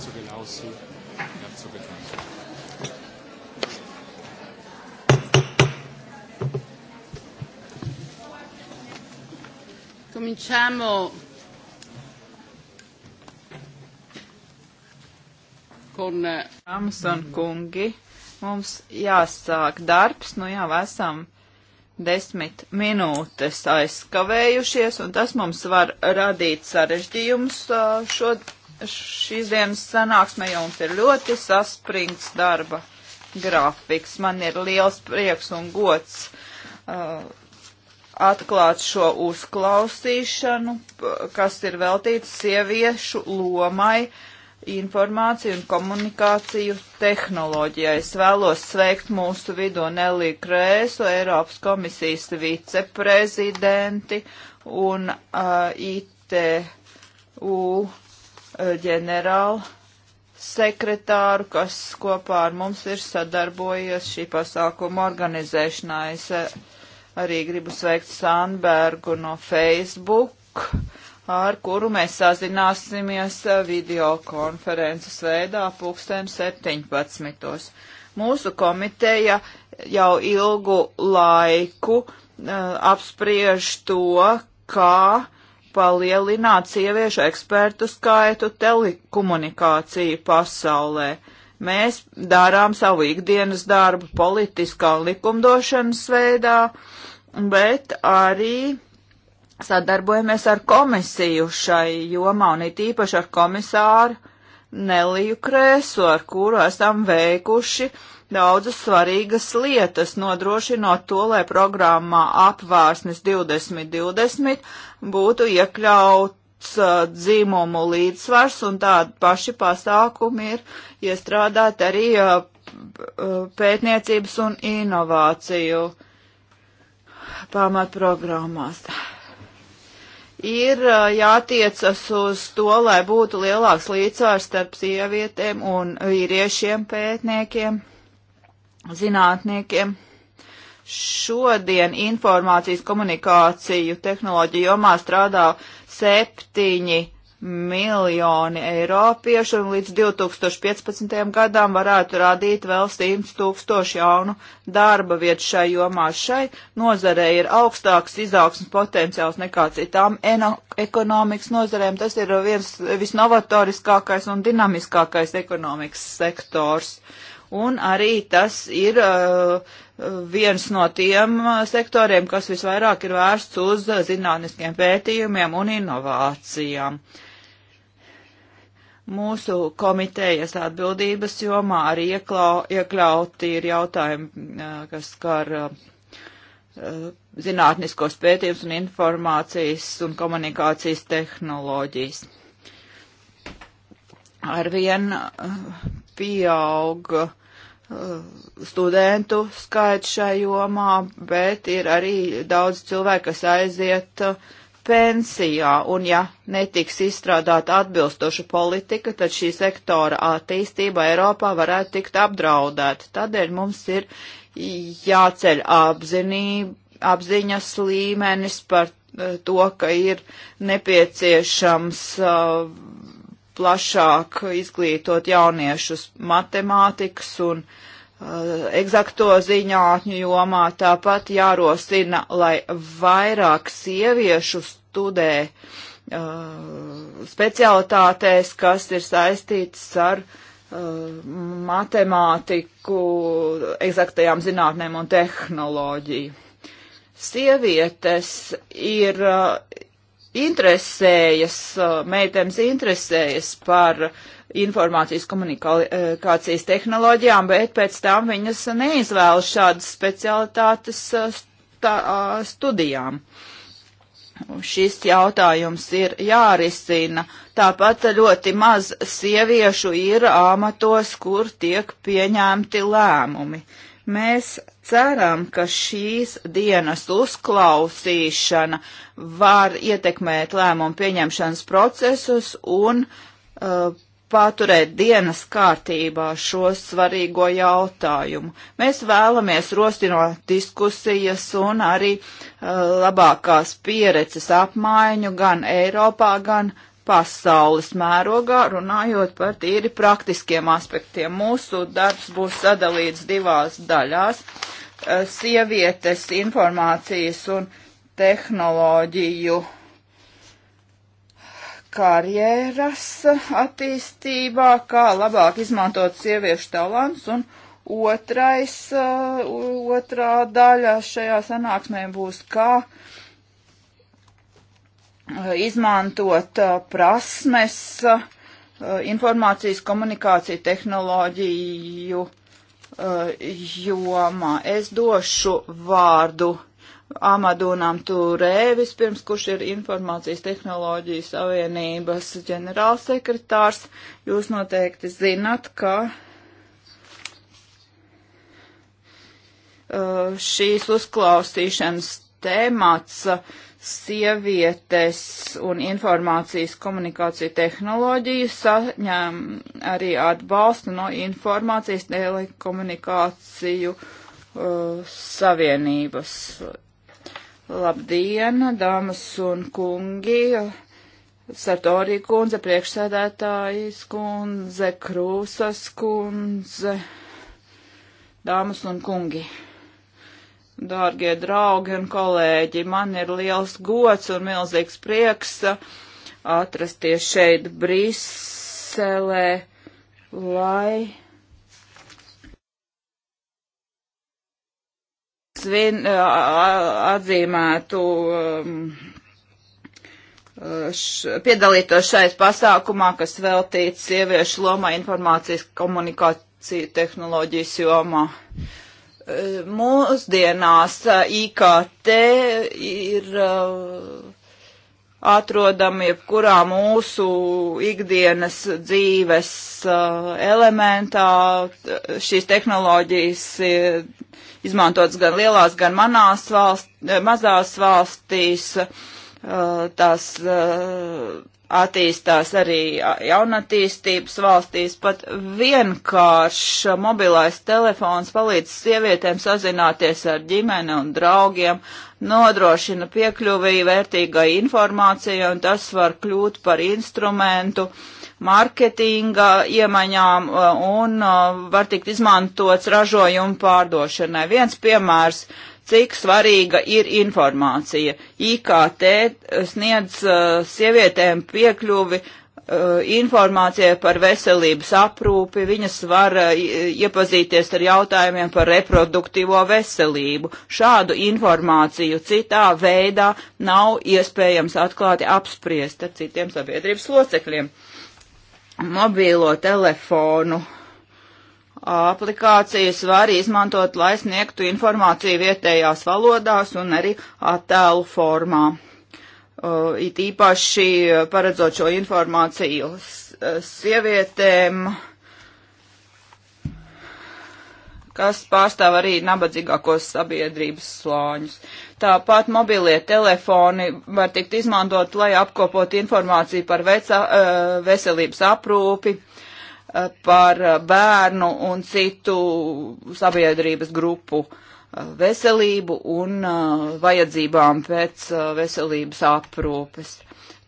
zu Gelausi, nach zu bekannt. Cominciamo con Amazon eh, kungi. Mums jāsāk darbs, nu jau esam desmit minūtes aizkavējušies, un tas mums var radīt sarežģījums eh, šodien šīs dienas sanāksme jums ir ļoti saspringts darba grafiks. Man ir liels prieks un gods uh, atklāt šo uzklausīšanu, kas ir veltīts sieviešu lomai informāciju un komunikāciju tehnoloģijai. Es vēlos sveikt mūsu vidū Nelī Krēsu, Eiropas komisijas viceprezidenti un uh, ITU ģenerālu sekretāru, kas kopā ar mums ir sadarbojies šī pasākuma organizēšanā. Es eh, arī gribu sveikt Sandbergu no Facebook, ar kuru mēs sazināsimies eh, video konferences veidā pulksten 17. Mūsu komiteja jau ilgu laiku uh, apspriež to, kā uh, palielināt sieviešu ekspertu skaitu telekomunikāciju pasaulē. Mēs darām savu ikdienas darbu politiskā un likumdošanas veidā, bet arī sadarbojamies ar komisiju šai jomā un it īpaši ar komisāru Neliju Krēsu, ar kuru esam veikuši daudzas svarīgas lietas, nodrošinot to, lai programmā apvārsnes 2020 būtu iekļauts uh, dzīmumu līdzsvars, un tādi paši pasākumi ir iestrādāti arī uh, uh, pētniecības un inovāciju pamatprogrammās. Ir uh, jātiecas uz to, lai būtu lielāks līdzsvars starp sievietēm un vīriešiem pētniekiem, zinātniekiem Šodien informācijas komunikāciju tehnoloģiju jomā strādā septiņi miljoni eiropiešu un līdz 2015. gadām varētu radīt vēl 100 tūkstoši jaunu darba vietu šai jomā. Šai nozarei ir augstāks izaugsmas potenciāls nekā citām ekonomikas nozarēm. Tas ir viens visnovatoriskākais un dinamiskākais ekonomikas sektors. Un arī tas ir uh, viens no tiem uh, sektoriem, kas visvairāk ir vērsts uz uh, zinātniskiem pētījumiem un inovācijām. Mūsu komitejas atbildības jomā arī ieklau, iekļauti ir jautājumi, uh, kas skar zinātniskos pētījumus un informācijas un komunikācijas tehnoloģijas. Arvien pieauga uh, Uh, studentu skaits šai jomā, bet ir arī daudz cilvēku, kas aiziet uh, pensijā, un ja netiks izstrādāta atbilstoša politika, tad šī sektora attīstība Eiropā varētu tikt apdraudēta. Tādēļ mums ir jāceļ apzinība, apziņas līmenis par uh, to, ka ir nepieciešams uh, plašāk izglītot jauniešus matemātikas un uh, egzakto ziņātņu jomā. Tāpat jārosina, lai vairāk sieviešu studē uh, specialitātēs, kas ir saistītas ar uh, matemātiku, egzaktajām zinātnēm un tehnoloģiju sievietes ir uh, interesējas, uh, meitenes interesējas par informācijas komunikācijas tehnoloģijām, bet pēc tam viņas neizvēlas šādas specialitātes uh, stā, uh, studijām. Šis jautājums ir jārisina. Tāpat ļoti maz sieviešu ir amatos, kur tiek pieņemti lēmumi. Mēs ceram, ka šīs dienas uzklausīšana var ietekmēt lēmumu pieņemšanas procesus un uh, paturēt dienas kārtībā šo svarīgo jautājumu. Mēs vēlamies rostinot diskusijas un arī uh, labākās pieredzes apmaiņu gan Eiropā, gan pasaules mērogā, runājot par tīri praktiskiem aspektiem. Mūsu darbs būs sadalīts divās daļās. Eh, sievietes informācijas un tehnoloģiju karjeras attīstībā, kā labāk izmantot sieviešu talants, un otrais, eh, otrā daļa šajā sanāksmē būs, kā eh, izmantot prasmes informācijas komunikāciju tehnoloģiju jomā. Es došu vārdu Amadūnam Turē, vispirms, kurš ir Informācijas tehnoloģijas savienības ģenerālsekretārs. Jūs noteikti zinat, ka uh, šīs uzklausīšanas temats sievietes un informācijas komunikāciju tehnoloģiju saņem arī atbalstu no informācijas telekomunikāciju uh, savienības. Labdien, dāmas un kungi! Sartori kundze, priekšsēdētājas kundze, Krūsas kundze, dāmas un kungi! Dārgie draugi un kolēģi, man ir liels gods un milzīgs prieks uh, atrasties šeit Briselē, lai svin, uh, atzīmētu um, uh, š, piedalītos šais pasākumā, kas veltīts sieviešu lomā informācijas komunikāciju tehnoloģijas jomā. Uh, Mūsdienās eh, IKT ir eh, atrodami jebkurā mūsu ikdienas dzīves eh, elementā. Šīs tehnoloģijas ir izmantotas gan lielās, gan manās valst, mazās valstīs. Tās attīstās arī jaunatīstības valstīs. Pat vienkārši mobilais telefons palīdz sievietēm sazināties ar ģimeni un draugiem, nodrošina piekļuvī vērtīgai informācijai, un tas var kļūt par instrumentu mārketinga iemaņām un var tikt izmantots ražojumu pārdošanai. Viens piemērs cik svarīga ir informācija. IKT sniedz uh, sievietēm piekļuvi uh, informācijai par veselības aprūpi, viņas var uh, iepazīties ar jautājumiem par reproduktīvo veselību. Šādu informāciju citā veidā nav iespējams atklāti apspriest ar citiem sabiedrības locekļiem. Mobīlo telefonu uh, aplikācijas var izmantot, lai sniegtu informāciju vietējās valodās un arī attēlu formā. Uh, it īpaši uh, paredzot šo informāciju uh, sievietēm, kas pārstāv arī nabadzīgākos sabiedrības slāņus. Tāpat mobilie telefoni var tikt izmantot, lai apkopot informāciju par veca, uh, veselības aprūpi, uh, par bērnu un citu sabiedrības grupu eh, veselību un eh, vajadzībām pēc eh, veselības aprūpes.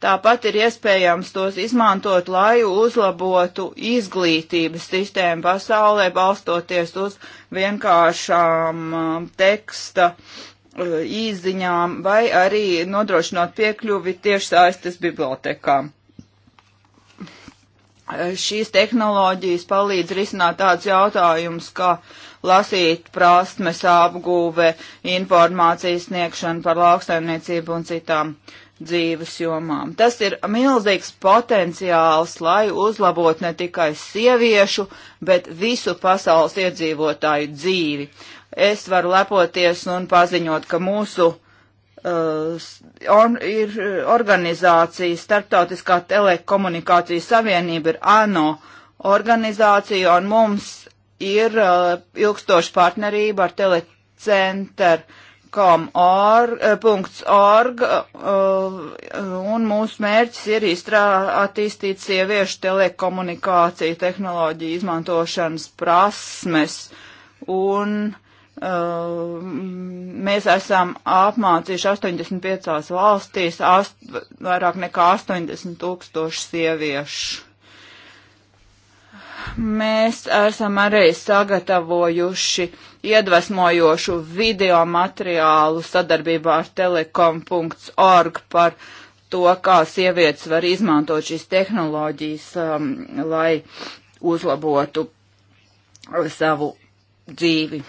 Tāpat ir iespējams tos izmantot, lai uzlabotu izglītības sistēmu pasaulē, balstoties uz vienkāršām teksta īziņām vai arī nodrošinot piekļuvi tiešsaistes bibliotekām šīs tehnoloģijas palīdz risināt tāds jautājums, kā lasīt prāstmes apgūve, informācijas sniegšana par lauksaimniecību un citām dzīves jomām. Tas ir milzīgs potenciāls, lai uzlabot ne tikai sieviešu, bet visu pasaules iedzīvotāju dzīvi. Es varu lepoties un paziņot, ka mūsu Uh, on, ir uh, organizācija, Startautiskā telekomunikācijas savienība ir ANO organizācija, un mums ir uh, ilgstoša partnerība ar telecenter.org, uh, uh, un mūsu mērķis ir izstrā attīstīt sieviešu telekomunikāciju tehnoloģiju izmantošanas prasmes. Un uh, Uh, mm, mēs esam apmācījuši 85 valstīs ast, vairāk nekā 80 tūkstoši sieviešu. Mēs esam arī sagatavojuši iedvesmojošu video materiālu sadarbībā ar telekom.org par to, kā sievietes var izmantot šīs tehnoloģijas, um, lai uzlabotu savu dzīvi.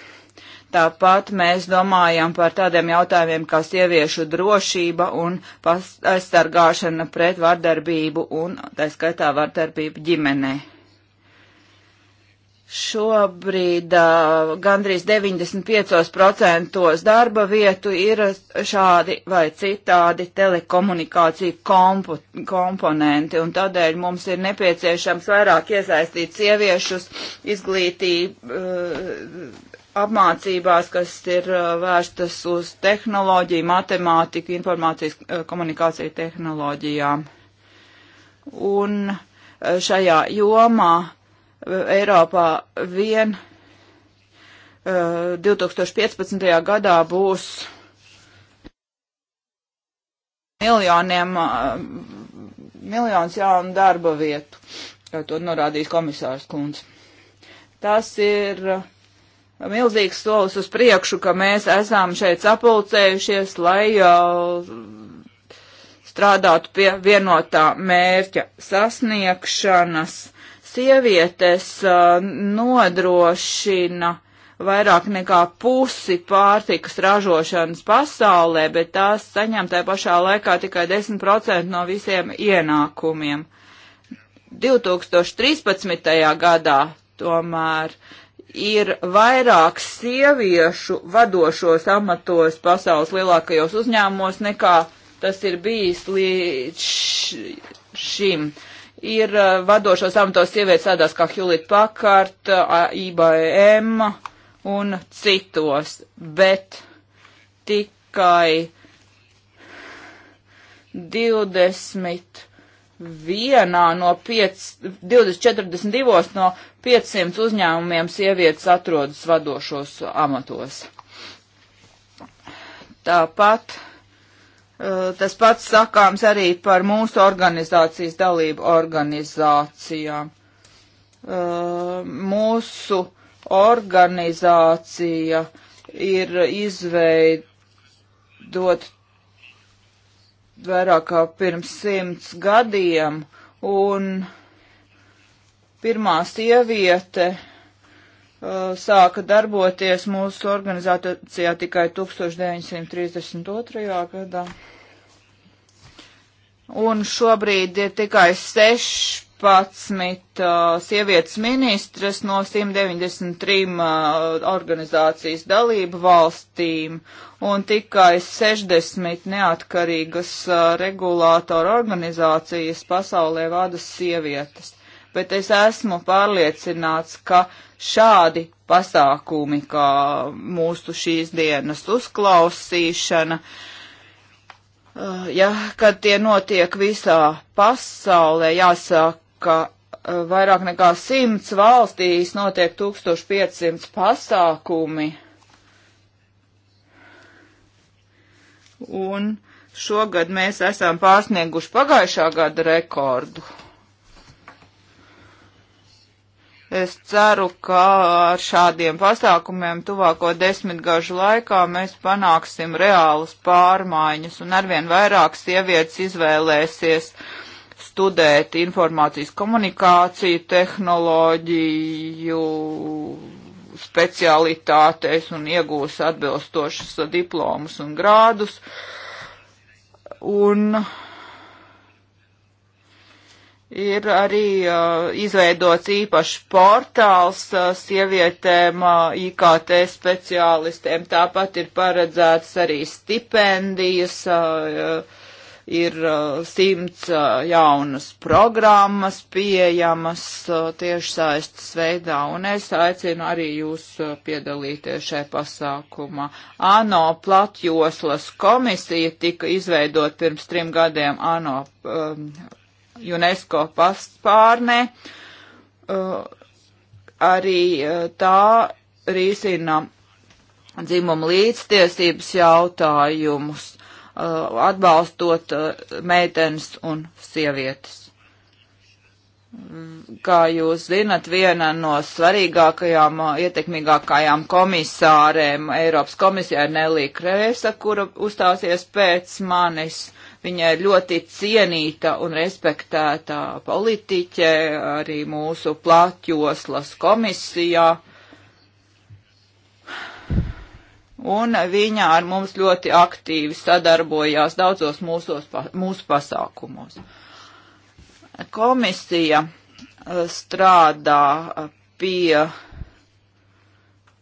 Tāpat mēs domājam par tādiem jautājumiem kā sieviešu drošība un aizsargāšana pret vardarbību un tā skaitā vardarbību ģimenē. Šobrīd uh, gandrīz 95% darba vietu ir šādi vai citādi telekomunikāciju kompo komponenti, un tādēļ mums ir nepieciešams vairāk iesaistīt sieviešus izglītību, uh, apmācībās, kas ir uh, vērstas uz tehnoloģiju, matemātiku, informācijas uh, komunikāciju tehnoloģijām. Un uh, šajā jomā Eiropā vien 2015. gadā būs miljoniem, miljons jaunu darba vietu, to norādījis komisārs Kunds. Tas ir uh, milzīgs solis uz priekšu, ka mēs esam šeit sapulcējušies, lai uh, strādātu pie vienotā mērķa sasniegšanas. Sievietes uh, nodrošina vairāk nekā pusi pārtikas ražošanas pasaulē, bet tās saņem tajā pašā laikā tikai 10% no visiem ienākumiem. 2013. gadā tomēr ir vairāk sieviešu vadošos amatos pasaules lielākajos uzņēmumos nekā tas ir bijis līdz šim. Ir uh, vadošos amatos sievietes tādās kā Hewlett Packard, uh, IBM un citos, bet tikai 20 vienā no 5, 2042 no 500 uzņēmumiem sievietes atrodas vadošos amatos. Tāpat eh, tas pats sakāms arī par mūsu organizācijas dalību organizācijām. Eh, mūsu organizācija ir izveidot vairāk kā pirms simts gadiem, un pirmā sieviete uh, sāka darboties mūsu organizācijā tikai 1932. gadā. Un šobrīd ir tikai 16 uh, sievietes ministres no 193 uh, organizācijas dalību valstīm, un tikai 60 neatkarīgas regulātoru organizācijas pasaulē vada sievietes. Bet es esmu pārliecināts, ka šādi pasākumi, kā mūsu šīs dienas uzklausīšana, ja, kad tie notiek visā pasaulē, jāsaka, vairāk nekā simts valstīs notiek 1500 pasākumi Un šogad mēs esam pārsnieguši pagājušā gada rekordu. Es ceru, ka ar šādiem pasākumiem tuvāko desmitgažu laikā mēs panāksim reālas pārmaiņas un arvien vairāk sievietes izvēlēsies studēt informācijas komunikāciju, tehnoloģiju, speciālitātēs un iegūs atbilstošus diplomus un grādus. Un ir arī uh, izveidots īpašs portāls uh, sievietēm uh, IKT speciālistēm. Tāpat ir paredzēts arī stipendijas. Uh, ir uh, simts uh, jaunas programmas pieejamas uh, tiešsaistes veidā, un es aicinu arī jūs piedalīties šai pasākumā. ANO platjoslas komisija tika izveidot pirms trim gadiem ANO um, UNESCO paspārnē. Uh, arī tā risina dzimumu līdztiesības jautājumus Uh, atbalstot uh, meitenes un sievietes. Kā jūs zinat, viena no svarīgākajām, uh, ietekmīgākajām komisārēm Eiropas komisijā ir Nelī Krēsa, kura uzstāsies pēc manis. Viņa ir ļoti cienīta un respektēta politiķe arī mūsu platjoslas komisijā. un viņa ar mums ļoti aktīvi sadarbojās daudzos mūsos, mūsu pasākumos. Komisija eh, strādā eh, pie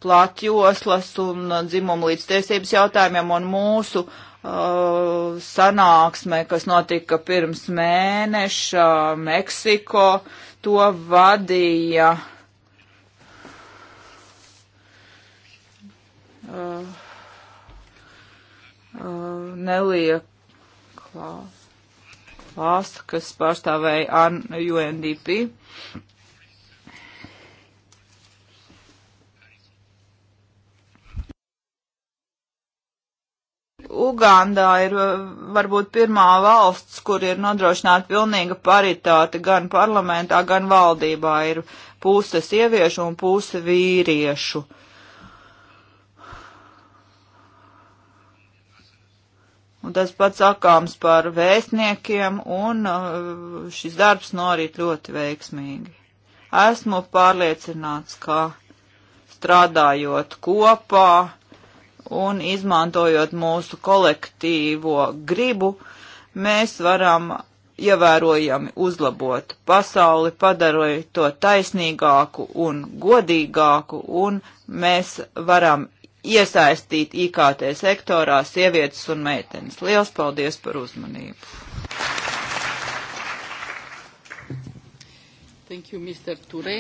platjoslas un dzimumu līdztiesības jautājumiem, un mūsu uh, sanāksme, kas notika pirms mēneša Meksiko, to vadīja uh, uh, uh, Nelija Klā, Klāsta, kas pārstāvēja UNDP. Ugandā ir uh, varbūt pirmā valsts, kur ir nodrošināta pilnīga paritāte gan parlamentā, gan valdībā. Ir puse sieviešu un puse vīriešu. Uh, Un tas pats sakāms par vēstniekiem, un uh, šis darbs norit ļoti veiksmīgi. Esmu pārliecināts, ka strādājot kopā un izmantojot mūsu kolektīvo gribu, mēs varam ievērojami uzlabot pasauli, padarot to taisnīgāku un godīgāku, un mēs varam iesaistīt IKT sektorā sievietes un meitenes. Liels paldies par uzmanību! Thank you, Mr. Ture.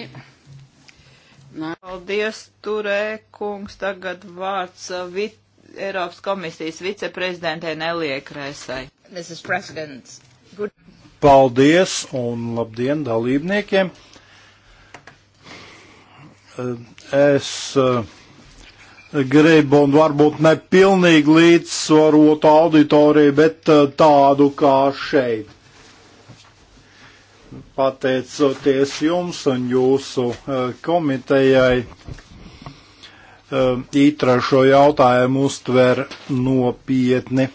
Nā. Paldies, Turē, kungs. Tagad vārds uh, vit, Eiropas komisijas viceprezidentē Nelija Krēsai. Mrs. President. Good. Paldies un labdien dalībniekiem. Uh, es uh, gribu un varbūt ne pilnīgi līdzsvarotu auditoriju, bet eh, tādu kā šeit. Pateicoties jums un jūsu eh, komitejai, eh, ītra šo jautājumu uztver nopietni.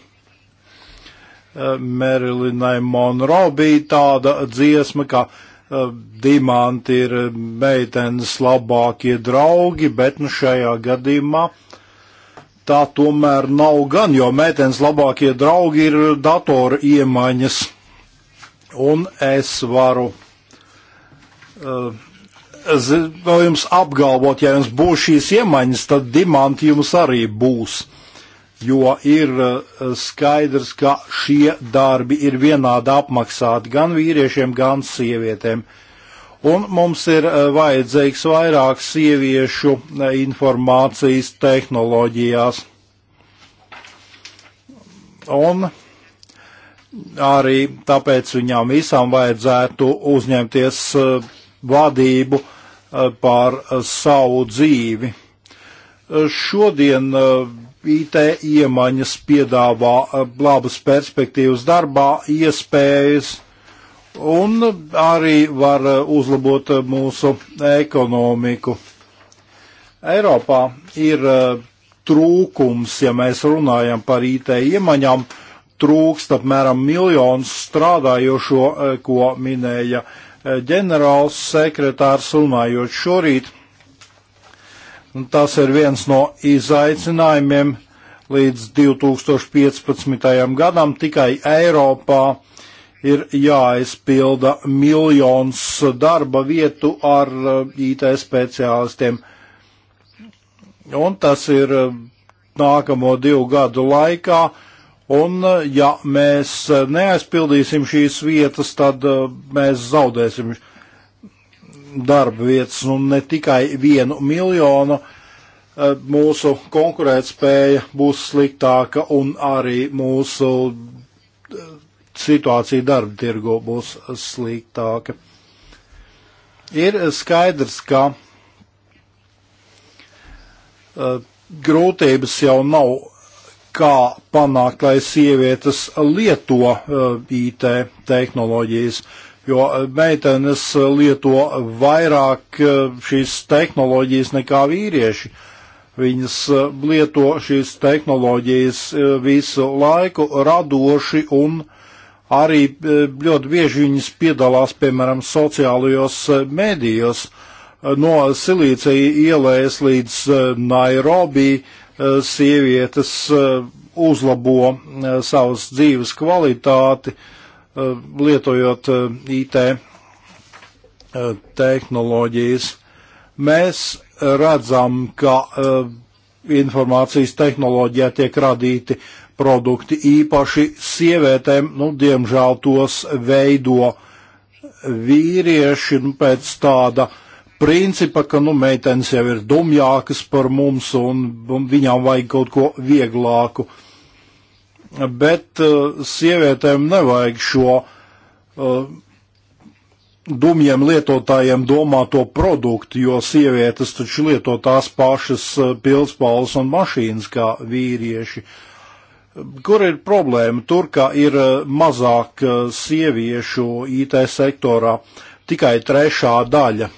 Merilinai Monroe bija tāda dziesma, ka Eh, dimanti ir eh, meitenes labākie draugi, bet nu šajā gadījumā tā tomēr nav gan, jo meitenes labākie draugi ir datora iemaņas. Un es varu uh, eh, es, jums apgalvot, ja jums būs šīs iemaņas, tad dimanti jums arī būs. Uh, jo ir eh, skaidrs, ka šie darbi ir vienādi apmaksāti gan vīriešiem, gan sievietēm. Un mums ir eh, vajadzīgs vairāk sieviešu eh, informācijas tehnoloģijās. Un arī tāpēc viņām visām vajadzētu uzņemties vadību pār savu dzīvi. Šodien IT iemaņas piedāvā eh, labas perspektīvas darbā, iespējas un arī var eh, uzlabot eh, mūsu ekonomiku. Eiropā ir trūkums, ja mēs runājam par IT iemaņām, trūkst apmēram miljonus strādājošo, ko minēja ģenerāls sekretārs runājot šorīt Un tas ir viens no izaicinājumiem līdz 2015. gadam. Tikai Eiropā ir jāizpilda miljons darba vietu ar eh, IT speciālistiem. Un tas ir eh, nākamo divu gadu laikā. Un eh, ja mēs neaizpildīsim šīs vietas, tad mēs zaudēsim darba vietas un nu, ne tikai vienu miljonu, eh, mūsu konkurētspēja būs sliktāka un arī mūsu eh, situācija darba tirgo būs sliktāka. Ir skaidrs, ka eh, grūtības jau nav, kā panākt, lai sievietes lieto IT tehnoloģijas jo eh, meitenes eh, lieto vairāk eh, šīs tehnoloģijas nekā vīrieši. Viņas lieto šīs tehnoloģijas visu laiku radoši un arī ļoti bieži viņas piedalās, piemēram, sociālajos medijos. No Silīcija ielēs līdz Nairobi sievietes uzlabo savas dzīves kvalitāti. Uh, Eh, lietojot eh, IT eh, tehnoloģijas. Mēs redzam, ka informācijas tehnoloģijā tiek radīti produkti īpaši sievietēm, nu, diemžēl tos veido vīrieši, nu, pēc tāda principa, ka, nu, meitenes jau ir dumjākas par mums un, un viņām vajag kaut ko vieglāku. Uh, bet uh, sievietēm nevajag šo uh, dumjiem lietotājiem domāto produktu, jo sievietes taču lieto tās pašas uh, pilspaules un mašīnas kā vīrieši. Kur ir problēma? Tur, ka ir mazāk sieviešu IT sektorā, tikai trešā daļa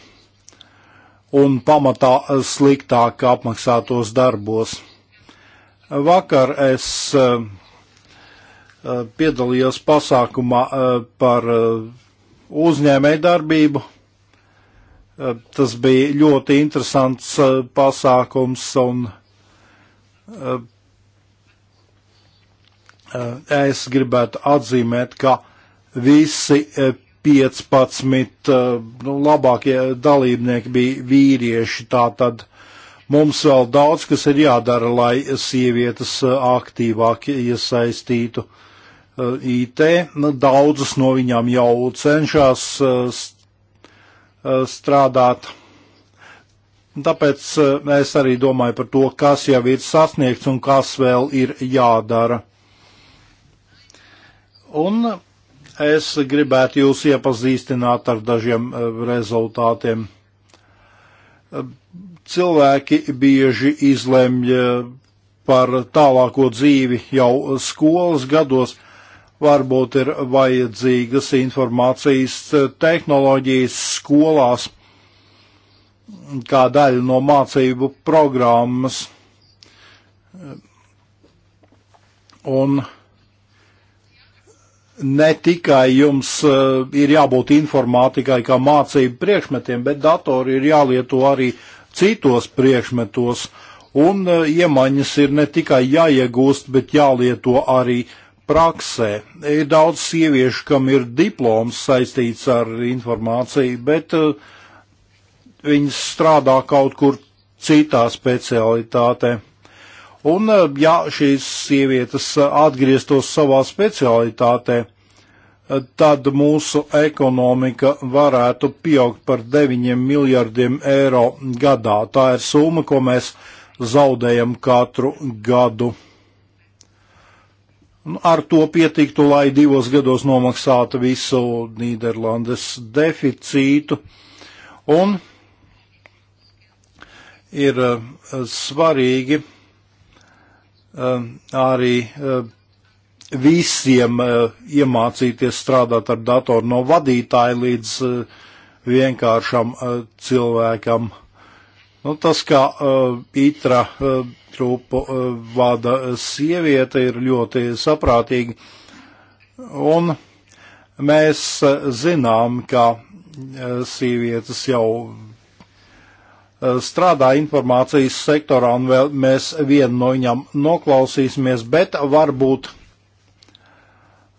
un pamatā sliktāk apmaksātos darbos. Vakar es Eh, piedalījos pasākumā eh, par eh, uzņēmēju darbību. Tas bija ļoti interesants pasākums un es gribētu atzīmēt, ka visi 15 nu, labākie dalībnieki bija vīrieši. Tātad mums vēl daudz, kas ir jādara, lai sievietes aktīvāk iesaistītu uh, Eh, IT. Nu, daudzas no viņām jau cenšas eh, eh, strādāt. Tāpēc es arī domāju par to, kas jau ir sasniegts un kas vēl ir jādara. Un es gribētu jūs iepazīstināt ar dažiem rezultātiem. Cilvēki bieži izlemj par tālāko dzīvi jau skolas gados, varbūt ir vajadzīgas informācijas eh, tehnoloģijas skolās kā daļa no mācību programmas. Un ne tikai jums eh, ir jābūt informātikai kā mācību priekšmetiem, bet datori ir jālieto arī citos priekšmetos. Un eh, iemaņas ir ne tikai jāiegūst, bet jālieto arī uh, praksē. Ir daudz sieviešu, kam ir diploms saistīts ar informāciju, bet eh, viņas strādā kaut kur citā specialitātē. Un, eh, ja šīs sievietes atgrieztos savā specialitātē, eh, tad mūsu ekonomika varētu pieaugt par 9 miljardiem eiro gadā. Tā ir summa, ko mēs zaudējam katru gadu. Nu, ar to pietiktu, lai divos gados nomaksātu visu Nīderlandes deficītu. Un ir eh, svarīgi eh, arī eh, visiem iemācīties strādāt ar datoru no vadītāja līdz vienkāršam cilvēkam. Nu, tas, kā ITRA grupu eh, vada eh, sieviete, ir ļoti saprātīgi. Un mēs eh, zinām, ka sievietes jau strādā informācijas sektorā, un vēl mēs vienu no viņām noklausīsimies, bet varbūt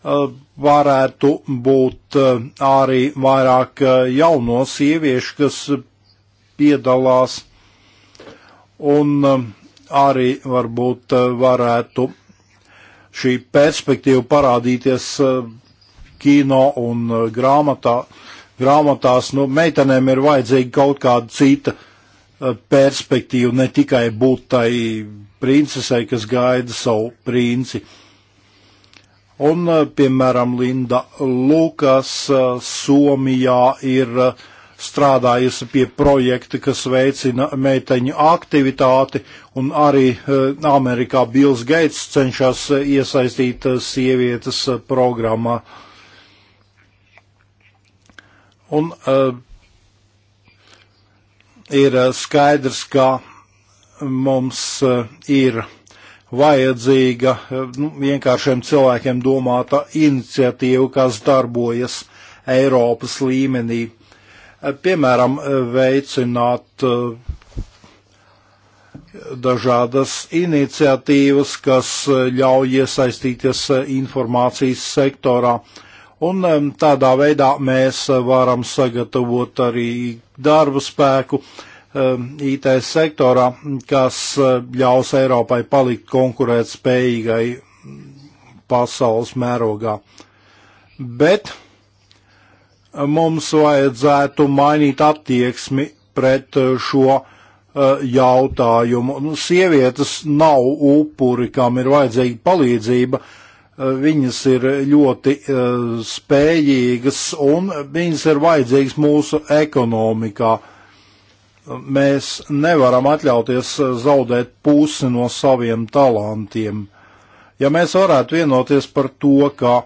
varētu būt arī vairāk jauno sieviešu, kas piedalās. Un arī varbūt eh, varētu šī perspektīva parādīties eh, kino un eh, grāmatā, grāmatās. Nu, meitenēm ir vajadzīga kaut kāda cita perspektīva, ne tikai būt tai princesei, kas gaida savu princi. Un, piemēram, Linda Lukas Somijā ir uh, strādājusi pie projekta, kas veicina meiteņu aktivitāti, un arī eh, Amerikā Bills Gates cenšas eh, iesaistīt eh, sievietes programmā. Un uh, ir skaidrs, ka mums uh, ir vajadzīga nu, vienkāršiem cilvēkiem domāta iniciatīva, kas darbojas Eiropas līmenī piemēram, veicināt eh, dažādas iniciatīvas, kas ļauj iesaistīties eh, informācijas sektorā. Un tādā veidā mēs varam sagatavot arī darbu spēku IT sektorā, kas eh, ļaus Eiropai palikt konkurētspējīgai pasaules mērogā. Bet mums vajadzētu mainīt attieksmi pret eh, šo eh, jautājumu. Nu, sievietes nav upuri, kam ir vajadzīga palīdzība. Eh, viņas ir ļoti spējīgas un viņas ir vajadzīgas mūsu ekonomikā. Mēs nevaram atļauties zaudēt pusi no saviem talantiem. Ja mēs varētu vienoties par to, ka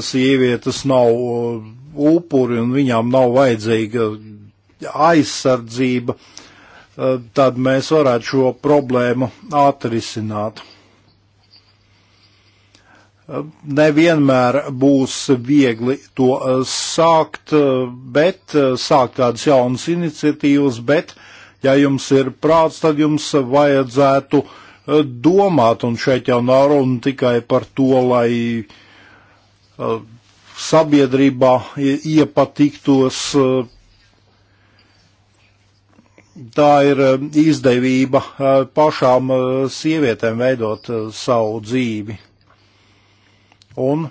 sievietes nav upuri un viņām nav vajadzīga aizsardzība, eh, tad mēs varētu šo problēmu atrisināt. Eh, nevienmēr būs viegli to eh, sākt, bet sākt kādas jaunas iniciatīvas, bet, ja jums ir prāts, tad jums vajadzētu domāt, un šeit jau nav runa tikai par to, lai sabiedrībā iepatiktos. Eh, tā ir eh, izdevība eh, pašām sievietēm veidot savu dzīvi. Un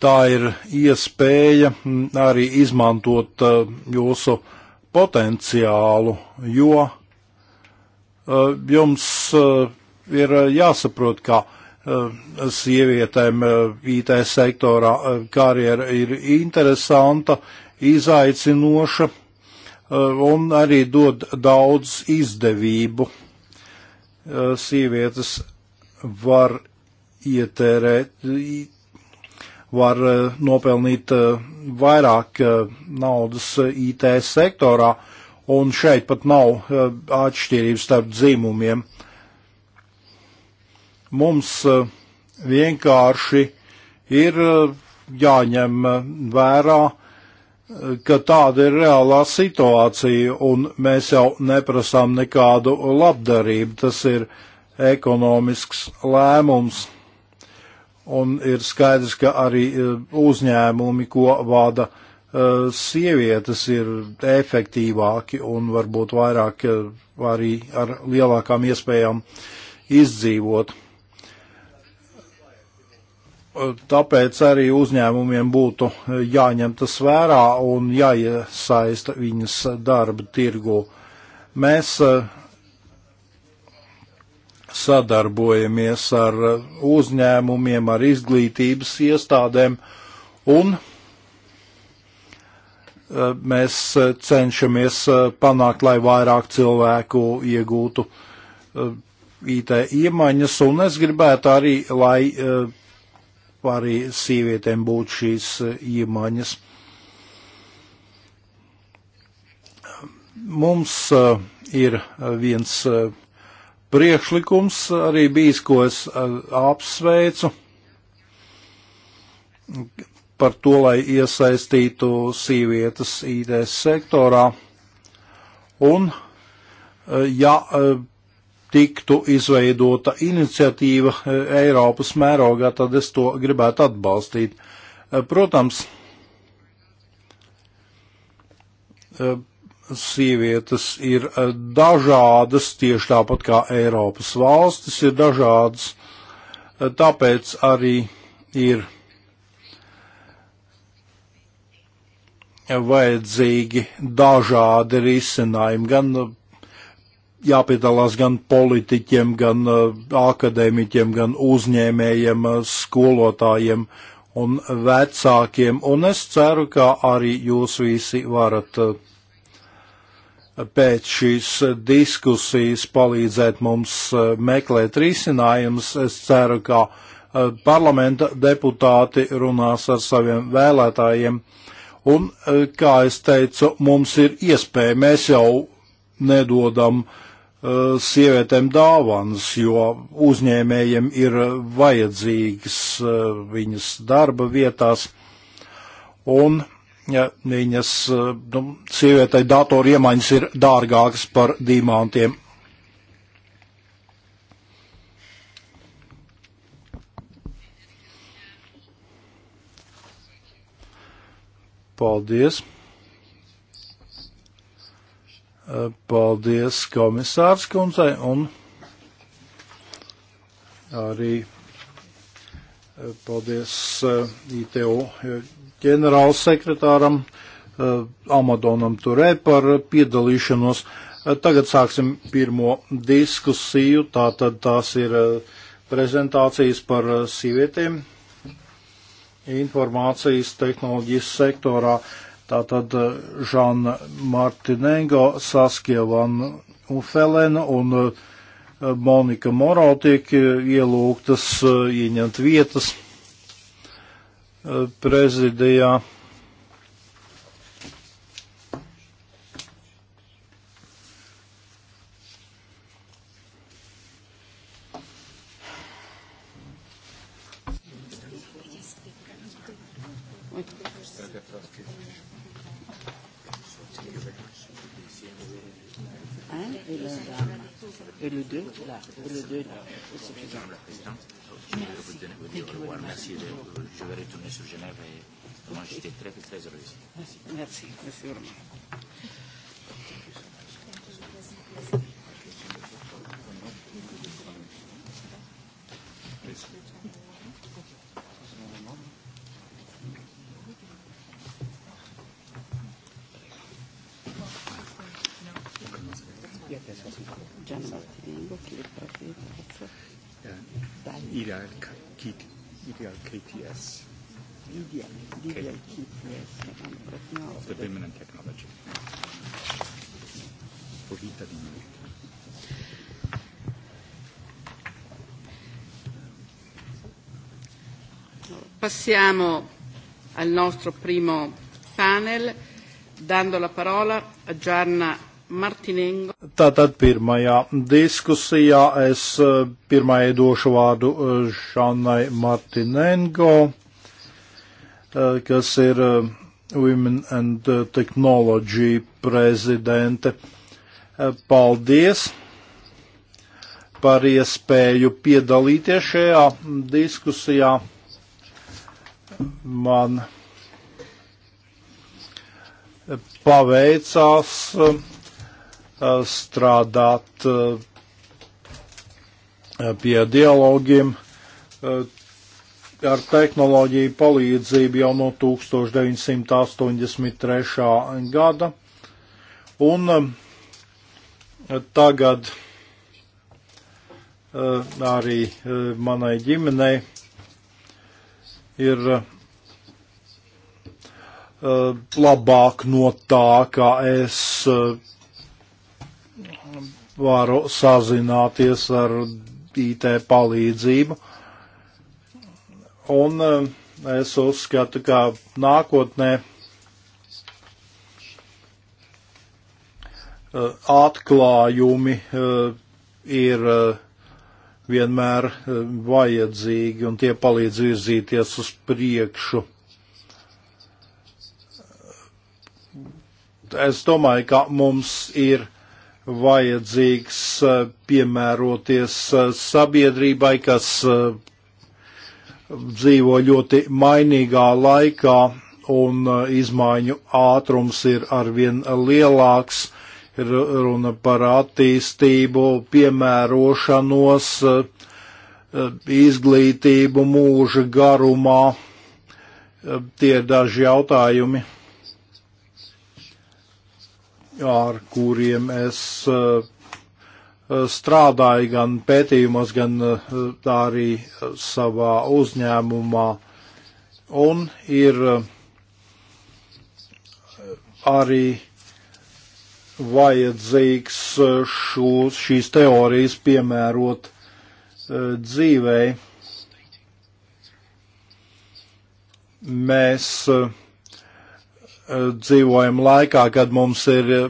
tā ir iespēja mm, arī izmantot jūsu potenciālu, jo jums ir jāsaprot, ka Eh, sievietēm eh, IT sektorā eh, karjera ir interesanta, izaicinoša un arī dod daudz izdevību. Sievietes var ietērēt, var nopelnīt vairāk naudas IT sektorā, un šeit pat nav atšķirības starp dzimumiem. Uh, Mums eh, vienkārši ir eh, jāņem eh, vērā, ka tāda ir reālā situācija, un mēs jau neprasām nekādu labdarību. Tas ir ekonomisks lēmums, un ir skaidrs, ka arī uzņēmumi, ko vada sievietes, ir efektīvāki un varbūt vairāk arī ar lielākām iespējām izdzīvot. Tāpēc arī uzņēmumiem būtu e, jāņem tas vērā un jāiesaista viņas darba tirgu. Mēs e, sadarbojamies ar uzņēmumiem, ar izglītības iestādēm un e, mēs cenšamies panākt, lai vairāk cilvēku iegūtu IT iemaņas un es gribētu arī, lai arī sievietēm būtu šīs e, iemaņas. Mums e, ir e, viens priekšlikums arī bijis, ko es apsveicu par to, lai iesaistītu sievietes IT sektorā. Un, ja tiktu izveidota iniciatīva eh, Eiropas mērogā, tad es to gribētu atbalstīt. Eh, protams, eh, sievietes ir dažādas, tieši tāpat kā Eiropas valstis ir dažādas, tāpēc arī ir vajadzīgi dažādi risinājumi gan jāpiedalās gan politiķiem, gan eh, akadēmiķiem, gan uzņēmējiem, eh, skolotājiem un vecākiem, un es ceru, ka arī jūs visi varat eh, pēc šīs diskusijas palīdzēt mums meklēt risinājumus. Es ceru, ka parlamenta deputāti runās ar saviem vēlētājiem, un, kā es teicu, mums ir iespēja, mēs jau nedodam uh, Eh, sievietēm dāvanas, jo uzņēmējiem ir vajadzīgas eh, viņas darba vietās. Un ja viņas eh, nu, sievietei datoru iemaņas ir dārgākas par dīmantiem. Paldies! Eh, paldies komisārs kundzei un arī eh, paldies eh, ITO ģenerālsekretāram Amadonam Turē par piedalīšanos. Tagad sāksim pirmo diskusiju, tātad tās ir prezentācijas par sievietēm informācijas tehnoloģijas sektorā. Uh, Tātad Žana eh, Martinengo, Saskija Van Ufelena un eh, Monika Moro tiek eh, ielūgtas ieņemt vietas prezidijā. 2, là, le 2, là, c'est suffisant. Madame la Présidente, je vais vous donner au revoir. Merci. De, je vais retourner sur Genève et moi j'étais très, très heureuse. Merci, merci, merci vraiment. Gentlemen. ideal, ideal KTS. Ideal, ideal KTS. Of the women and technology. For Rita Di Maria. Passiamo al nostro primo panel, dando la parola a Gianna Martinengo. Tātad pirmajā diskusijā es eh, pirmajai došu vārdu eh, Žanai Martinengo, eh, kas ir Women and Technology prezidente. Paldies! par iespēju piedalīties šajā diskusijā. Man paveicās Eh, strādāt eh, pie dialogiem eh, ar tehnoloģiju palīdzību jau no 1983. gada. Un tagad arī manai ģimenei ir labāk no tā, ka es varu sazināties ar IT palīdzību. Un eh, es uzskatu, ka nākotnē eh, atklājumi eh, ir vienmēr vajadzīgi un tie palīdz virzīties uz priekšu. Es domāju, ka mums ir vajadzīgs eh, piemēroties eh, sabiedrībai, kas eh, dzīvo ļoti mainīgā laikā un izmaiņu ātrums ir arvien lielāks. Ir runa par attīstību, piemērošanos, izglītību mūža garumā. Tie ir daži jautājumi ar kuriem es eh, strādāju gan pētījumos, gan eh, arī savā uzņēmumā. Un ir eh, arī vajadzīgs šos, šīs teorijas piemērot dzīvei. Mēs uh, Eh, dzīvojam laikā, kad mums ir eh,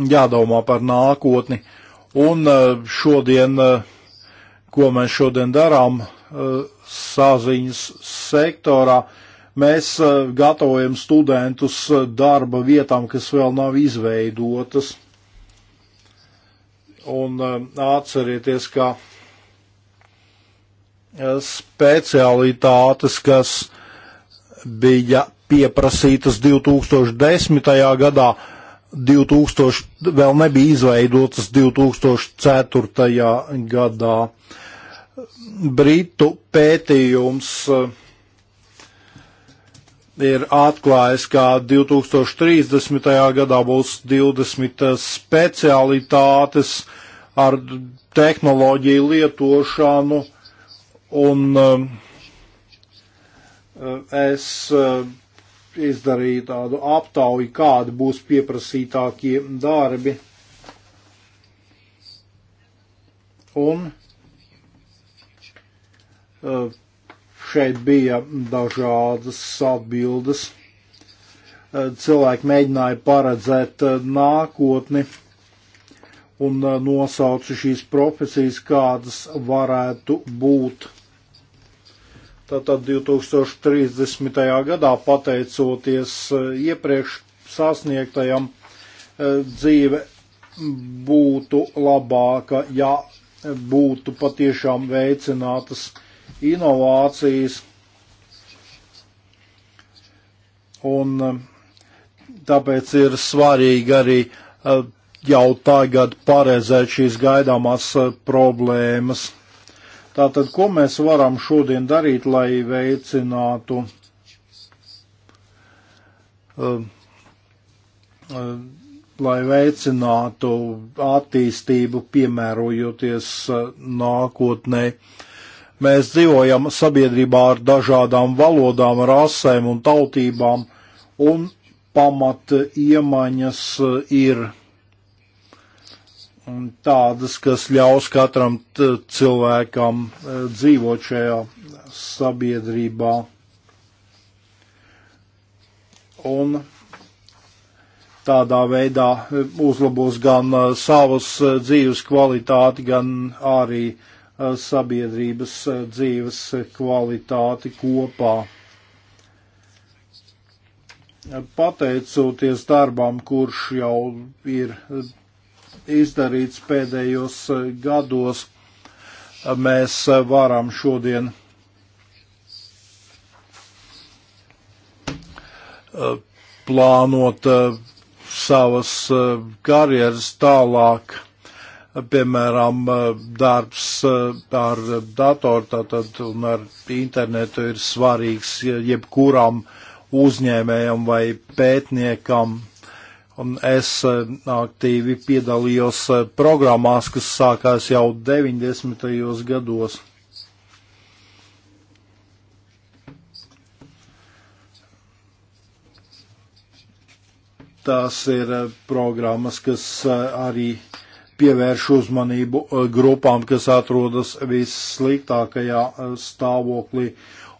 jādomā par nākotni. Un eh, šodien, ko mēs šodien darām saziņas sektorā, mēs gatavojam studentus darba vietām, kas vēl nav izveidotas. Un atcerieties, ka speciālitātes, kas bija pieprasītas 2010. gadā, 2000 vēl nebija izveidotas 2004. gadā. Britu pētījums eh, ir atklājis, ka 2030. gadā būs 20 eh, specialitātes ar tehnoloģiju lietošanu, un eh, es izdarīja tādu aptauju, kādi būs pieprasītākie darbi. Un eh, šeit bija dažādas atbildes. Eh, cilvēki mēģināja paredzēt eh, nākotni un nosauca šīs profesijas, kādas varētu būt Tātad 2030. gadā, pateicoties e, iepriekš sasniegtajam, e, dzīve būtu labāka, ja būtu patiešām veicinātas inovācijas. Un e, tāpēc ir svarīgi arī jau tagad paredzēt šīs gaidāmās problēmas. Tātad, ko mēs varam šodien darīt, lai veicinātu uh, uh, lai veicinātu attīstību, piemērojoties uh, nākotnē. Mēs dzīvojam sabiedrībā ar dažādām valodām, rasēm un tautībām, un pamat iemaņas uh, ir un tādas, kas ļaus katram cilvēkam e, dzīvot šajā sabiedrībā. Un tādā veidā e, uzlabos gan e, savas dzīves kvalitāti, gan arī sabiedrības dzīves kvalitāti kopā pateicoties darbam, kurš jau ir izdarīts pēdējos eh, gados, mēs eh, varam šodien eh, plānot savas karjeras tālāk, piemēram, darbs ar datoru tātad un ar internetu ir svarīgs jebkuram uzņēmējam vai pētniekam Un es eh, aktīvi piedalījos eh, programmās, kas sākās jau 90. gados. Tās ir eh, programmas, kas arī pievērš uzmanību grupām, kas atrodas vissliktākajā stāvoklī.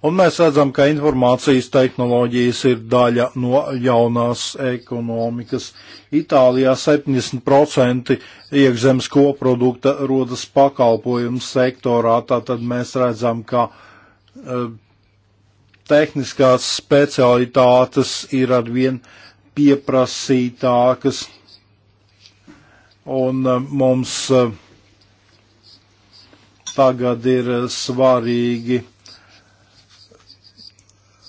Un mēs redzam, ka informācijas tehnoloģijas ir daļa no jaunās ekonomikas. Itālijā 70% iekšzemes koprodukta rodas pakalpojumu sektorā, tātad mēs redzam, ka eh, tehniskās specialitātes ir arvien pieprasītākas. Un eh, mums eh, tagad ir svarīgi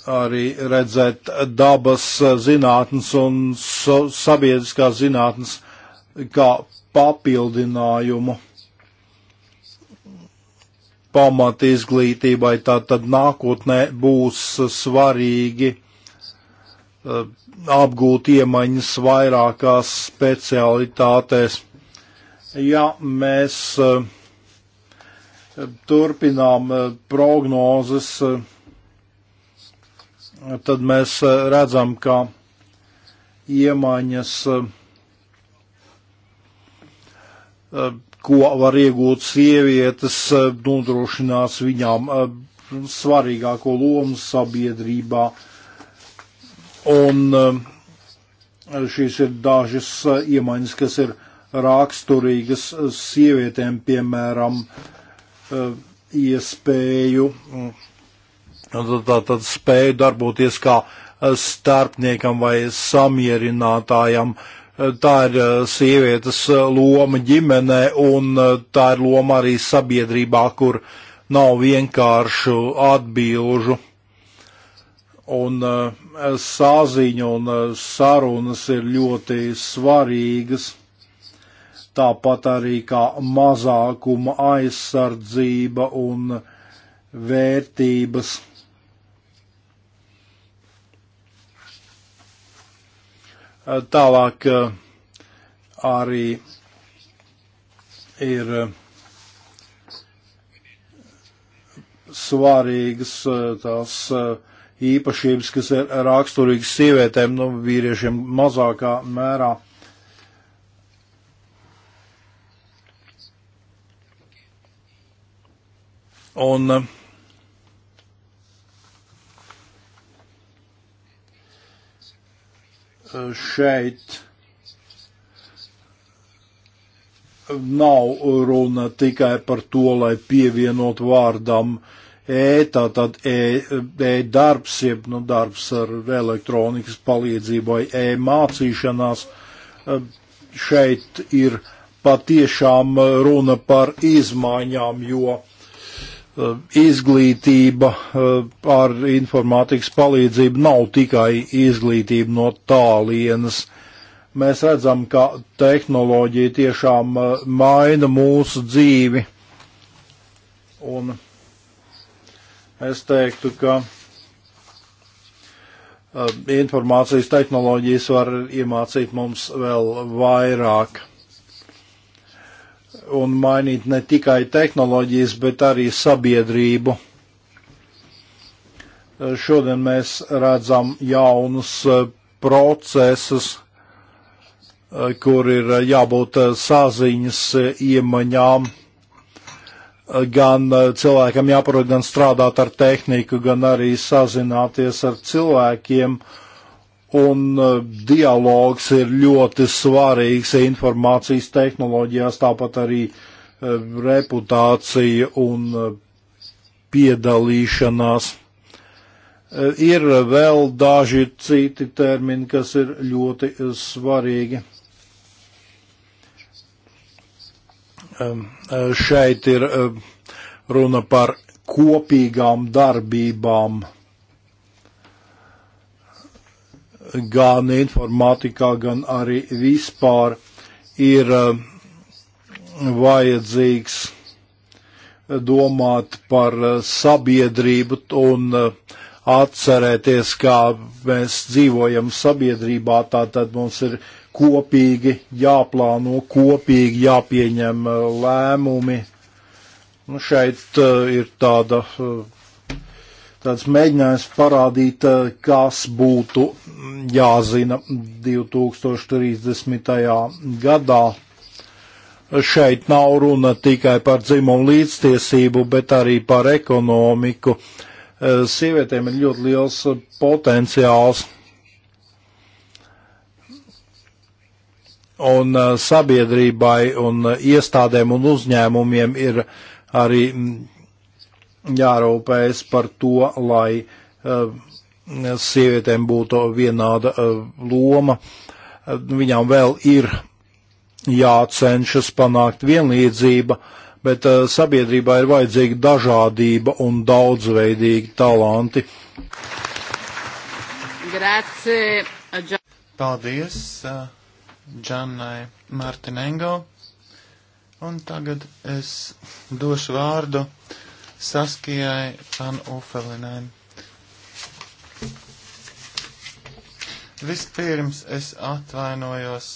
arī redzēt dabas zinātnes un so, sabiedriskās zinātnes kā papildinājumu pamat izglītībai, tā tad nākotnē būs svarīgi eh, apgūt iemaņas vairākās specialitātēs. Ja mēs eh, turpinām eh, prognozes, tad mēs eh, redzam, ka iemaņas, eh, ko var iegūt sievietes, eh, nodrošinās viņām svarīgāko lomu sabiedrībā. Un šīs ir dažas iemaņas, kas ir raksturīgas sievietēm, piemēram, iespēju mm, tā, tad spēju darboties kā eh, starpniekam vai samierinātājam. Eh, tā ir eh, sievietes loma ģimenē un tā ir loma arī sabiedrībā, kur nav vienkāršu atbilžu. Un sāziņa un sarunas ir ļoti svarīgas, tāpat arī kā mazākuma aizsardzība un vērtības Eh, tālāk eh, arī ir eh, svarīgas tās īpašības, kas ir raksturīgas sievietēm, nu, vīriešiem mazākā mērā. Un uh, šeit nav runa tikai par to, lai pievienot vārdam e, tātad e, e darbs, jeb nu, darbs ar elektronikas palīdzību vai e mācīšanās. Šeit ir patiešām runa par izmaiņām, jo uh, Eh, izglītība eh, ar informātikas palīdzību nav tikai izglītība no tālienes. Mēs redzam, ka tehnoloģija tiešām eh, maina mūsu dzīvi. Un es teiktu, ka informācijas tehnoloģijas var iemācīt mums vēl vairāk un mainīt ne tikai tehnoloģijas, bet arī sabiedrību. Šodien mēs redzam jaunus eh, procesus, eh, kur ir eh, jābūt saziņas iemaņām. Gan cilvēkam jāparod gan strādāt ar tehniku, gan arī sazināties ar cilvēkiem. Uh, Un eh, dialogs ir ļoti svarīgs informācijas tehnoloģijās, tāpat arī eh, reputācija un eh, piedalīšanās. Ir vēl daži citi termini, kas ir ļoti svarīgi. Šeit ir runa par kopīgām darbībām gan informātikā, gan arī vispār ir eh, vajadzīgs domāt par eh, sabiedrību un eh, atcerēties, kā mēs dzīvojam sabiedrībā, tātad mums ir kopīgi jāplāno, kopīgi jāpieņem lēmumi. Nu, šeit ir tāda tāds mēģinājums parādīt, eh, kas būtu jāzina 2030. gadā. Šeit nav runa tikai par dzimumu līdztiesību, bet arī par ekonomiku. Eh, sievietēm ir ļoti liels potenciāls. Un eh, sabiedrībai un iestādēm un uzņēmumiem ir arī mm, jārūpējas par to, lai eh, sievietēm būtu vienāda eh, loma. Eh, viņām vēl ir jācenšas panākt vienlīdzība, bet sabiedrībā ir vajadzīga dažādība un daudzveidīgi talanti. Grazie. Paldies Džannai Martinengo. Un tagad es došu vārdu Saskijai Pan Ufelinai. Vispirms es atvainojos,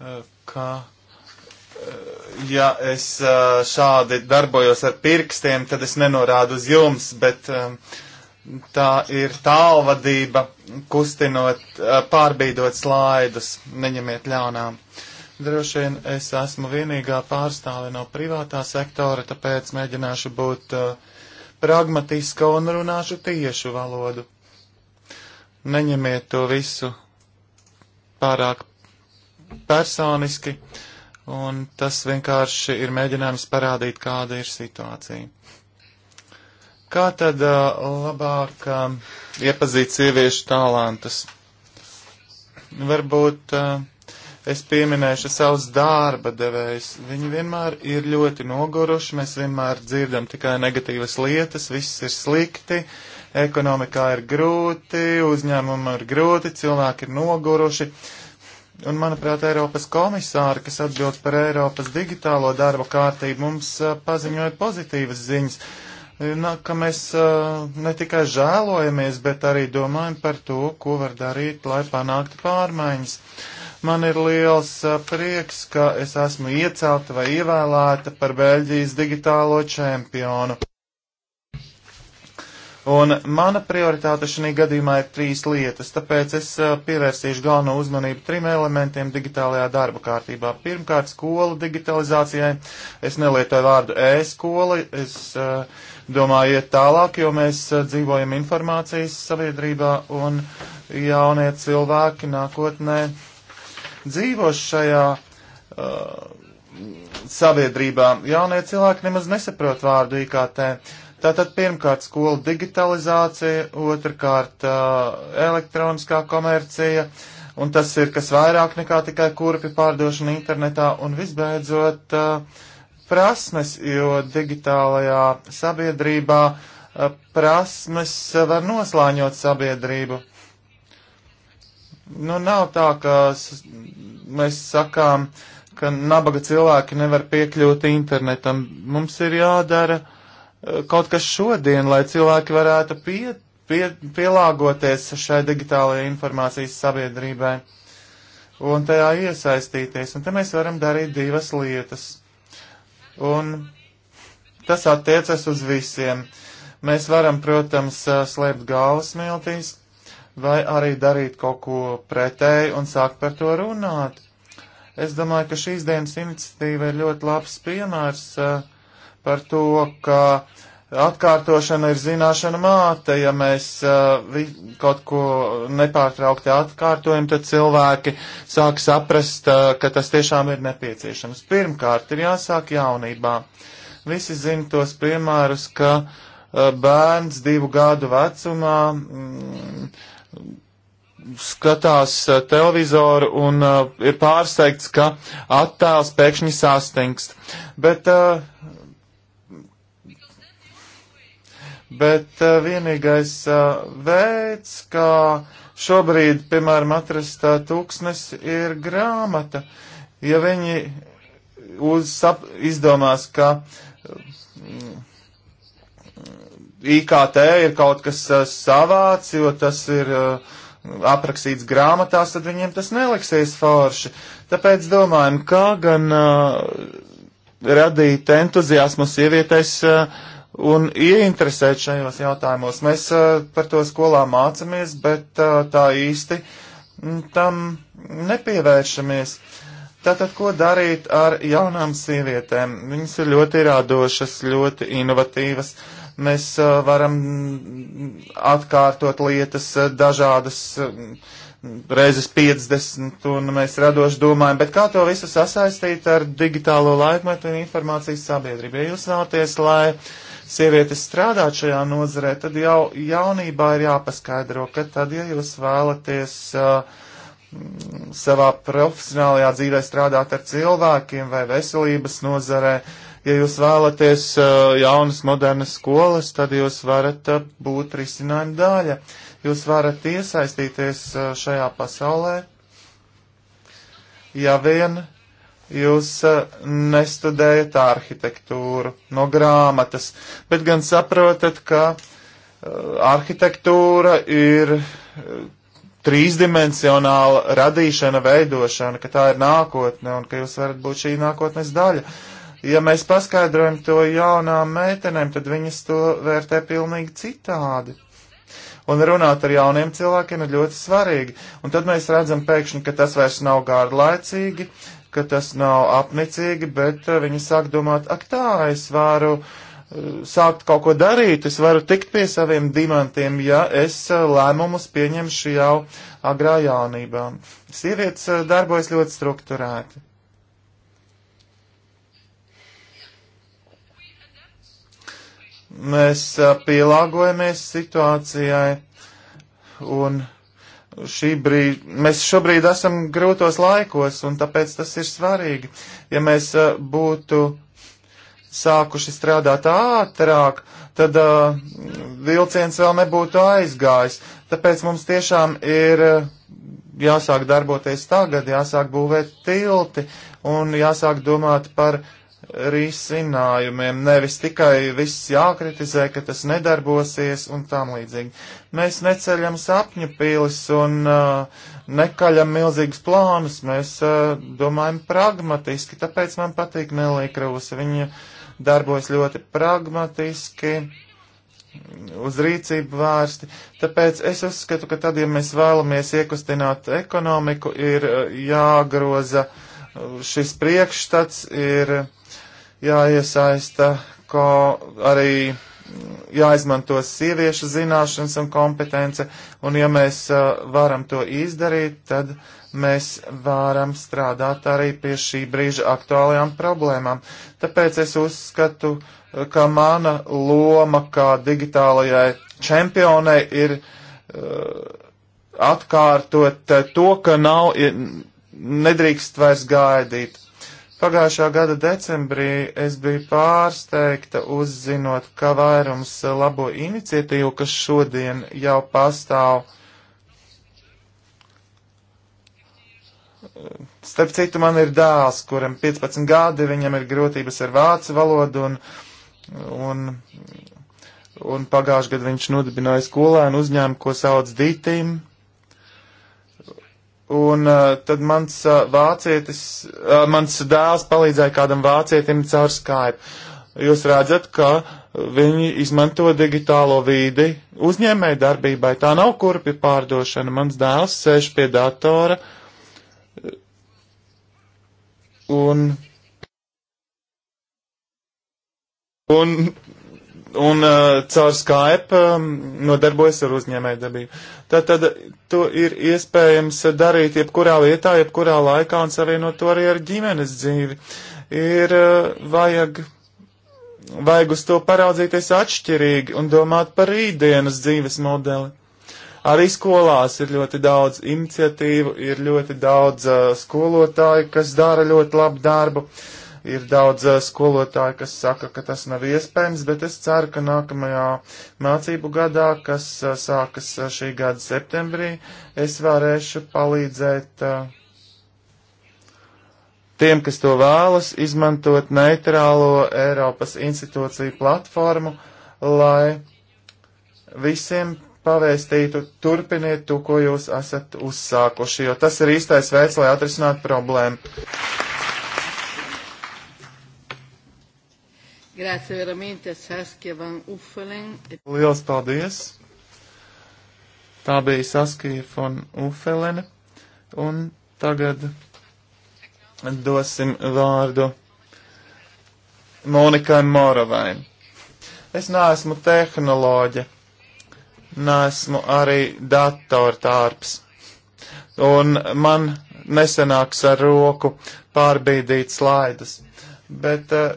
eh, ka eh, ja es eh, šādi darbojos ar pirkstiem, tad es nenorādu uz jums, bet tā ir tālvadība, kustinot, pārbīdot slaidus, neņemiet ļaunām. Uh, Droši vien es esmu vienīgā pārstāve no privātā sektora, tāpēc mēģināšu būt uh, pragmatiska un runāšu tiešu valodu. Neņemiet to visu pārāk personiski, un tas vienkārši ir mēģinājums parādīt, kāda ir situācija. Kā tad uh, labāk uh, iepazīt sieviešu talantus? Varbūt uh, Es pieminēšu savus darba devējus. Viņi vienmēr ir ļoti noguruši, mēs vienmēr dzirdam tikai negatīvas lietas, viss ir slikti, ekonomikā ir grūti, uzņēmumam ir grūti, cilvēki ir noguruši. Un, manuprāt, Eiropas komisāri, kas atbild par Eiropas digitālo darba kārtību, mums uh, paziņoja pozitīvas ziņas, Nā, ka mēs uh, ne tikai žēlojamies, bet arī domājam par to, ko var darīt, lai panāktu pārmaiņas. Uh, Man ir liels prieks, ka es esmu iecelta vai ievēlēta par Beļģijas digitālo čempionu. Un mana prioritāte šī gadījumā ir trīs lietas, tāpēc es pievērsīšu galveno uzmanību trim elementiem digitālajā darba kārtībā. Pirmkārt, skola digitalizācijai. Es nelietoju vārdu e-skola, es domāju iet tālāk, jo mēs dzīvojam informācijas sabiedrībā un jaunie cilvēki nākotnē dzīvo šajā uh, sabiedrībā. Jaunie cilvēki nemaz nesaprot vārdu IKT. Tātad pirmkārt skola digitalizācija, otrkārt uh, elektroniskā komercija, un tas ir kas vairāk nekā tikai kurpi pārdošana internetā, un visbeidzot uh, prasmes, jo digitālajā sabiedrībā uh, prasmes var noslāņot sabiedrību. Nu, nav tā, ka mēs sakām, ka nabaga cilvēki nevar piekļūt internetam. Mums ir jādara eh, kaut kas šodien, lai cilvēki varētu pie, pie, pielāgoties šai digitālajai informācijas sabiedrībai un tajā iesaistīties. Un te mēs varam darīt divas lietas. Un tas attiecas uz visiem. Mēs varam, protams, eh, slēpt galvas miltīs vai arī darīt kaut ko pretēju un sākt par to runāt. Es domāju, ka šīs dienas iniciatīva ir ļoti labs piemērs uh, par to, ka atkārtošana ir zināšana māte. Ja mēs uh, kaut ko nepārtraukti atkārtojam, tad cilvēki sāk saprast, uh, ka tas tiešām ir nepieciešams. Pirmkārt, ir jāsāk jaunībā. Visi zina tos piemērus, ka bērns divu gadu vecumā. Mm, skatās eh, televizoru un uh, ir pārsteigts, ka attēls pēkšņi sastingst. Bet, uh, bet uh, vienīgais uh, veids, kā šobrīd, piemēram, atrast uh, tūksnes, ir grāmata. Ja viņi uz, sap, izdomās, ka. Uh, IKT ir kaut kas uh, savāds, jo tas ir uh, aprakstīts grāmatās, tad viņiem tas neliksies forši. Tāpēc domājam, kā gan uh, radīt entuziasmu sievietes un ieinteresēt šajos jautājumos. Mēs par to skolā mācamies, bet tā īsti mm, tam nepievēršamies. Tātad, ko darīt ar jaunām sievietēm? Viņas ir ļoti radošas, ļoti inovatīvas. Uh, Mēs uh, varam atkārtot lietas uh, dažādas uh, reizes 50, un mēs radoši domājam, bet kā to visu sasaistīt ar digitālo laikmetu un informācijas sabiedrību? Ja jūs vēlaties, lai sievietes strādātu šajā nozarē, tad jau jaunībā ir jāpaskaidro, ka tad, ja jūs vēlaties uh, savā profesionālajā dzīvē strādāt ar cilvēkiem vai veselības nozarē, uh, Ja jūs vēlaties uh, jaunas, modernas skolas, tad jūs varat uh, būt risinājuma daļa. Jūs varat iesaistīties uh, šajā pasaulē, ja vien jūs nestudējat arhitektūru no grāmatas, bet gan saprotat, ka arhitektūra ir trīsdimensionāla radīšana, veidošana, ka tā ir nākotne un ka jūs varat būt šī nākotnes daļa. Uh, Ja mēs paskaidrojam to jaunām meitenēm, tad viņas to vērtē pilnīgi citādi. Un runāt ar jauniem cilvēkiem ir ļoti svarīgi. Un tad mēs redzam pēkšņi, ka tas vairs nav gārlaicīgi, ka tas nav apnicīgi, bet eh, viņi sāk domāt, ak tā, es varu eh, sākt kaut ko darīt, es varu tikt pie saviem dimantiem, ja es eh, lēmumus pieņemšu jau agrā jaunībā. Sievietes darbojas ļoti strukturēti. Mēs pielāgojamies situācijai un šī brīža, mēs šobrīd esam grūtos laikos, un tāpēc tas ir svarīgi. Ja mēs būtu sākuši strādāt ātrāk, tad uh, vilciens vēl nebūtu aizgājis. Tāpēc mums tiešām ir jāsāk darboties tagad, jāsāk būvēt tilti un jāsāk domāt par risinājumiem, nevis tikai viss jākritizē, ka tas nedarbosies un tam līdzīgi. Mēs neceļam sapņu pīlis un uh, nekaļam milzīgus plānus, mēs uh, domājam pragmatiski, tāpēc man patīk Nelī Krūsa. Viņa darbojas ļoti pragmatiski, uz rīcību vērsti, tāpēc es uzskatu, ka tad, ja mēs vēlamies iekustināt ekonomiku, ir uh, jāgroza uh, šis priekšstats, ir uh, jāiesaista, ko arī jāizmanto sieviešu zināšanas un kompetence, un ja mēs uh, varam to izdarīt, tad mēs varam strādāt arī pie šī brīža aktuālajām problēmām. Tāpēc es uzskatu, uh, ka mana loma kā digitālajai čempionai ir uh, atkārtot to, ka nav, nedrīkst vairs gaidīt. Pagājušā gada decembrī es biju pārsteigta uzzinot, ka vairums labo iniciatīvu, kas šodien jau pastāv. Starp citu, man ir dēls, kuram 15 gadi, viņam ir grūtības ar vācu valodu, un, un, un pagājušajā gadā viņš nodibināja skolēnu uzņēmumu, ko sauc Dītīm Un uh, tad mans uh, vācietis, uh, mans dēls palīdzēja kādam vācietim caur Skype. Jūs redzat, ka viņi izmanto digitālo vīdi uzņēmēju darbībai. Tā nav kurpju pārdošana. Mans dēls sēž pie datora un, un un uh, caur Skype um, nodarbojas ar uzņēmēju darbību. Tātad to ir iespējams darīt jebkurā vietā, jebkurā laikā un savienot to arī ar ģimenes dzīvi. Ir uh, vajag, vajag uz to paraudzīties atšķirīgi un domāt par rītdienas dzīves modeli. Arī skolās ir ļoti daudz iniciatīvu, ir ļoti daudz uh, skolotāju, kas dara ļoti labu darbu. Uh, ir daudz eh, skolotāju, kas saka, ka tas nav iespējams, bet es ceru, ka nākamajā mācību gadā, kas eh, sākas eh, šī gada septembrī, es varēšu palīdzēt tiem, kas to vēlas, izmantot neitrālo Eiropas institūciju platformu, lai visiem pavēstītu, turpiniet to, ko jūs esat uzsākuši, jo tas ir īstais veids, lai atrisinātu problēmu. Grācija veramente Saskija van Ufelen. Liels paldies! Tā bija Saskija von Ufelene. Un tagad dosim vārdu Monikai Moravai. Es neesmu tehnoloģe, neesmu arī datortārps. Un man nesenāks ar roku pārbīdīt slaidus. Uh, Bet eh,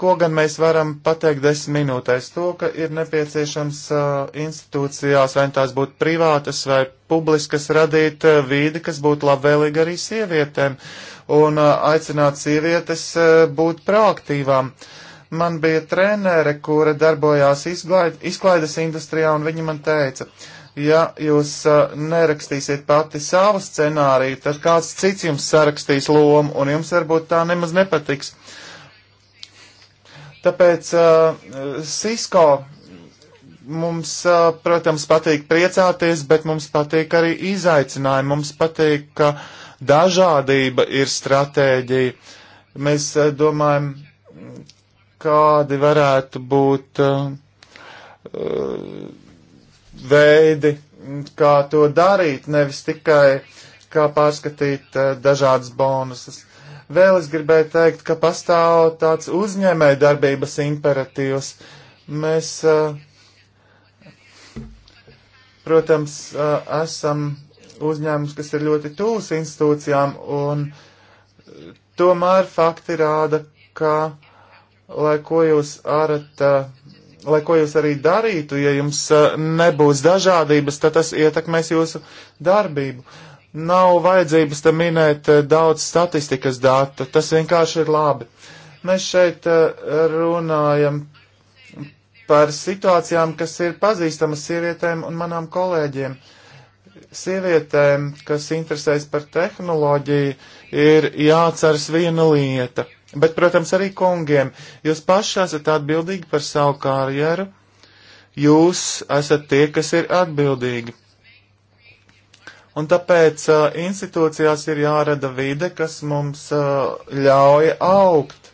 ko gan mēs varam pateikt desmit minūtēs? To, ka ir nepieciešams eh, institūcijās, vai nu tās būtu privātas vai publiskas, radīt eh, vīdi, kas būtu labvēlīga arī sievietēm un aicināt sievietes būt proaktīvām. Man bija trenere, kura darbojās izklaid, izklaides industrijā, un viņa man teica, ja jūs uh, nerakstīsiet pati savu scenāriju, tad kāds cits jums sarakstīs lomu, un jums varbūt tā nemaz nepatiks. Uh, Tāpēc uh, Sisko mums, uh, protams, patīk priecāties, bet mums patīk arī izaicinājumi. Mums patīk, ka dažādība ir stratēģija. Mēs uh, domājam, kādi varētu būt uh, veidi, kā to darīt, nevis tikai kā pārskatīt uh, dažādas bonusus. Vēl es gribēju teikt, ka pastāv tāds uzņēmēja darbības imperatīvs. Mēs, protams, esam uzņēmums, kas ir ļoti tūs institūcijām, un tomēr fakti rāda, ka, lai ko jūs arat, lai ko jūs arī darītu, ja jums nebūs dažādības, tad tas ietekmēs jūsu darbību. Uh, Nav vajadzības te minēt eh, daudz statistikas datu, tas vienkārši ir labi. Mēs šeit eh, runājam par situācijām, kas ir pazīstamas sievietēm un manām kolēģiem. Sievietēm, kas interesēs par tehnoloģiju, ir jāceras viena lieta, bet, protams, arī kungiem. Jūs paši esat atbildīgi par savu karjeru, jūs esat tie, kas ir atbildīgi. Un tāpēc uh, institūcijās ir jārada vide, kas mums uh, ļauj augt.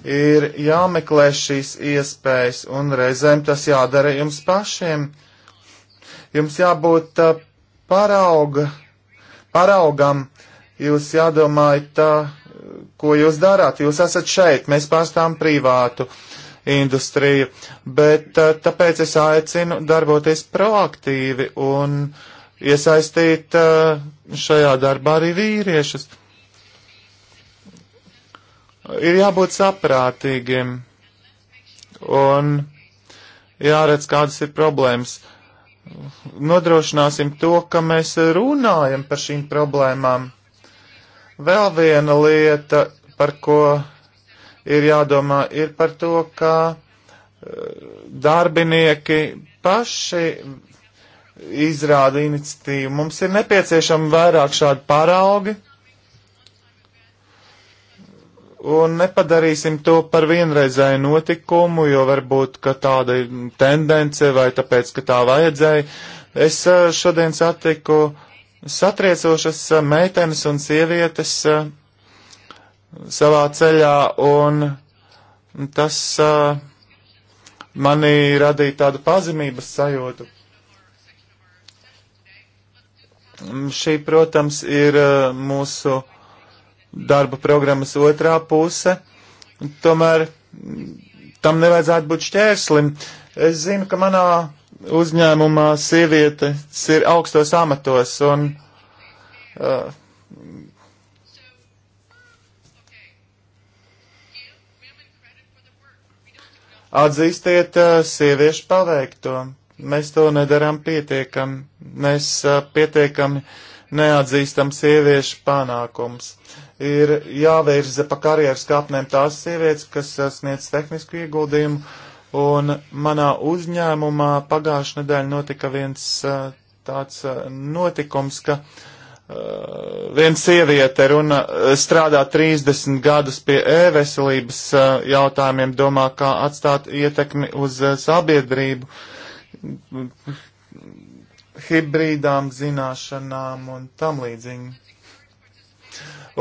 Ir jāmeklē šīs iespējas, un reizēm tas jādara jums pašiem. Jums jābūt uh, parauga, paraugam, jūs jādomājat, ko jūs darāt. Jūs esat šeit, mēs pārstāvam privātu industriju, bet uh, tāpēc es aicinu darboties proaktīvi un uh, iesaistīt uh, šajā darbā arī vīriešus. Ir jābūt saprātīgiem un jāredz, kādas ir problēmas. Nodrošināsim to, ka mēs runājam par šīm problēmām. Vēl viena lieta, par ko ir jādomā, ir par to, ka uh, darbinieki paši izrāda iniciatīvu. Mums ir nepieciešama vairāk šādu paraugi, un nepadarīsim to par vienreizēju notikumu, jo varbūt, ka tāda ir tendence vai tāpēc, ka tā vajadzēja. Es šodien satiku satriecošas meitenes un sievietes savā ceļā, un tas manī radīja tādu pazemības sajūtu. Mm, šī, protams, ir uh, mūsu darba programmas otrā puse. Tomēr mm, tam nevajadzētu būt šķērslim. Es zinu, ka manā uzņēmumā sievietes ir augstos amatos un. Uh, Atzīstiet uh, sieviešu paveikto. Mēs to nedarām pietiekami. Mēs uh, pietiekami neatzīstam sieviešu panākums. Ir jāvērza pa karjeras kāpnēm tās sievietes, kas uh, sniedz tehnisku ieguldījumu, un manā uzņēmumā pagājušajā nedēļā notika viens uh, tāds notikums, ka viena sieviete runa, strādā 30 gadus pie e-veselības jautājumiem, domā, kā atstāt ietekmi uz sabiedrību. Uh, hibrīdām zināšanām un tam līdzīgi.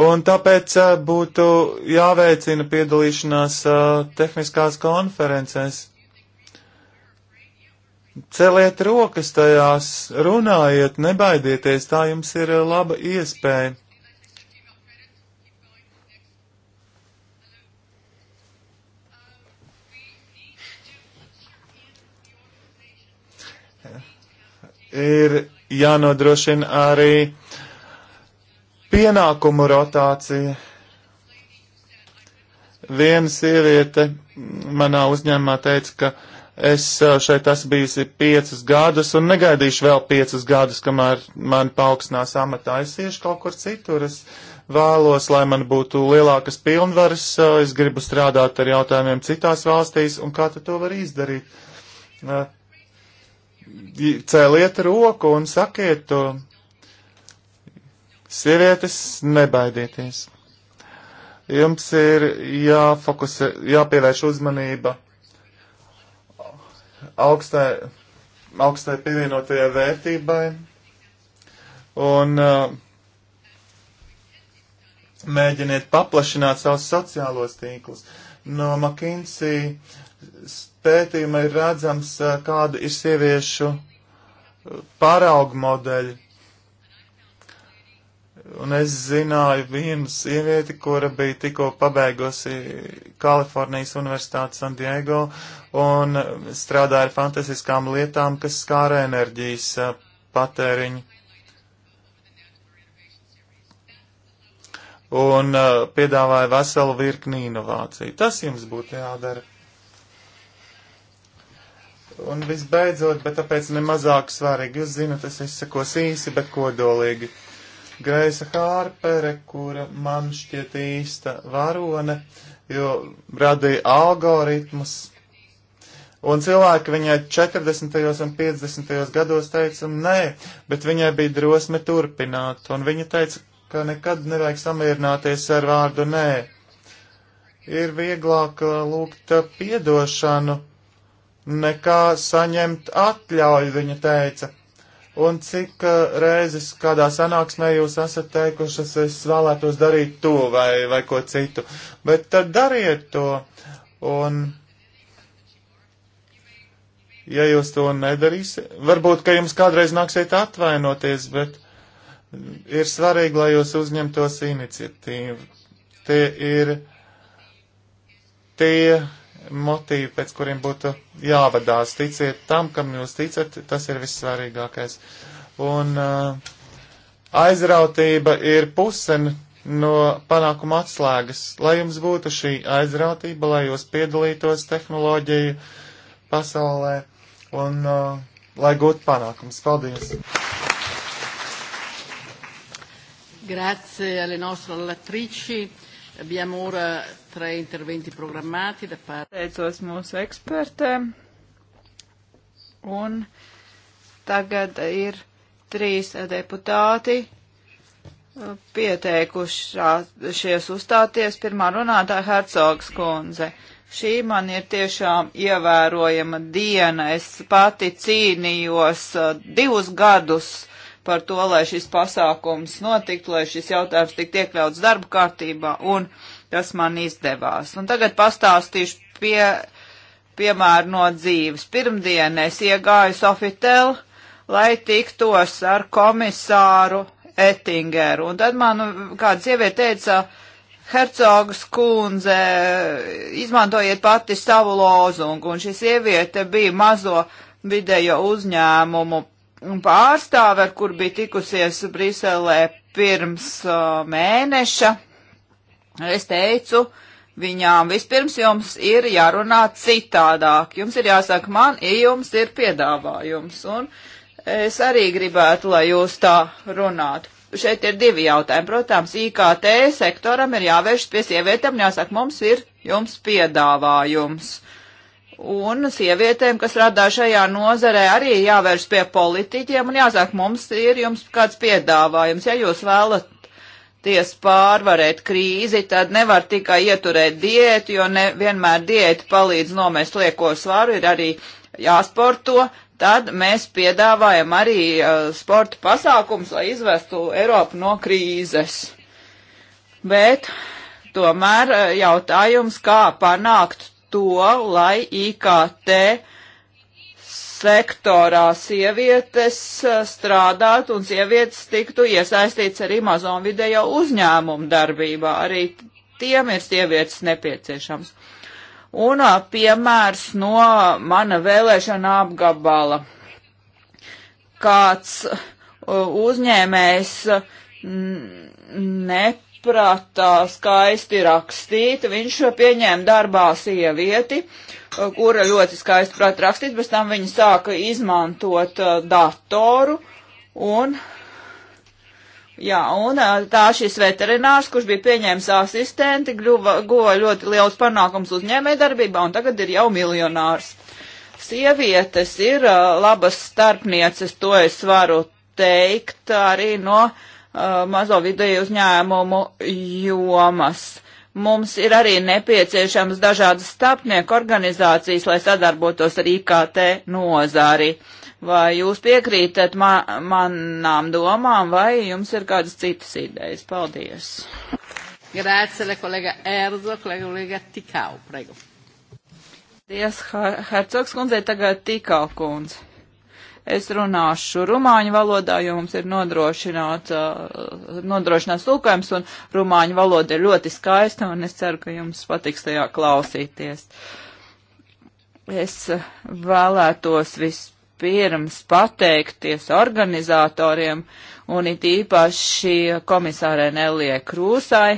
Un tāpēc eh, būtu jāveicina piedalīšanās eh, tehniskās konferencēs. Celiet rokas tajās, runājiet, nebaidieties, tā jums ir eh, laba iespēja. ir jānodrošina arī pienākumu rotācija. Viena sieviete manā uzņēmumā teica, ka es eh, šeit esmu bijusi piecus gadus un negaidīšu vēl piecus gadus, kamēr man paaugstinās amatā. Es iešu kaut kur citur. Es vēlos, lai man būtu lielākas pilnvaras, eh, es gribu strādāt ar jautājumiem citās valstīs, un kā tu to vari izdarīt? Eh, cēliet roku un sakiet to. Sievietes, nebaidieties! Jums ir jāfokusē, jāpievērš uzmanība augstai, augstai pievienotajai vērtībai. Un uh, mēģiniet paplašināt savus sociālos tīklus. No McKinsey pētījuma ir redzams, kāda ir sieviešu paraugu modeļi. Un es zināju vienu sievieti, kura bija tikko pabeigusi Kalifornijas Universitāti San Diego un strādāja ar fantastiskām lietām, kas skāra enerģijas patēriņu. Un piedāvāja veselu virkni inovāciju. Tas jums būtu jādara. Un visbeidzot, bet tāpēc nemazāk svarīgi, jūs zinat, es izsakos īsi, bet kodolīgi. Greisa Hārpere, kura man šķiet īsta varone, jo radīja algoritmus. Un cilvēki viņai 40. un 50. gados teica nē, bet viņai bija drosme turpināt, un viņa teica, ka nekad nevajag samierināties ar vārdu nē. Ir vieglāk uh, lūgt uh, piedošanu nekā saņemt atļauju, viņa teica. Un cik uh, reizes kādā sanāksmē jūs esat teikušas, es vēlētos darīt to vai, vai ko citu. Bet tad dariet to. Un ja jūs to nedarīsiet, varbūt, ka jums kādreiz nāksiet atvainoties, bet ir svarīgi, lai jūs uzņemtos iniciatīvu. Tie ir tie motīvi, pēc kuriem būtu jāvadās. Ticiet tam, kam jūs ticat, tas ir vissvarīgākais. Un uh, aizrautība ir pusen no panākuma atslēgas. Lai jums būtu šī aizrautība, lai jūs piedalītos tehnoloģiju pasaulē un uh, lai gūtu panākums. Paldies! Grazie alle nostre relatrici. Abbiamo ora tre interventi programmati da parte. Teicos mūsu ekspertēm. Un tagad ir trīs deputāti uh, pieteikušies uzstāties. Pirmā runātāja Hercogs kundze. Šī man ir tiešām ievērojama diena. Es pati cīnījos uh, divus gadus par to, lai šis pasākums notiktu, lai šis jautājums tiktu iekļauts darba kārtībā. Un tas man izdevās. Un tagad pastāstīšu pie, piemēru no dzīves. Pirmdien es iegāju Sofitel, lai tiktos ar komisāru Ettingeru. Un tad man kāda sieviete teica, Hercogs kundze, izmantojiet pati savu lozungu. Un šī sieviete bija mazo vidējo uzņēmumu pārstāve, ar kur bija tikusies Briselē pirms uh, mēneša Es teicu, viņām vispirms jums ir jārunā citādāk. Jums ir jāsaka, man jums ir piedāvājums. Un es arī gribētu, lai jūs tā runātu. Šeit ir divi jautājumi. Protams, IKT sektoram ir jāvēršas pie sievietēm, jāsaka, mums ir jums piedāvājums. Un sievietēm, kas strādā šajā nozarē, arī jāvērš pie politiķiem un jāsaka, mums ir jums kāds piedāvājums. Ja jūs vēlat ties pārvarēt krīzi, tad nevar tikai ieturēt diētu, jo ne vienmēr diēta palīdz nomest lieko svaru, ir arī jāsporto, tad mēs piedāvājam arī uh, sporta pasākums, lai izvestu Eiropu no krīzes. Bet tomēr uh, jautājums, kā panākt to, lai IKT sektorā sievietes eh, strādātu un sievietes tiktu iesaistīts arī mazo un vidējo uzņēmumu darbībā. Arī tiem ir sievietes nepieciešams. Un eh, piemērs no mana vēlēšana apgabala. Kāds eh, uzņēmējs mm, neprata skaisti rakstīt, viņš pieņēma darbā sievieti. Uh, Eh, kura ļoti skaisti prāt rakstīt, bet tam viņa sāka izmantot eh, datoru un Jā, un eh, tā šis veterinārs, kurš bija pieņēmis asistenti, guva ļoti liels panākums uzņēmē darbībā un tagad ir jau miljonārs. Sievietes ir uh, labas starpnieces, to es varu teikt arī no uh, mazo vidēju uzņēmumu jomas. Mums ir arī nepieciešams dažādas starpnieku organizācijas, lai sadarbotos ar IKT nozāri. Vai jūs piekrītat ma manām domām, vai jums ir kādas citas idejas? Paldies! Grācele, kolega Erzo, kolega Tikau, prego. Paldies, Hercogs kundzei, tagad Tikau kundze. Es runāšu rumāņu valodā, jo mums ir nodrošināts, uh, nodrošināts tulkojums, un rumāņu valoda ir ļoti skaista, un es ceru, ka jums patiks tajā klausīties. Es uh, vēlētos vispirms pateikties organizatoriem, un it īpaši komisārai Nelie Krūsai,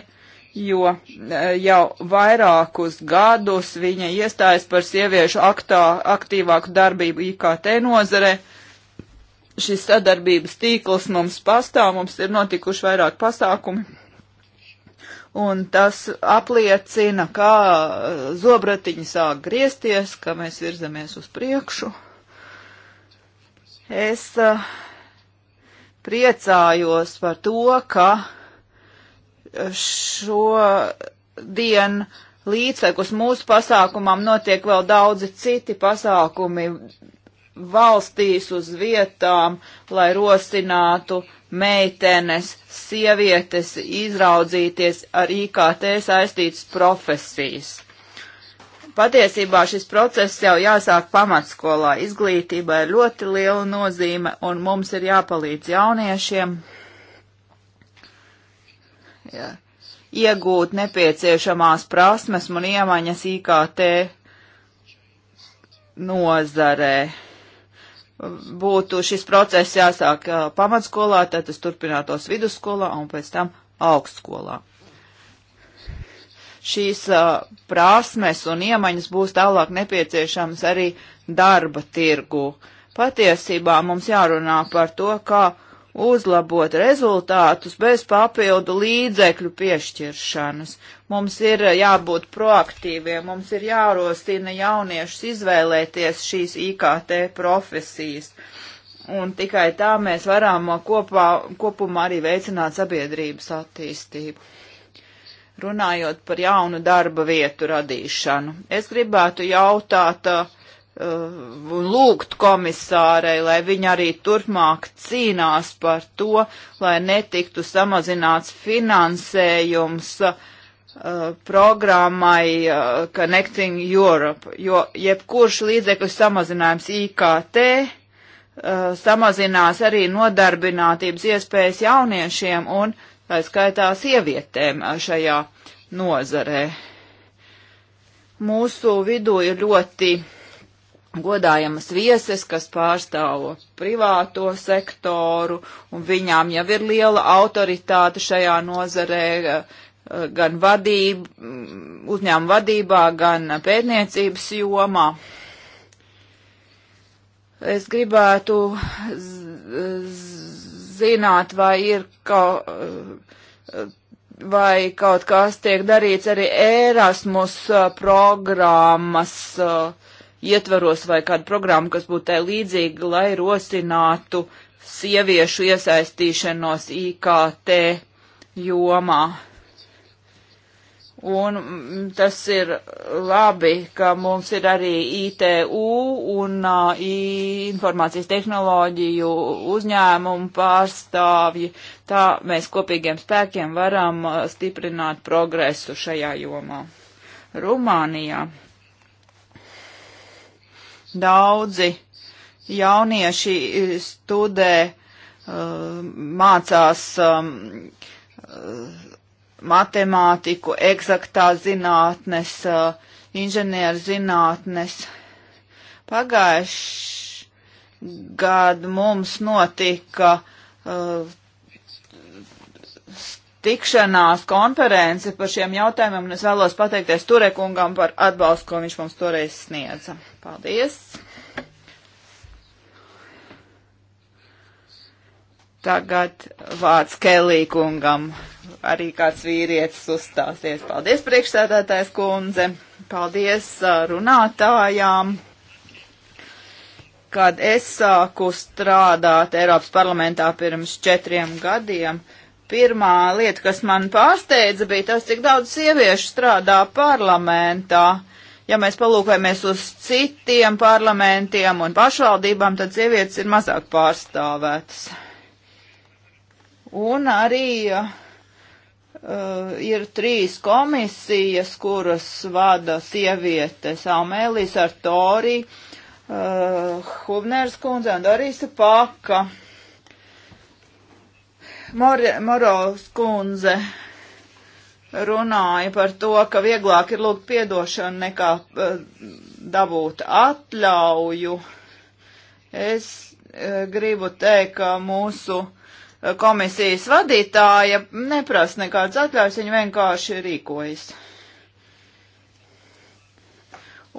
jo uh, jau vairākus gadus viņa iestājas par sieviešu aktā, aktīvāku darbību IKT nozare, šis sadarbības tīkls mums pastāv, mums ir notikuši vairāk pasākumi. Un tas apliecina, kā eh, zobratiņi sāk griezties, ka mēs virzamies uz priekšu. Es uh, priecājos par to, ka šodien līdztekus mūsu pasākumam notiek vēl daudzi citi pasākumi valstīs uz vietām, lai rosinātu meitenes, sievietes izraudzīties ar IKT saistītas profesijas. Patiesībā šis process jau jāsāk pamatskolā. Izglītība ir ļoti liela nozīme un mums ir jāpalīdz jauniešiem jā, iegūt nepieciešamās prasmes un iemaņas IKT nozarē būtu šis process jāsāk pamatskolā, tad tas turpinātos vidusskolā un pēc tam augstskolā. Šīs prasmes un iemaņas būs tālāk nepieciešamas arī darba tirgu. Patiesībā mums jārunā par to, kā uzlabot rezultātus bez papildu līdzekļu piešķiršanas. Mums ir jābūt proaktīviem, mums ir jārostina jauniešus izvēlēties šīs IKT profesijas. Un tikai tā mēs varam kopā, kopumā arī veicināt sabiedrības attīstību. Runājot par jaunu darba vietu radīšanu, es gribētu jautāt, uh, un uh, lūgt komisārei, lai viņa arī turpmāk cīnās par to, lai netiktu samazināts finansējums uh, programmai uh, Connecting Europe, jo jebkurš līdzekļu samazinājums IKT uh, samazinās arī nodarbinātības iespējas jauniešiem un, tā skaitā, sievietēm uh, šajā nozarē. Mūsu vidū ir ļoti godājamas vieses, kas pārstāv privāto sektoru, un viņām jau ir liela autoritāte šajā nozarē, eh, gan vadība, uzņēmuma vadībā, gan pētniecības jomā. Es gribētu zināt, vai ir kaut, eh, vai kaut kas tiek darīts arī Erasmus eh, programmas uh, ietvaros vai kādu programmu, kas būtu tai līdzīga, lai rosinātu sieviešu iesaistīšanos IKT jomā. Un mm, tas ir labi, ka mums ir arī ITU un uh, informācijas tehnoloģiju uzņēmumu pārstāvji. Tā mēs kopīgiem spēkiem varam stiprināt progresu šajā jomā. Rumānijā Daudzi jaunieši studē, uh, mācās um, uh, matemātiku, eksaktās zinātnes, uh, inženierzinātnes. Pagājuši gadu mums notika uh, tikšanās konference par šiem jautājumiem, un es vēlos pateikties Turekungam par atbalstu, ko viņš mums toreiz sniedza. Paldies! Tagad vārds Kelī kungam. Arī kāds vīrietis uzstāsies. Paldies, priekšsēdētājs kundze. Paldies runātājām. Kad es sāku strādāt Eiropas parlamentā pirms četriem gadiem, pirmā lieta, kas man pārsteidza, bija tas, cik daudz sieviešu strādā parlamentā. Uh, Ja mēs palūkojamies uz citiem parlamentiem un pašvaldībām, tad sievietes ir mazāk pārstāvētas. Un arī uh, ir trīs komisijas, kuras vada sievietes - Amēlijas ar Tori, uh, Hubners kundze un Darīsa Paka. Mor Moros kundze runāja par to, ka vieglāk ir lūgt piedošanu nekā eh, dabūt atļauju. Es eh, gribu teikt, ka mūsu eh, komisijas vadītāja neprasa nekādas atļaujas, viņa vienkārši rīkojas.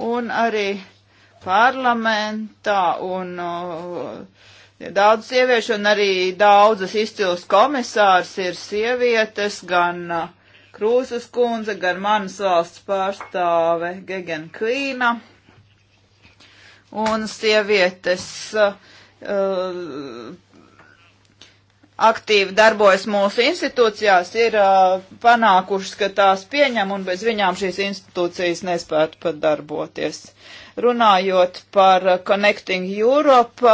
Un arī parlamentā un uh, daudz sieviešu un arī daudzas izcils komisārs ir sievietes gan uh, Krūzes kundze, gan manas valsts pārstāve Gegen Kvīna un sievietes uh, aktīvi darbojas mūsu institūcijās, ir uh, panākušas, ka tās pieņem un bez viņām šīs institūcijas nespētu pat darboties. Runājot par Connecting Europe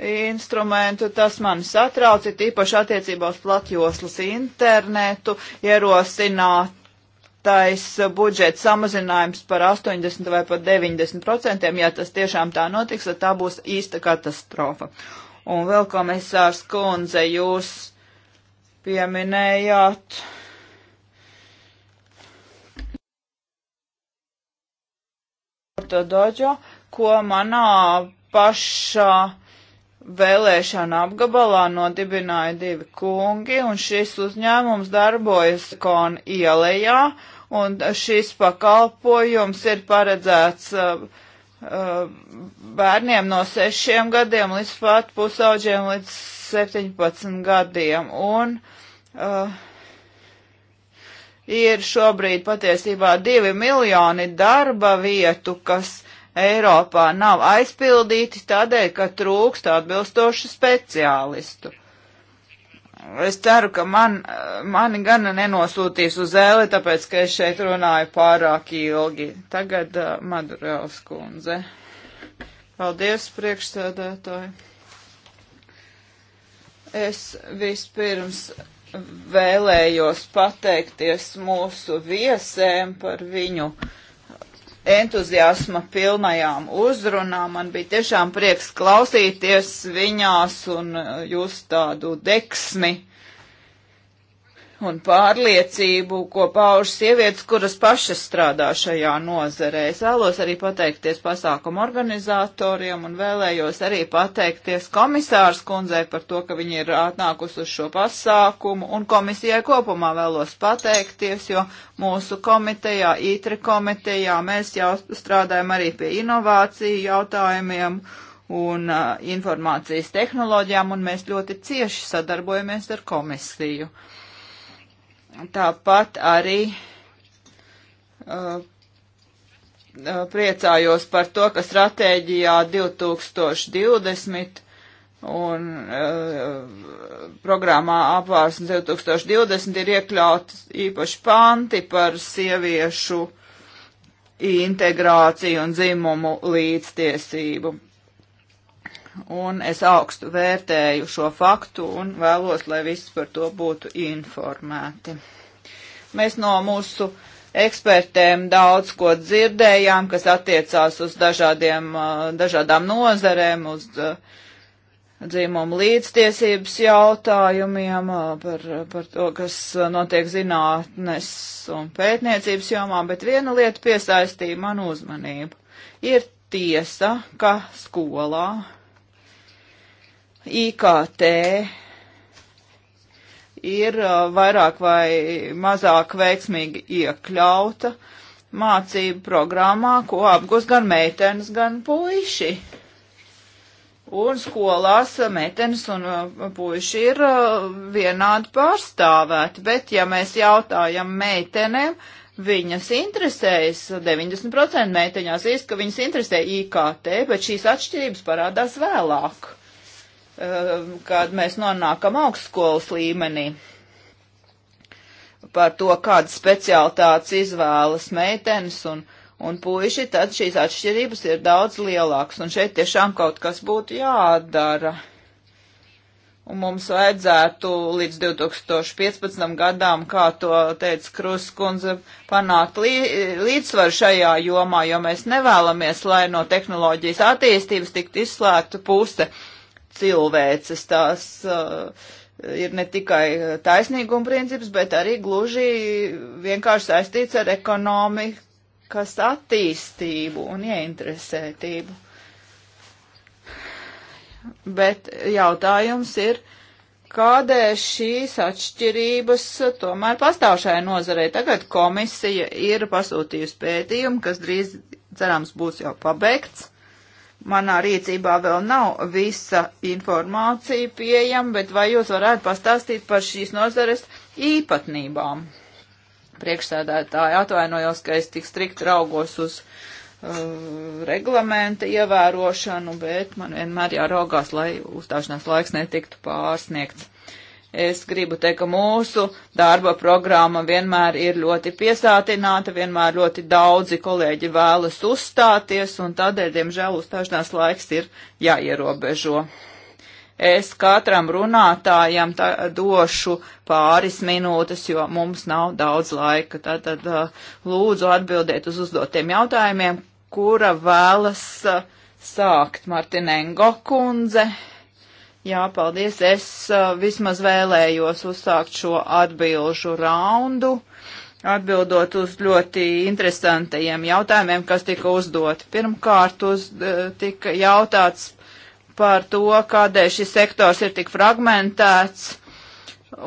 eh, instrumentu, tas mani satrauc, ir tīpaši attiecībā uz platjoslas internetu, ierosināt tais budžets samazinājums par 80 vai pat 90 procentiem, ja tas tiešām tā notiks, tad tā būs īsta katastrofa. Un vēl komisārs Kunze, jūs pieminējāt sporta doģo, ko manā pašā vēlēšana apgabalā nodibināja divi kungi, un šis uzņēmums darbojas kon ielējā, un šis pakalpojums ir paredzēts uh, uh bērniem no 6 gadiem līdz pat pusauģiem līdz 17 gadiem. Un, uh, ir šobrīd patiesībā divi miljoni darba vietu, kas Eiropā nav aizpildīti tādēļ, ka trūkst atbilstošu speciālistu. Es ceru, ka man, mani gana nenosūtīs uz ēli, tāpēc, ka es šeit runāju pārāk ilgi. Tagad uh, Madurēls kundze. Paldies, priekšsēdētāji. Es vispirms vēlējos pateikties mūsu viesēm par viņu entuziasma pilnajām uzrunām. Man bija tiešām prieks klausīties viņās un uh, jūs tādu deksmi un pārliecību, ko pauž sievietes, kuras pašas strādā šajā nozarē. Es vēlos arī pateikties pasākumu organizatoriem un vēlējos arī pateikties komisārs kundzei par to, ka viņi ir atnākusi uz šo pasākumu un komisijai kopumā vēlos pateikties, jo mūsu komitejā, ITRE komitejā mēs jau strādājam arī pie inovāciju jautājumiem un uh, informācijas tehnoloģijām, un mēs ļoti cieši sadarbojamies ar komisiju. Uh, Tāpat arī uh, uh, priecājos par to, ka stratēģijā 2020 un uh, programmā apvārsnes 2020 ir iekļauts īpaši panti par sieviešu integrāciju un dzimumu līdztiesību un es augstu vērtēju šo faktu un vēlos, lai viss par to būtu informēti. Mēs no mūsu ekspertēm daudz ko dzirdējām, kas attiecās uz dažādiem, dažādām nozarēm, uz dzīmumu līdztiesības jautājumiem, par, par to, kas notiek zinātnes un pētniecības jomā, bet viena lieta piesaistīja manu uzmanību. Ir tiesa, ka skolā IKT ir uh, vairāk vai mazāk veiksmīgi iekļauta mācību programmā, ko apgūst gan meitenes, gan puiši. Un skolās meitenes un uh, puiši ir uh, vienādi pārstāvēti, bet ja mēs jautājam meitenēm, viņas interesējas, 90% meiteņās ir, ka viņas interesē IKT, bet šīs atšķirības parādās vēlāk. Um, kad mēs nonākam augstskolas līmenī par to, kādas speciālitātes izvēlas meitenes un, un puiši, tad šīs atšķirības ir daudz lielākas. Un šeit tiešām kaut kas būtu jādara. Un mums vajadzētu līdz 2015. gadām, kā to teica Kruskundze, panākt lī, līdzsvaru šajā jomā, jo mēs nevēlamies, lai no tehnoloģijas attīstības tiktu izslēgta puse. Uh, cilvēces. Tās uh, ir ne tikai taisnīguma princips, bet arī gluži vienkārši saistīts ar ekonomikas attīstību un ieinteresētību. Bet jautājums ir, kādēļ šīs atšķirības tomēr pastāv šai nozarei? Tagad komisija ir pasūtījusi pētījumu, kas drīz, cerams, būs jau pabeigts. Manā rīcībā vēl nav visa informācija pieejama, bet vai jūs varētu pastāstīt par šīs nozares īpatnībām? Priekšsēdētāji atvainojos, ka es tik strikt raugos uz uh, reglamenta ievērošanu, bet man vienmēr jāraugās, lai uzstāšanās laiks netiktu pārsniegts. Es gribu teikt, ka mūsu darba programma vienmēr ir ļoti piesātināta, vienmēr ļoti daudzi kolēģi vēlas uzstāties, un tādēļ, diemžēl, uzstāšanās laiks ir jāierobežo. Es katram runātājam tā, došu pāris minūtes, jo mums nav daudz laika. Tātad uh, lūdzu atbildēt uz uzdotiem jautājumiem, kura vēlas uh, sākt Martinengo kundze. Jā, paldies. Es uh, vismaz vēlējos uzsākt šo atbilžu raundu, atbildot uz ļoti interesantajiem jautājumiem, kas tika uzdot. Pirmkārt, uz, uh, tika jautāts par to, kādēļ šis sektors ir tik fragmentēts.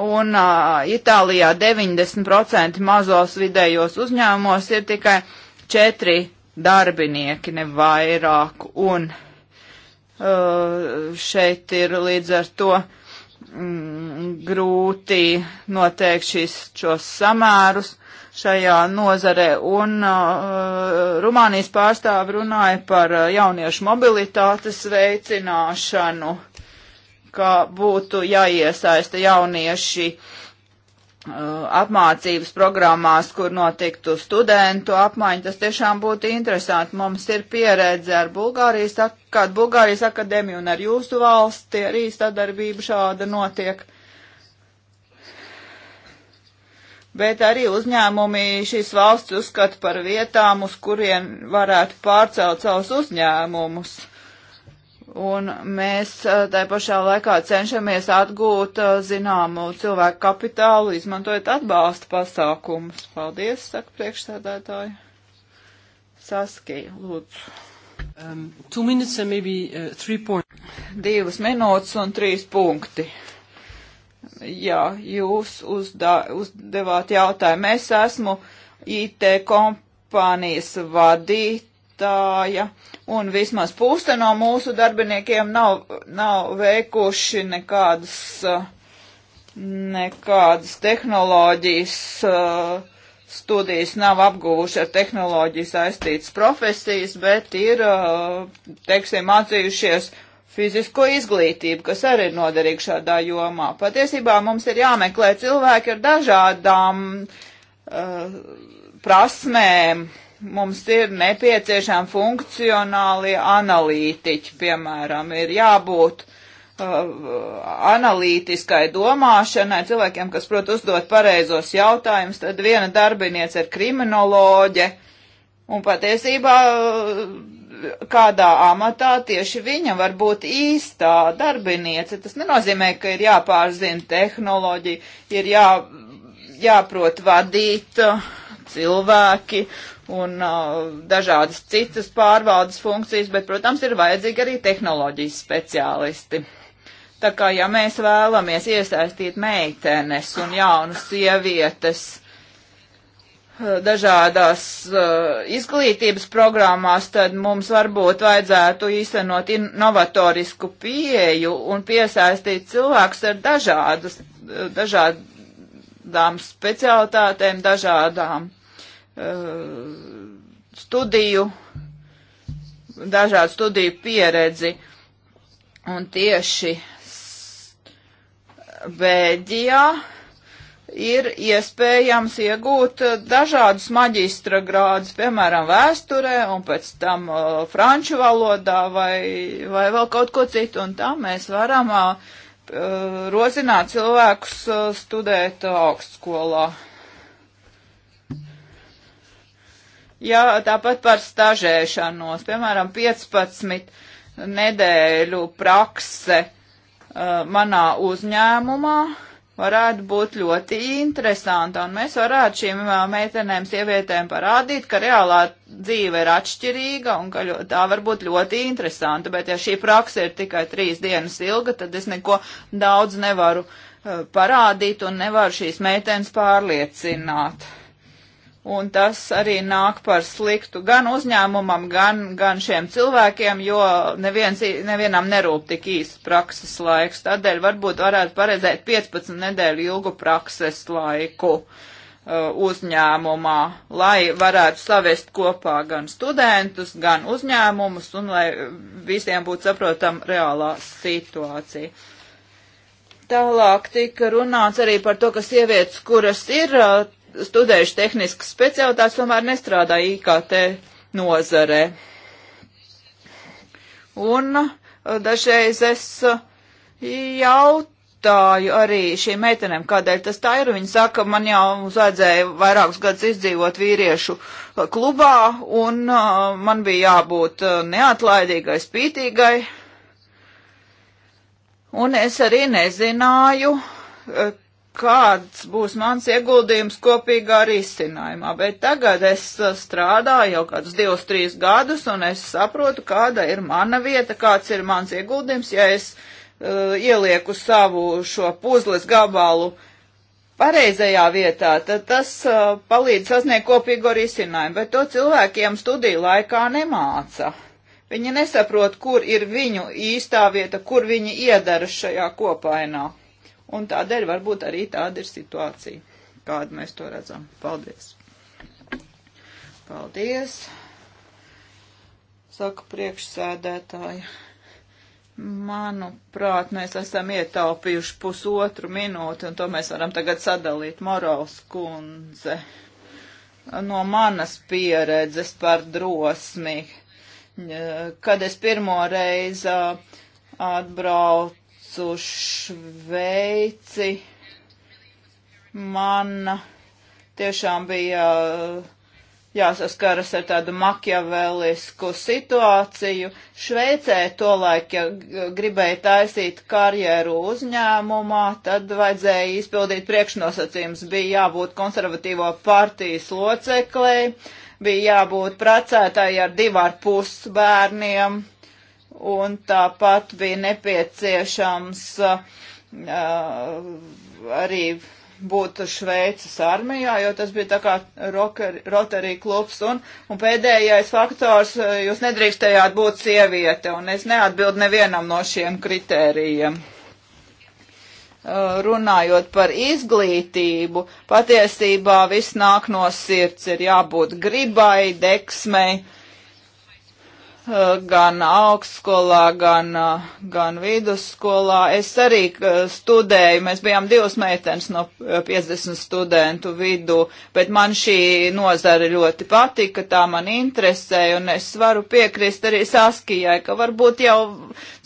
Un uh, Itālijā 90% mazos vidējos uzņēmumos ir tikai četri darbinieki, ne vairāk. Un, uh, Eh, šeit ir līdz ar to mm, grūti noteikt šīs, šos samērus šajā nozarē. Un uh, Rumānijas pārstāvi runāja par eh, jauniešu mobilitātes veicināšanu, kā būtu jāiesaista jaunieši uh, Uh, apmācības programmās, kur notiktu studentu apmaiņa. Tas tiešām būtu interesanti. Mums ir pieredze ar Bulgārijas, kāda Bulgārijas akadēmija un ar jūsu valsti arī sadarbība šāda notiek. Bet arī uzņēmumi šīs valsts uzskata par vietām, uz kurien varētu pārcelt savus uzņēmumus. Uh, Un mēs uh, tai pašā laikā cenšamies atgūt uh, zināmu cilvēku kapitālu, izmantojot atbalsta pasākumus. Paldies, saka priekšsēdētāji. Saskija, lūdzu. Um, minutes, maybe, uh, Divas minūtes un trīs punkti. Jā, jūs uzdā, uzdevāt jautājumu. Es esmu IT kompānijas vadītāja. Uh, un vismaz puse no mūsu darbiniekiem nav, nav veikuši nekādas, eh, nekādas tehnoloģijas eh, studijas, nav apguvuši ar tehnoloģiju saistītas profesijas, bet ir, eh, teiksim, mācījušies fizisko izglītību, kas arī ir noderīga šādā jomā. Patiesībā mums ir jāmeklē cilvēki ar dažādām uh, prasmēm, uh, mums ir nepieciešami funkcionāli analītiķi, piemēram, ir jābūt uh, analītiskai domāšanai, cilvēkiem, kas prot uzdot pareizos jautājumus, tad viena darbiniece ir kriminoloģe, un patiesībā uh, kādā amatā tieši viņa var būt īstā darbiniece. Tas nenozīmē, ka ir jāpārzina tehnoloģija, ir jā, jāprot vadīt uh, cilvēki, un uh, dažādas citas pārvaldes funkcijas, bet, protams, ir vajadzīgi arī tehnoloģijas speciālisti. Tā kā, ja mēs vēlamies iesaistīt meitenes un jaunas sievietes uh, dažādās uh, izglītības programmās, tad mums varbūt vajadzētu īstenot novatorisku pieeju un piesaistīt cilvēkus ar dažādas, uh, dažādām specialitātēm, dažādām Uh, studiju, dažādu studiju pieredzi. Un tieši Bēģijā ir iespējams iegūt dažādus maģistra grādus, piemēram, vēsturē un pēc tam uh, franču valodā vai, vai vēl kaut ko citu. Un tā mēs varam uh, rozināt cilvēkus uh, studēt augstskolā. Uh, Ja tāpat par stažēšanos, piemēram, 15 nedēļu prakse uh, manā uzņēmumā varētu būt ļoti interesanta, un mēs varētu šīm uh, meitenēm, sievietēm parādīt, ka reālā dzīve ir atšķirīga un ka ļo, tā var būt ļoti interesanta, bet ja šī prakse ir tikai trīs dienas ilga, tad es neko daudz nevaru uh, parādīt un nevaru šīs meitenes pārliecināt un tas arī nāk par sliktu gan uzņēmumam, gan, gan šiem cilvēkiem, jo neviens, nevienam nerūp tik īsts prakses laiks. Tādēļ varbūt varētu paredzēt 15 nedēļu ilgu prakses laiku uh, uzņēmumā, lai varētu savest kopā gan studentus, gan uzņēmumus un lai visiem būtu saprotam reālā situācija. Tālāk tika runāts arī par to, ka sievietes, kuras ir uh, studējuši tehniskas specialitātes, tomēr nestrādā IKT nozarē. Un uh, dažreiz es uh, jautāju arī šīm meitenēm, kādēļ tas tā ir. Viņa saka, man jau vajadzēja vairākus gadus izdzīvot vīriešu uh, klubā, un man bija jābūt neatlaidīgai, spītīgai. Un es arī nezināju, kāds būs mans ieguldījums kopīgā risinājumā, bet tagad es uh, strādāju jau kādus divus, trīs gadus, un es saprotu, kāda ir mana vieta, kāds ir mans ieguldījums, ja es uh, ielieku savu šo puzles gabalu pareizajā vietā, tad tas uh, palīdz sasniegt kopīgo risinājumu, bet to cilvēkiem studiju laikā nemāca. Viņi nesaprot, kur ir viņu īstā vieta, kur viņi iedara šajā kopainā. Un tādēļ varbūt arī tāda ir situācija, kādu mēs to redzam. Paldies! Paldies! Saka priekšsēdētāji. Manuprāt, mēs esam ietaupījuši pusotru minūti, un to mēs varam tagad sadalīt Morovs kundze. No manas pieredzes par drosmi, kad es pirmo reizi uh, atbraucu uz Šveici, man tiešām bija jāsaskaras ar tādu makjavēlisku situāciju. Šveicē tolaik, ja gribēja taisīt karjeru uzņēmumā, tad vajadzēja izpildīt priekšnosacījums. Bija jābūt konservatīvo partijas loceklei, bija jābūt precētāji ar divu ar pus bērniem un tāpat bija nepieciešams uh, arī būt Šveices armijā, jo tas bija tā kā Rotary klubs, un, un pēdējais faktors, jūs nedrīkstējāt būt sieviete, un es neatbildu nevienam no šiem kritērijiem. Uh, runājot par izglītību, patiesībā viss nāk no sirds, ir jābūt gribai, deksmei, uh, Eh, gan augstskolā, gan, eh, gan vidusskolā. Es arī eh, studēju, mēs bijām divas meitenes no 50 studentu vidū, bet man šī nozara ļoti patika, tā man interesēja, un es varu piekrist arī Saskijai, ka varbūt jau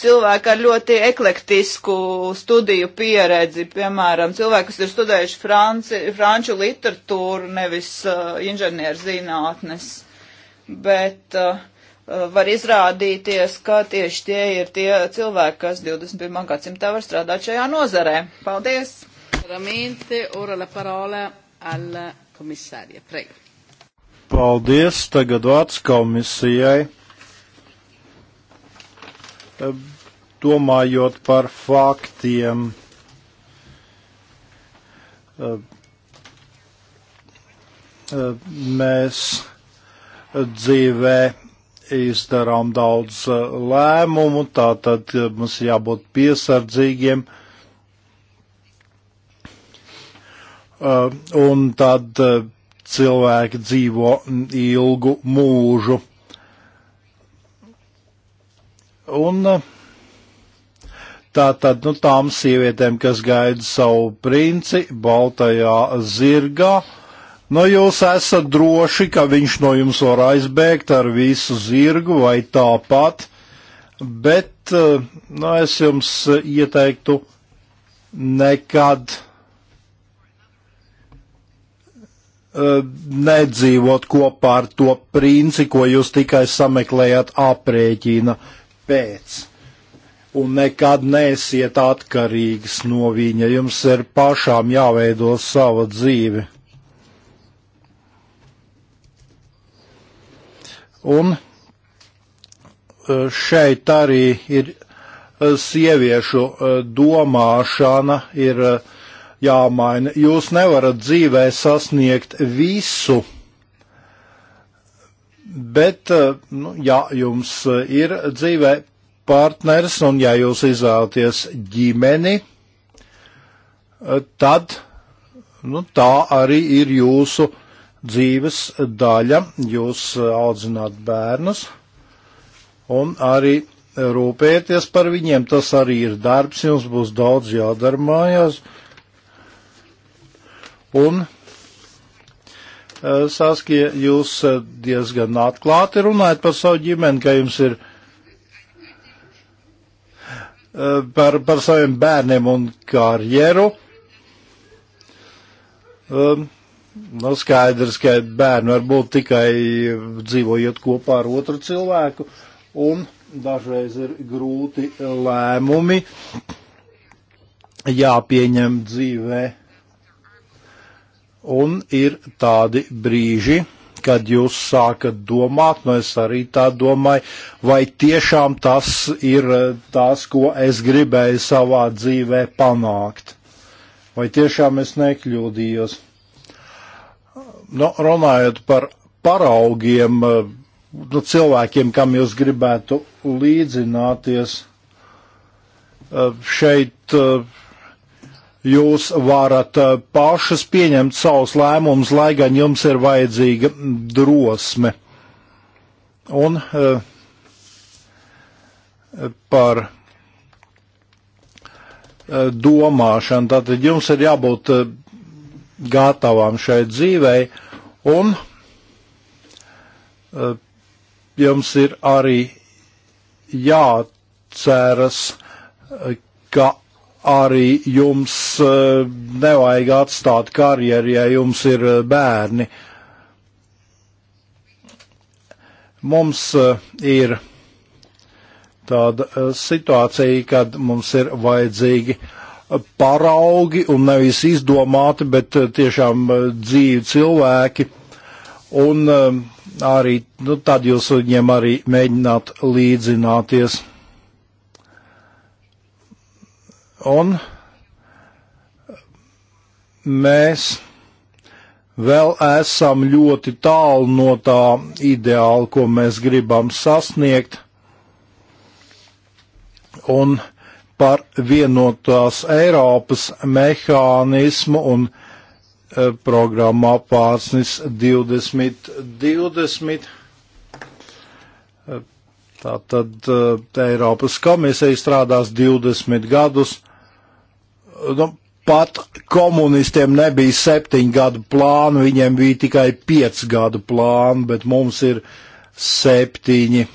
cilvēki ar ļoti eklektisku studiju pieredzi, piemēram, cilvēki, kas ir studējuši franci, franču literatūru, nevis uh, inženierzinātnes. Bet uh, Eh, var izrādīties, ka tieši tie ir tie cilvēki, kas 21. gadsimtā var strādāt šajā nozarē. Paldies! Paldies! Tagad vārds komisijai. Eh, domājot par faktiem, eh, mēs dzīvē izdarām daudz uh, lēmumu, tātad uh, mums jābūt piesardzīgiem. Uh, un tad cilvēki dzīvo ilgu mūžu. Un tātad, nu, tām sievietēm, kas gaida savu princi, baltajā zirgā, uh, Nu, jūs esat droši, ka viņš no jums var aizbēgt ar visu zirgu vai tāpat, bet eh, nu, es jums ieteiktu nekad eh, nedzīvot kopā ar to princi, ko jūs tikai sameklējat aprēķina pēc. Un nekad neesiet atkarīgs no viņa, jums ir pašām jāveido sava dzīve. Un e, šeit arī ir e, sieviešu e, domāšana ir jāmaina. Jūs nevarat dzīvē sasniegt visu, bet, nu, ja jums ir dzīvē partneris un ja jūs izvēlaties ģimeni, tad, nu, tā arī ir jūsu dzīves daļa, jūs eh, audzināt bērnus un arī rūpēties par viņiem. Tas arī ir darbs, jums būs daudz jādara mājās. Un eh, Saskie, jūs eh, diezgan atklāti runājat par savu ģimeni, ka jums ir par, par saviem bērniem un karjeru. Um, Nav nu, skaidrs, ka bērni var būt tikai dzīvojot kopā ar otru cilvēku, un dažreiz ir grūti lēmumi jāpieņem dzīvē. Un ir tādi brīži, kad jūs sākat domāt, nu es arī tā domāju, vai tiešām tas ir tas, ko es gribēju savā dzīvē panākt. Vai tiešām es nekļūdījos? No, nu, runājot par paraugiem, eh, nu, cilvēkiem, kam jūs gribētu līdzināties, eh, šeit eh, jūs varat pašas pieņemt savus lēmumus, lai gan jums ir vajadzīga drosme. Un par domāšanu, tātad jums ir jābūt gatavām šai dzīvei, un eh, jums ir arī jāceras, eh, ka arī jums eh, nevajag atstāt karjeru, ja jums ir bērni. Mums ir tāda situācija, kad mums ir vajadzīgi uh, paraugi un nevis izdomāti, bet eh, tiešām eh, dzīvi cilvēki. Un eh, arī nu, tad jūs viņiem arī mēģināt līdzināties. Un mēs vēl esam ļoti tālu no tā ideāla, ko mēs gribam sasniegt. Un uh, par vienotās Eiropas mehānismu un eh, programmā pārsnis 2020. Eh, tātad eh, Eiropas komisija strādās 20 gadus. Nu, pat komunistiem nebija septiņu gadu plānu, viņiem bija tikai piecu gadu plānu, bet mums ir septiņi.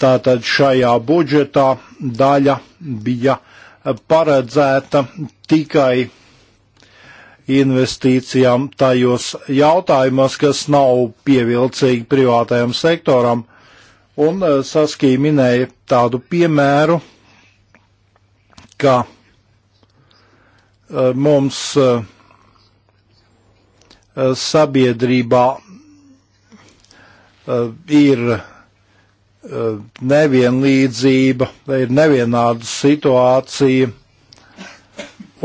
Tātad šajā budžetā daļa bija paredzēta tikai investīcijām tajos jautājumos, kas nav pievilcīgi privātajam sektoram. Un eh, Saskī minēja tādu piemēru, ka eh, mums eh, sabiedrībā ir Eh, nevienlīdzība, ir nevienāda situācija.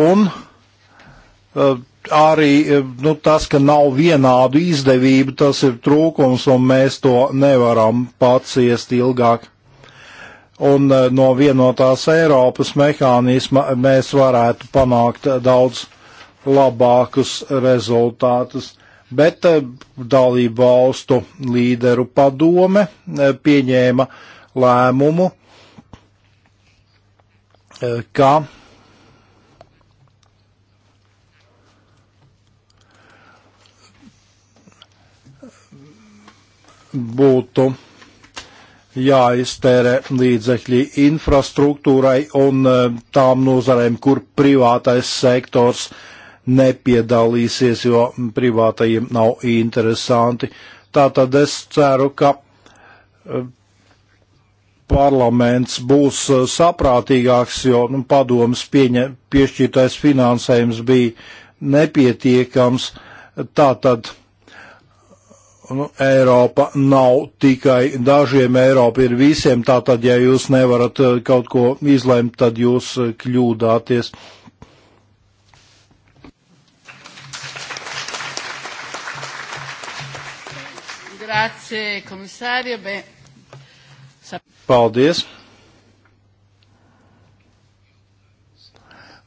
Un eh, arī eh, nu, tas, ka nav vienādu izdevību, tas ir trūkums, un mēs to nevaram paciest ilgāk. Un no vienotās Eiropas mehānisma mēs varētu panākt daudz labākus rezultātus bet eh, dalību valstu līderu padome eh, pieņēma lēmumu, eh, ka būtu jāiztērē līdzekļi infrastruktūrai un tām nozarēm, kur privātais sektors uh, nepiedalīsies, jo privātajiem nav interesanti. Tātad es ceru, ka eh, parlaments būs eh, saprātīgāks, jo nu, padomas pieņa, piešķirtais finansējums bija nepietiekams. Tātad nu, Eiropa nav tikai dažiem, Eiropa ir visiem. Tātad, ja jūs nevarat eh, kaut ko izlemt, tad jūs kļūdāties. Uh, Grazie, komisārija. Be... Paldies.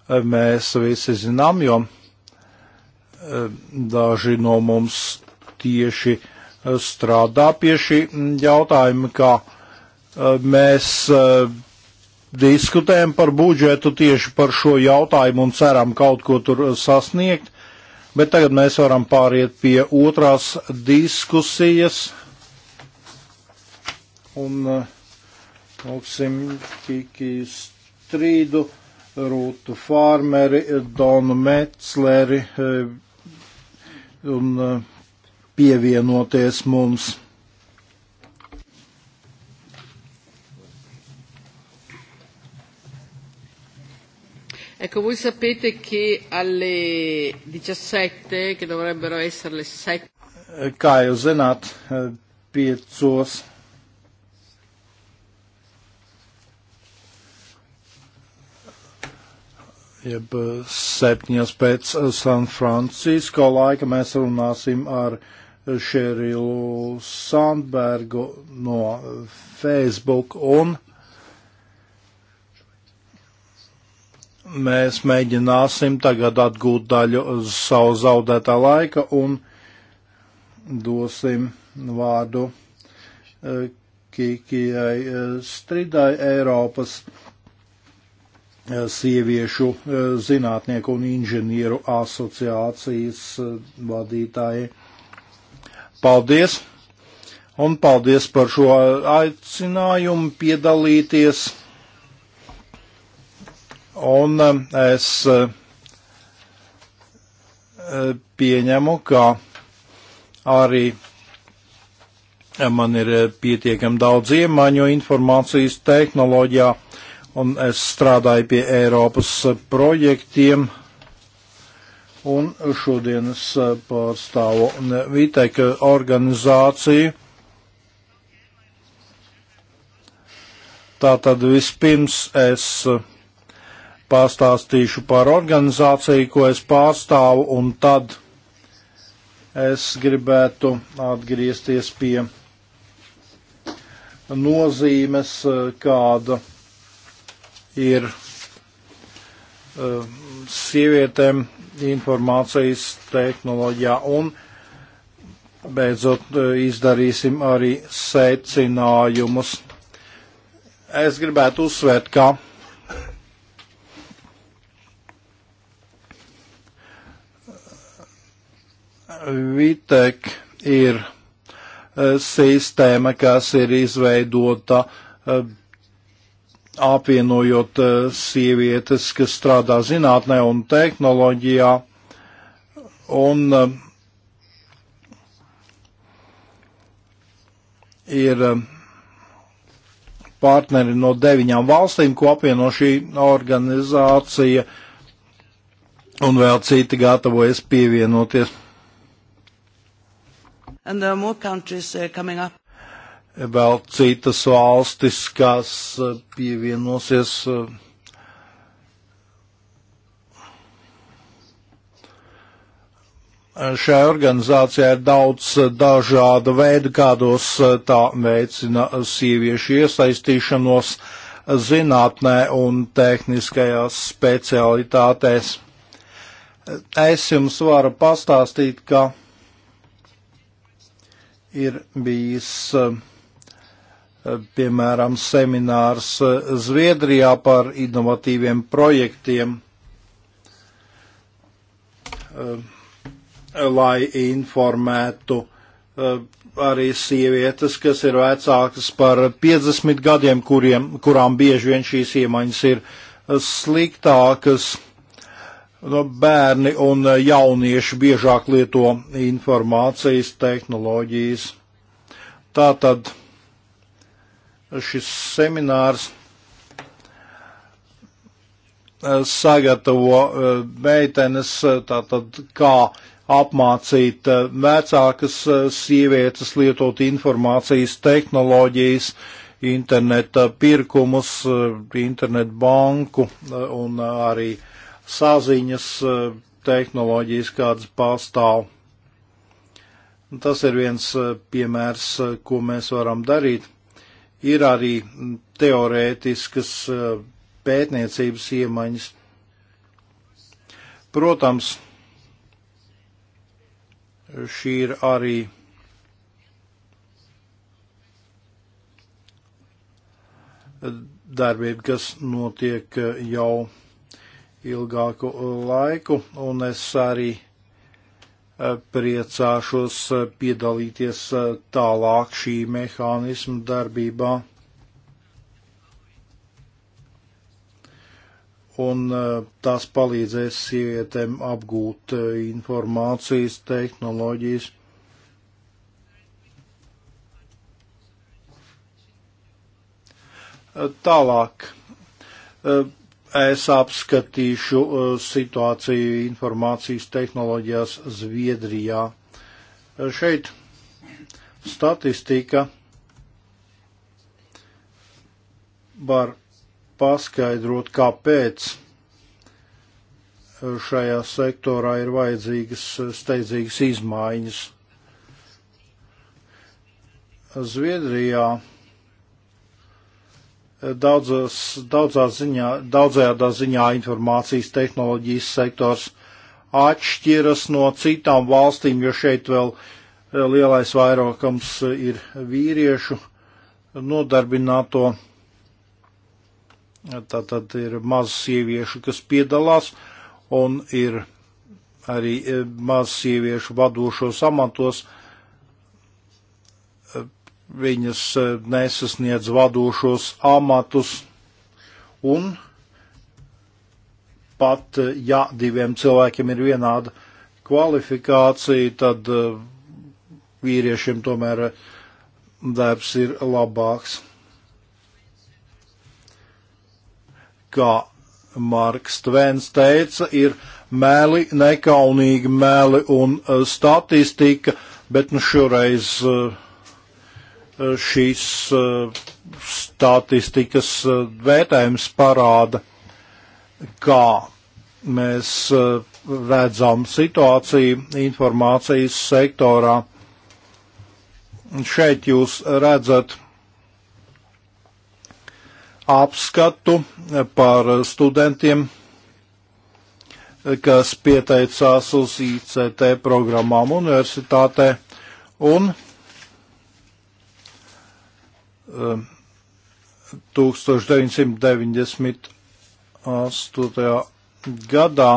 Mēs visi zinām, jo eh, daži no mums tieši eh, strādā pie šī mm, jautājuma, kā eh, mēs diskutējam par budžetu tieši par šo jautājumu un ceram kaut ko tur sasniegt. Bet tagad mēs varam pāriet pie otrās diskusijas. Un lūksim eh, Kiki strīdu, Rūtu Farmeri, Donu Metzleri eh, un eh, pievienoties mums. Ecco, voi sapete che alle 17, che dovrebbero essere le 7. Kā jūs zināt, eh, piecos. Jeb eh, septiņos pēc eh, San Francisco laika mēs runāsim ar Šerilu Sandbergu no Facebook un mēs mēģināsim tagad atgūt daļu savu zaudētā laika un dosim vārdu e, Kikijai e, Stridai Eiropas e, sieviešu zinātnieku un inženieru asociācijas vadītāji. Paldies! Un paldies par šo aicinājumu piedalīties Un eh, es eh, eh, pieņemu, ka arī man ir pietiekami daudz iemaņu informācijas tehnoloģijā, un es strādāju pie Eiropas projektiem. Un šodien es pārstāvu Viteka organizāciju. Tātad vispirms es uh, pastāstīšu par organizāciju, ko es pārstāvu, un tad es gribētu atgriezties pie nozīmes, eh, kāda ir eh, sievietēm informācijas tehnoloģijā. Un beidzot eh, izdarīsim arī secinājumus. Es gribētu uzsvērt, ka Vitek ir e, sistēma, kas ir izveidota e, apvienojot e, sievietes, kas strādā zinātnē un tehnoloģijā. Un ir partneri no deviņām valstīm, ko apvieno šī organizācija, un vēl citi gatavojas pievienoties and there are more countries uh, coming up. Vēl citas valstis, kas uh, pievienosies. Uh, šai organizācijai ir daudz uh, dažādu veidu, kādos tā veicina sieviešu iesaistīšanos zinātnē un tehniskajās specialitātēs. Es jums varu pastāstīt, ka ir bijis eh, piemēram seminārs eh, Zviedrijā par inovatīviem projektiem, eh, lai informētu arī sievietes, kas ir vecākas par 50 gadiem, kuriem, kurām bieži vien šīs iemaņas ir sliktākas no bērni un jaunieši biežāk lieto informācijas tehnoloģijas. Tātad šis seminārs e, sagatavo e, meitenes, e, tātad kā apmācīt vecākas sievietes lietot informācijas tehnoloģijas, interneta pirkumus, internetu banku un arī uh, saziņas e, tehnoloģijas, kādas pastāv. Tas ir viens e, piemērs, e, ko mēs varam darīt. Ir arī teorētiskas pētniecības iemaņas. Protams, šī ir arī darbība, kas notiek jau ilgāku laiku, un es arī eh, priecāšos eh, piedalīties eh, tālāk šī mehānisma darbībā. Un tas palīdzēs sievietēm apgūt informācijas tehnoloģijas. Tālāk Es apskatīšu uh, situāciju informācijas tehnoloģijās Zviedrijā. Uh, šeit statistika var paskaidrot, kāpēc uh, šajā sektorā ir vajadzīgas steidzīgas izmaiņas. Zviedrijā daudzas, daudzā ziņā, daudzējādā ziņā informācijas tehnoloģijas sektors atšķiras no citām valstīm, jo šeit vēl eh, lielais vairākums eh, ir vīriešu nodarbināto. Tātad ir maz sieviešu, kas piedalās, un ir arī eh, maz sieviešu vadošos amatos viņas e, nesasniedz vadošos amatus, un pat e, ja diviem cilvēkiem ir vienāda kvalifikācija, tad e, vīriešiem tomēr darbs ir labāks. Kā Marks Tvens teica, ir meli, nekaunīgi meli un statistika, bet nu šoreiz uh, šīs eh, statistikas eh, vērtējums parāda, kā mēs eh, redzam situāciju informācijas sektorā. Šeit jūs redzat apskatu par studentiem, kas pieteicās uz ICT programmām universitātē, un 1998. gadā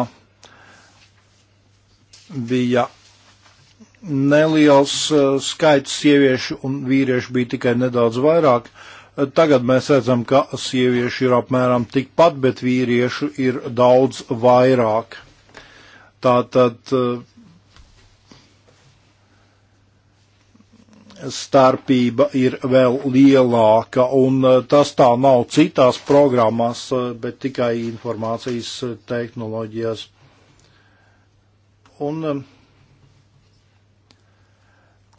bija neliels eh, skaits sieviešu un vīriešu bija tikai nedaudz vairāk. Tagad mēs redzam, ka sieviešu ir apmēram tikpat, bet vīriešu ir daudz vairāk. Tātad uh, starpība ir vēl lielāka, un eh, tas tā nav citās programmās, eh, bet tikai informācijas eh, tehnoloģijās. Un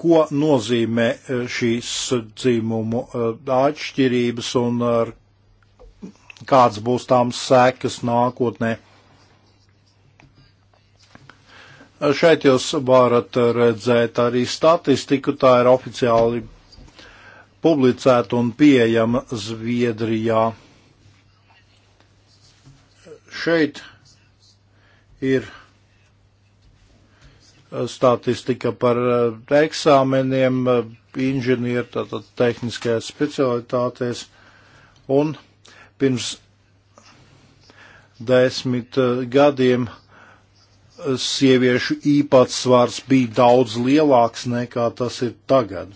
ko nozīmē šīs dzimumu atšķirības un kāds būs tām sekas nākotnē? Šeit jūs varat redzēt arī statistiku, tā ir oficiāli publicēta un pieejama Zviedrijā. Šeit ir statistika par eh, eksāmeniem, eh, inženieru, tātad tehniskajās specialitātēs. Un pirms desmit eh, gadiem uh, sieviešu īpatsvars bija daudz lielāks nekā tas ir tagad.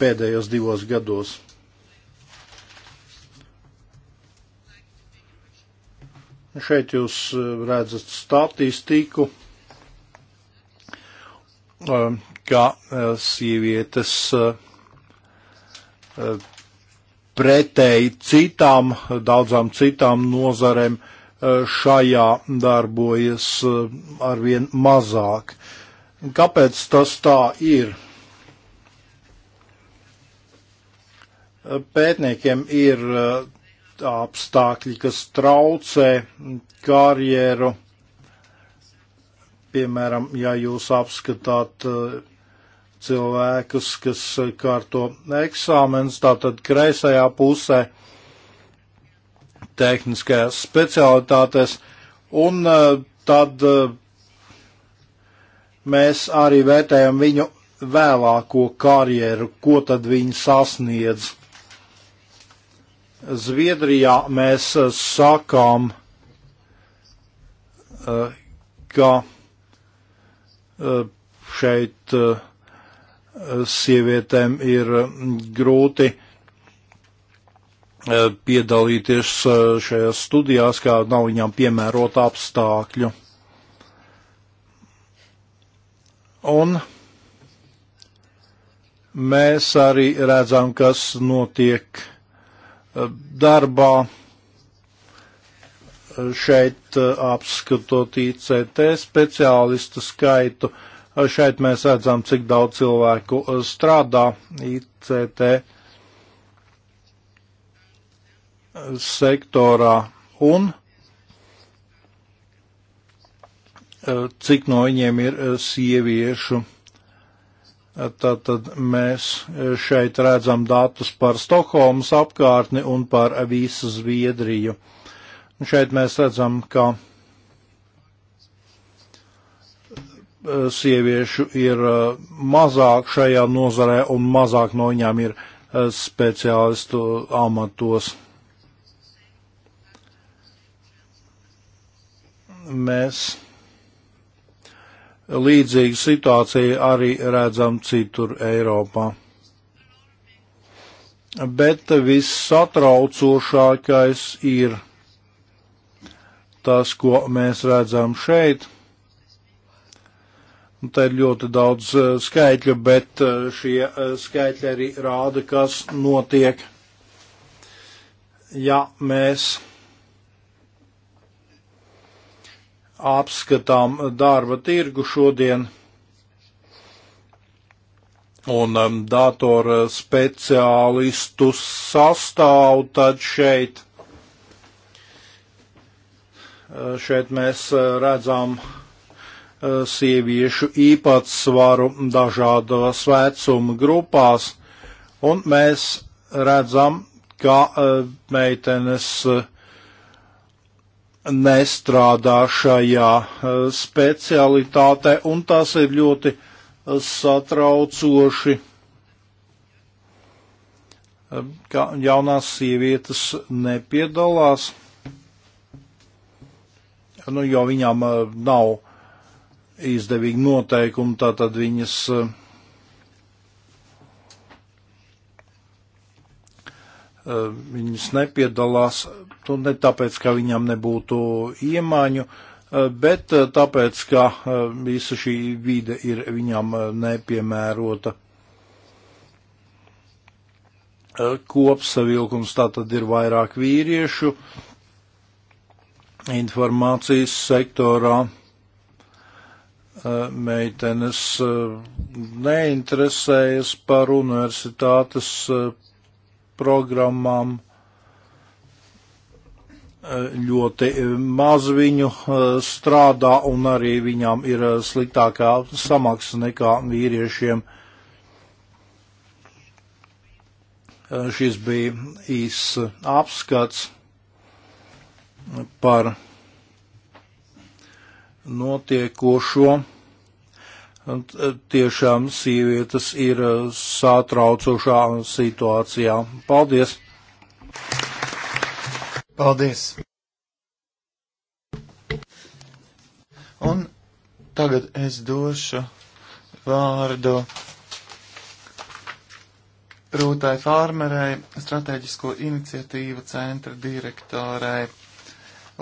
Pēdējos divos gados. Šeit jūs eh, redzat statistiku, eh, kā eh, sievietes pretēji citām, daudzām citām nozarēm uh, Eh, šajā darbojas eh, arvien mazāk. Kāpēc tas tā ir? Eh, pētniekiem ir apstākļi, kas traucē karjeru. Piemēram, ja jūs apskatāt cilvēkus, kas kārto eksāmens, tātad kreisajā pusē, uh, tehniskajās specialitātēs, un uh, tad uh, mēs arī vērtējam viņu vēlāko karjeru, ko tad viņi sasniedz. Zviedrijā mēs uh, sakām, ka šeit sievietēm ir mm, grūti Eh, piedalīties eh, šajās studijās, kā nav viņām piemērota apstākļu. Un mēs arī redzam, kas notiek eh, darbā šeit apskatot ICT speciālistu skaitu. Šeit mēs redzam, cik daudz cilvēku strādā ICT sektorā un e, cik no viņiem ir e, sieviešu. Tātad e, mēs šeit redzam datus par Stokholmas apkārtni un par visu Zviedriju. Un šeit mēs redzam, ka sieviešu ir mazāk šajā nozarē un mazāk no viņām ir speciālistu amatos. mēs līdzīgu situāciju arī redzam citur Eiropā. Bet vissatraucošākais ir tas, ko mēs redzam šeit. Un nu, te ir ļoti daudz eh, skaitļu, bet eh, šie eh, skaitļi arī rāda, kas notiek. Ja mēs apskatām darba tirgu šodien. Un um, datora speciālistu sastāv tad šeit. Uh, šeit mēs uh, redzam uh, sieviešu īpatsvaru dažādās vecuma grupās, un mēs redzam, ka meitenes uh, nestrādā šajā eh, specialitātē, un tas ir ļoti eh, satraucoši, eh, ka jaunās sievietes nepiedalās, nu, jo viņām nav izdevīgi noteikumi, tātad viņas viņas nepiedalās Tu nu, ne tāpēc, ka viņam nebūtu iemaņu, eh, bet eh, tāpēc, ka eh, visa šī vide ir viņam nepiemērota. Kopsavilkums tātad ir vairāk vīriešu informācijas sektorā meitenes neinteresējas par universitātes programmām ļoti maz viņu eh, strādā un arī viņām ir eh, sliktākā samaksa nekā vīriešiem. Eh, šis bija īs apskats par notiekošo. Tiešām sievietes ir sātraucošā situācijā. Paldies! Paldies! Un tagad es došu vārdu Rūtai Fārmerei, strateģisko iniciatīvu centra direktorai.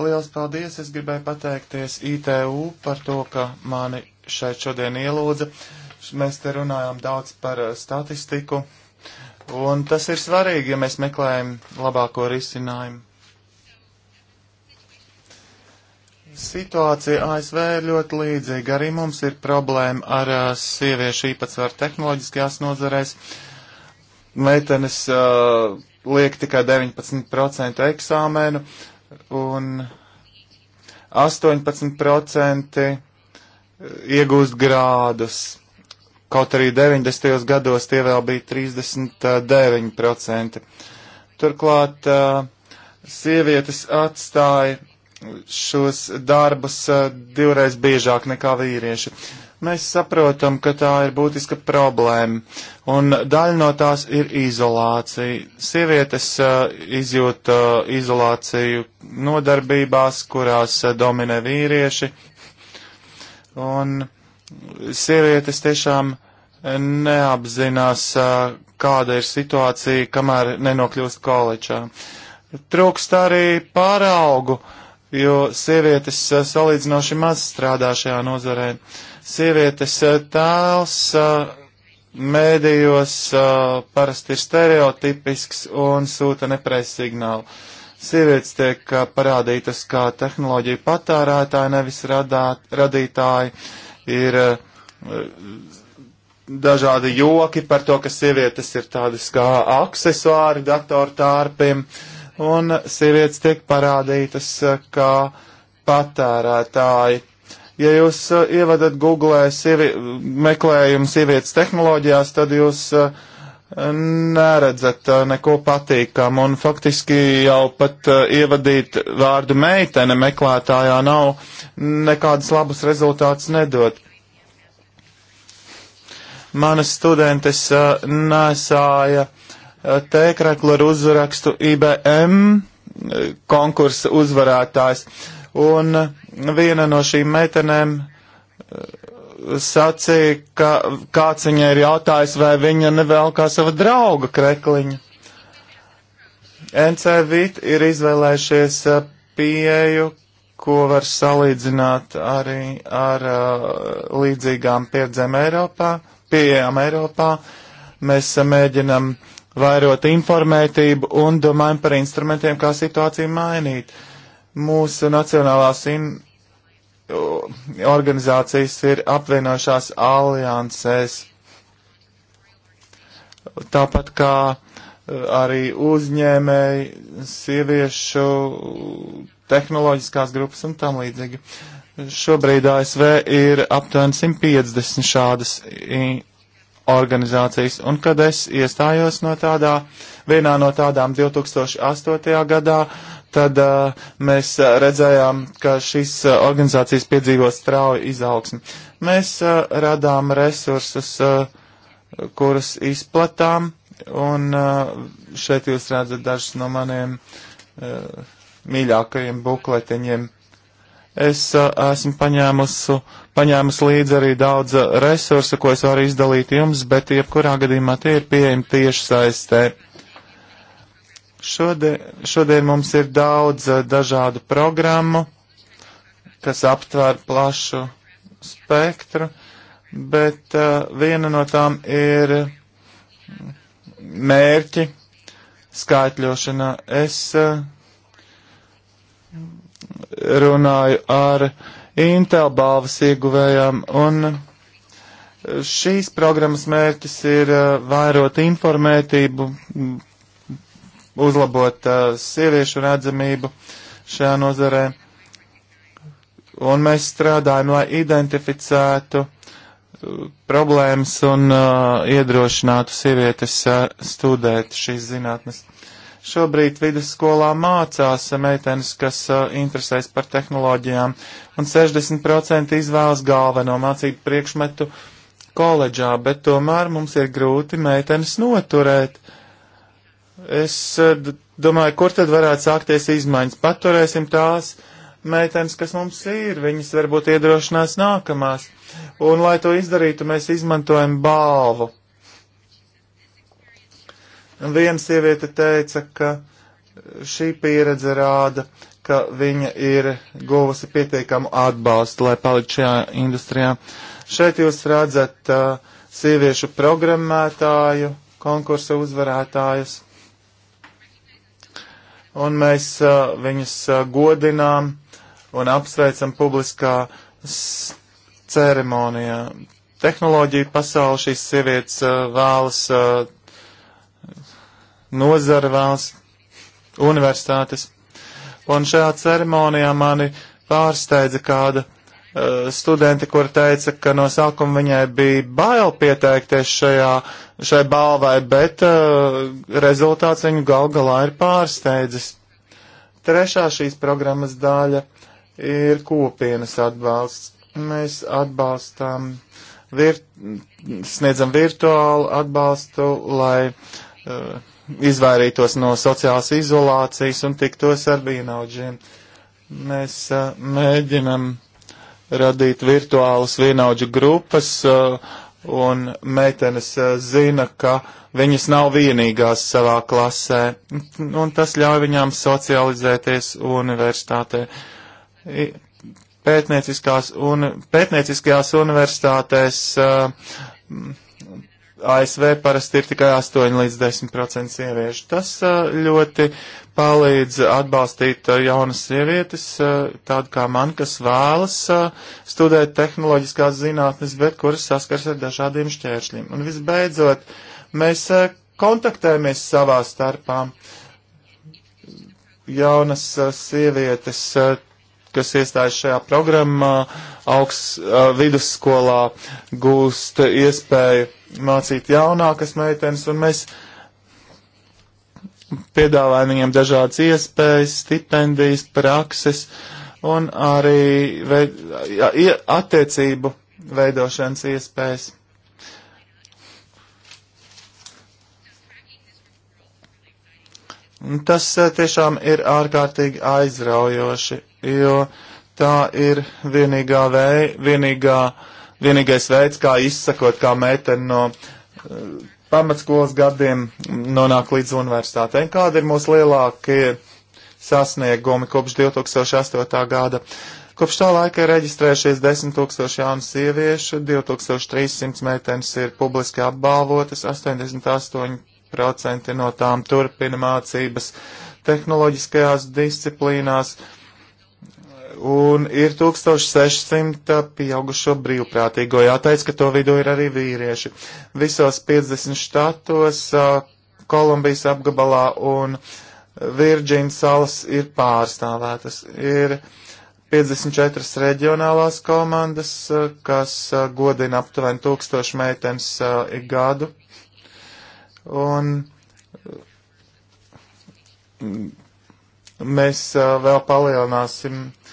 Liels paldies! Es gribēju pateikties ITU par to, ka mani šeit šodien ielūdza. Mēs te runājām daudz par eh, statistiku, un tas ir svarīgi, ja mēs meklējam labāko risinājumu. Situācija ASV ir ļoti līdzīga. Arī mums ir problēma ar uh, sieviešu īpatsvaru tehnoloģiskajās nozarēs. Meitenes uh, liek tikai 19% eksāmenu un 18% iegūst grādus. Kaut arī 90. gados tie vēl bija 39%. Turklāt uh, sievietes atstāja šos darbus eh, divreiz biežāk nekā vīrieši. Mēs saprotam, ka tā ir būtiska problēma, un daļa no tās ir izolācija. Sievietes eh, izjūta eh, izolāciju nodarbībās, kurās dominē vīrieši, un sievietes tiešām neapzinās, kāda ir situācija, kamēr nenokļūst koledžā. Trūkst arī pāraugu. Uh, jo sievietes eh, salīdzinoši maz strādā šajā nozarē. Sievietes eh, tēls eh, mēdījos parasti ir stereotipisks un sūta nepareiz signālu. Sievietes tiek parādītas kā tehnoloģija patērētāji, nevis radāt, radītāji. Ir dažādi joki par to, ka sievietes ir tādas kā aksesuāri datortārpiem. Uh, un sievietes tiek parādītas eh, kā patērētāji. Ja jūs eh, ievadat Google eh, sievi, meklējumu sievietes tehnoloģijās, tad jūs neredzat neko patīkamu, un faktiski jau pat ievadīt vārdu meitene meklētājā nav nekādas labas rezultātas nedot manas studentes uh, nesāja tēkrakla ar uzrakstu IBM eh, konkursa uzvarētājs. Un viena no šīm meitenēm eh, sacīja, ka kāds viņai ir jautājis, vai viņa nevelkā sava drauga krekliņa. NCVIT ir izvēlējušies eh, pieeju, ko var salīdzināt arī ar uh, līdzīgām pieredzēm Eiropā, pieejām Eiropā. Mēs uh, mēģinam uh, vairot informētību un domājam par instrumentiem, kā situāciju mainīt. Mūsu nacionālās in organizācijas ir apvienošās aliansēs, tāpat kā e, arī uzņēmēji, sieviešu tehnoloģiskās grupas un tam līdzīgi. Šobrīd ASV ir aptuveni 150 šādas organizācijas, un kad es iestājos no tādā, vienā no tādām 2008. gadā, tad uh, mēs uh, redzējām, ka šīs uh, organizācijas piedzīvo strauju izaugsmi. Mēs uh, radām resursus, uh, kurus izplatām, un uh, šeit jūs redzat dažus no maniem uh, mīļākajiem bukletiņiem. Uh, Es a, esmu paņēmusi, paņēmusi līdzi arī daudz resursu, ko es varu izdalīt jums, bet jebkurā gadījumā tie ir pieejami tieši saistē. Šodien, šodien mums ir daudz dažādu programmu, kas aptver plašu spektru, bet uh, viena no tām ir mērķi skaitļošana. Es uh, runāju ar Intel balvas ieguvējām, un šīs programmas mērķis ir uh, vairot informētību, uzlabot uh, sieviešu redzamību šajā nozarē. Un mēs strādājam, lai identificētu uh, problēmas un uh, iedrošinātu sievietes uh, studēt šīs zinātnes. Šobrīd vidusskolā mācās meitenes, kas uh, interesēs par tehnoloģijām, un 60% izvēlas galveno mācību priekšmetu koledžā, bet tomēr mums ir grūti meitenes noturēt. Es uh, domāju, kur tad varētu sākties izmaiņas? Paturēsim tās meitenes, kas mums ir, viņas varbūt iedrošinās nākamās. Un, lai to izdarītu, mēs izmantojam balvu Viena sieviete teica, ka šī pieredze rāda, ka viņa ir guvusi pietiekamu atbalstu, lai palikt šajā industrijā. Šeit jūs redzat uh, sieviešu programmētāju, konkursa uzvarētājus, un mēs uh, viņus uh, godinām un apsveicam publiskā ceremonijā. Tehnoloģiju pasauli šīs sievietes uh, vēlas uh, nozara valsts, universitātes. Un šajā ceremonijā mani pārsteidza kāda uh, studente, kur teica, ka no sākuma viņai bija bail pieteikties šajā, šai balvai, bet uh, rezultāts viņu gal galā ir pārsteidzis. Trešā šīs programmas daļa ir kopienas atbalsts. Mēs atbalstām, vir, sniedzam virtuālu atbalstu, lai uh, izvairītos no sociālas izolācijas un tiktos ar vienaudžiem. Mēs a, mēģinam radīt virtuālas vienaudžu grupas, a, un meitenes a, zina, ka viņas nav vienīgās savā klasē, un tas ļauj viņām socializēties universitātē. I, pētnieciskās un, pētnieciskajās universitātēs uh, ASV parasti ir tikai 8 līdz 10% sieviešu. Tas ļoti palīdz atbalstīt jaunas sievietes, tādu kā man, kas vēlas studēt tehnoloģiskās zinātnes, bet kuras saskars ar dažādiem šķēršļiem. Un visbeidzot, mēs kontaktējamies savā starpā. Jaunas sievietes, kas iestājas šajā programmā, augsts vidusskolā gūst iespēju mācīt jaunākas meitenes, un mēs piedāvājam viņiem dažādas iespējas, stipendijas, prakses un arī veid, jā, attiecību veidošanas iespējas. Un tas eh, tiešām ir ārkārtīgi aizraujoši, jo tā ir vienīgā, vei, vienīgā uh, vienīgais veids, kā izsakot, kā meitene no uh, pamatskolas gadiem nonāk līdz universitātei. Kāda ir mūsu lielākie sasniegumi kopš 2008. gada? Kopš tā laika ir reģistrējušies 10 tūkstoši jaunu sieviešu, 2300 meitenes ir publiski apbalvotas, 88% no tām turpina mācības tehnoloģiskajās disciplīnās, un ir 1600 pieaugušo brīvprātīgo. Jāteic, ka to vidū ir arī vīrieši. Visos 50 štatos, Kolumbijas apgabalā un Virģīnas salas ir pārstāvētas. Ir 54 reģionālās komandas, kas godina aptuveni tūkstošu meitenes ik gadu. Un mēs vēl palielināsim uh,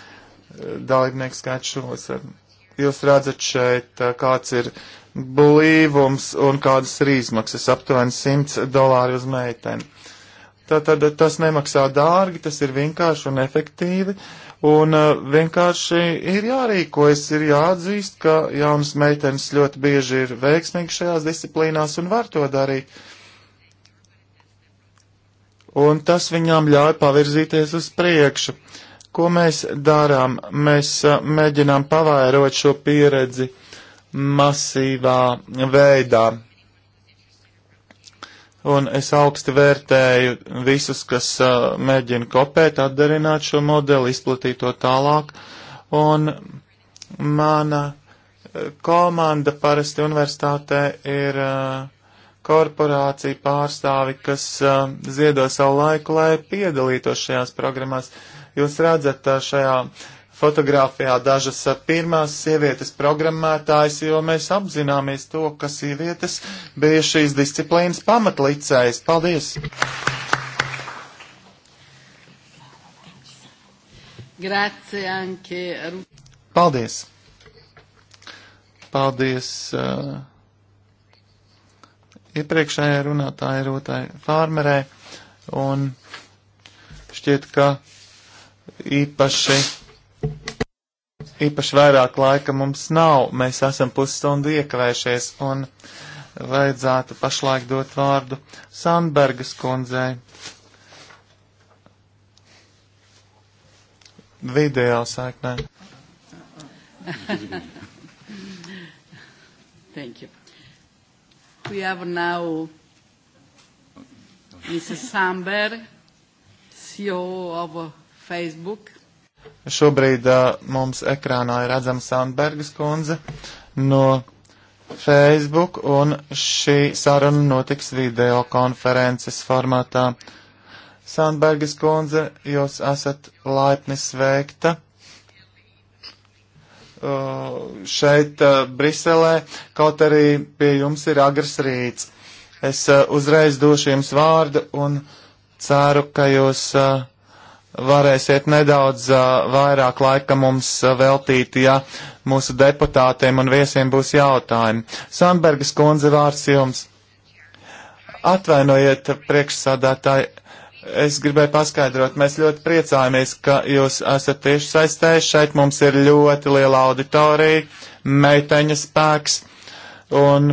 dalībnieku skaits šos. Eh, jūs redzat šeit, eh, kāds ir blīvums un kādas ir izmaksas - aptuveni 100 dolāri uz meiteni. Tātad tas nemaksā dārgi, tas ir vienkārši un efektīvi, un eh, vienkārši ir jārīkojas, ir jāatzīst, ka jaunas meitenes ļoti bieži ir veiksmīgi šajās disciplīnās un var to darīt. Un tas viņām ļauj pavirzīties uz priekšu. Uh, ko mēs darām? Mēs eh, mēģinām pavairot šo pieredzi masīvā veidā. Un es augsti vērtēju visus, kas eh, mēģina kopēt, atdarināt šo modeli, izplatīt to tālāk. Un mana eh, komanda parasti universitātē ir korporācija pārstāvi, kas ziedo savu laiku, lai piedalītos šajās programmās. Uh, Jūs redzat šajā fotografijā dažas pirmās sievietes programmētājas, jo mēs apzināmies to, ka sievietes bija šīs disciplīnas pamatlicējas. Paldies! Grazie anche. Paldies! Paldies! Uh, iepriekšējai runātājai Rūtai Fārmerē, un šķiet, ka īpaši, īpaši vairāk laika mums nav. Mēs esam pusstundu iekavējušies un vajadzētu pašlaik dot vārdu Sandbergas kundzei. Video saiknē. Thank you. We have now Mrs. Sandberg, CEO of Facebook. Šobrīd uh, mums ekrānā ir redzama Sandbergas kundze no Facebook, un šī saruna notiks video konferences formātā. Sandbergas kundze, jūs esat laipni sveikta. Uh, šeit uh, Briselē, kaut arī pie jums ir agrs rīts. Es uh, uzreiz došu jums vārdu un ceru, ka jūs uh, varēsiet nedaudz uh, vairāk laika mums uh, veltīt, ja mūsu deputātiem un viesiem būs jautājumi. Sandbergas kundze vārds jums. Atvainojiet, priekšsādātāji, es gribēju paskaidrot, mēs ļoti priecājamies, ka jūs esat tieši saistējuši. Šeit mums ir ļoti liela auditorija, meiteņa spēks, un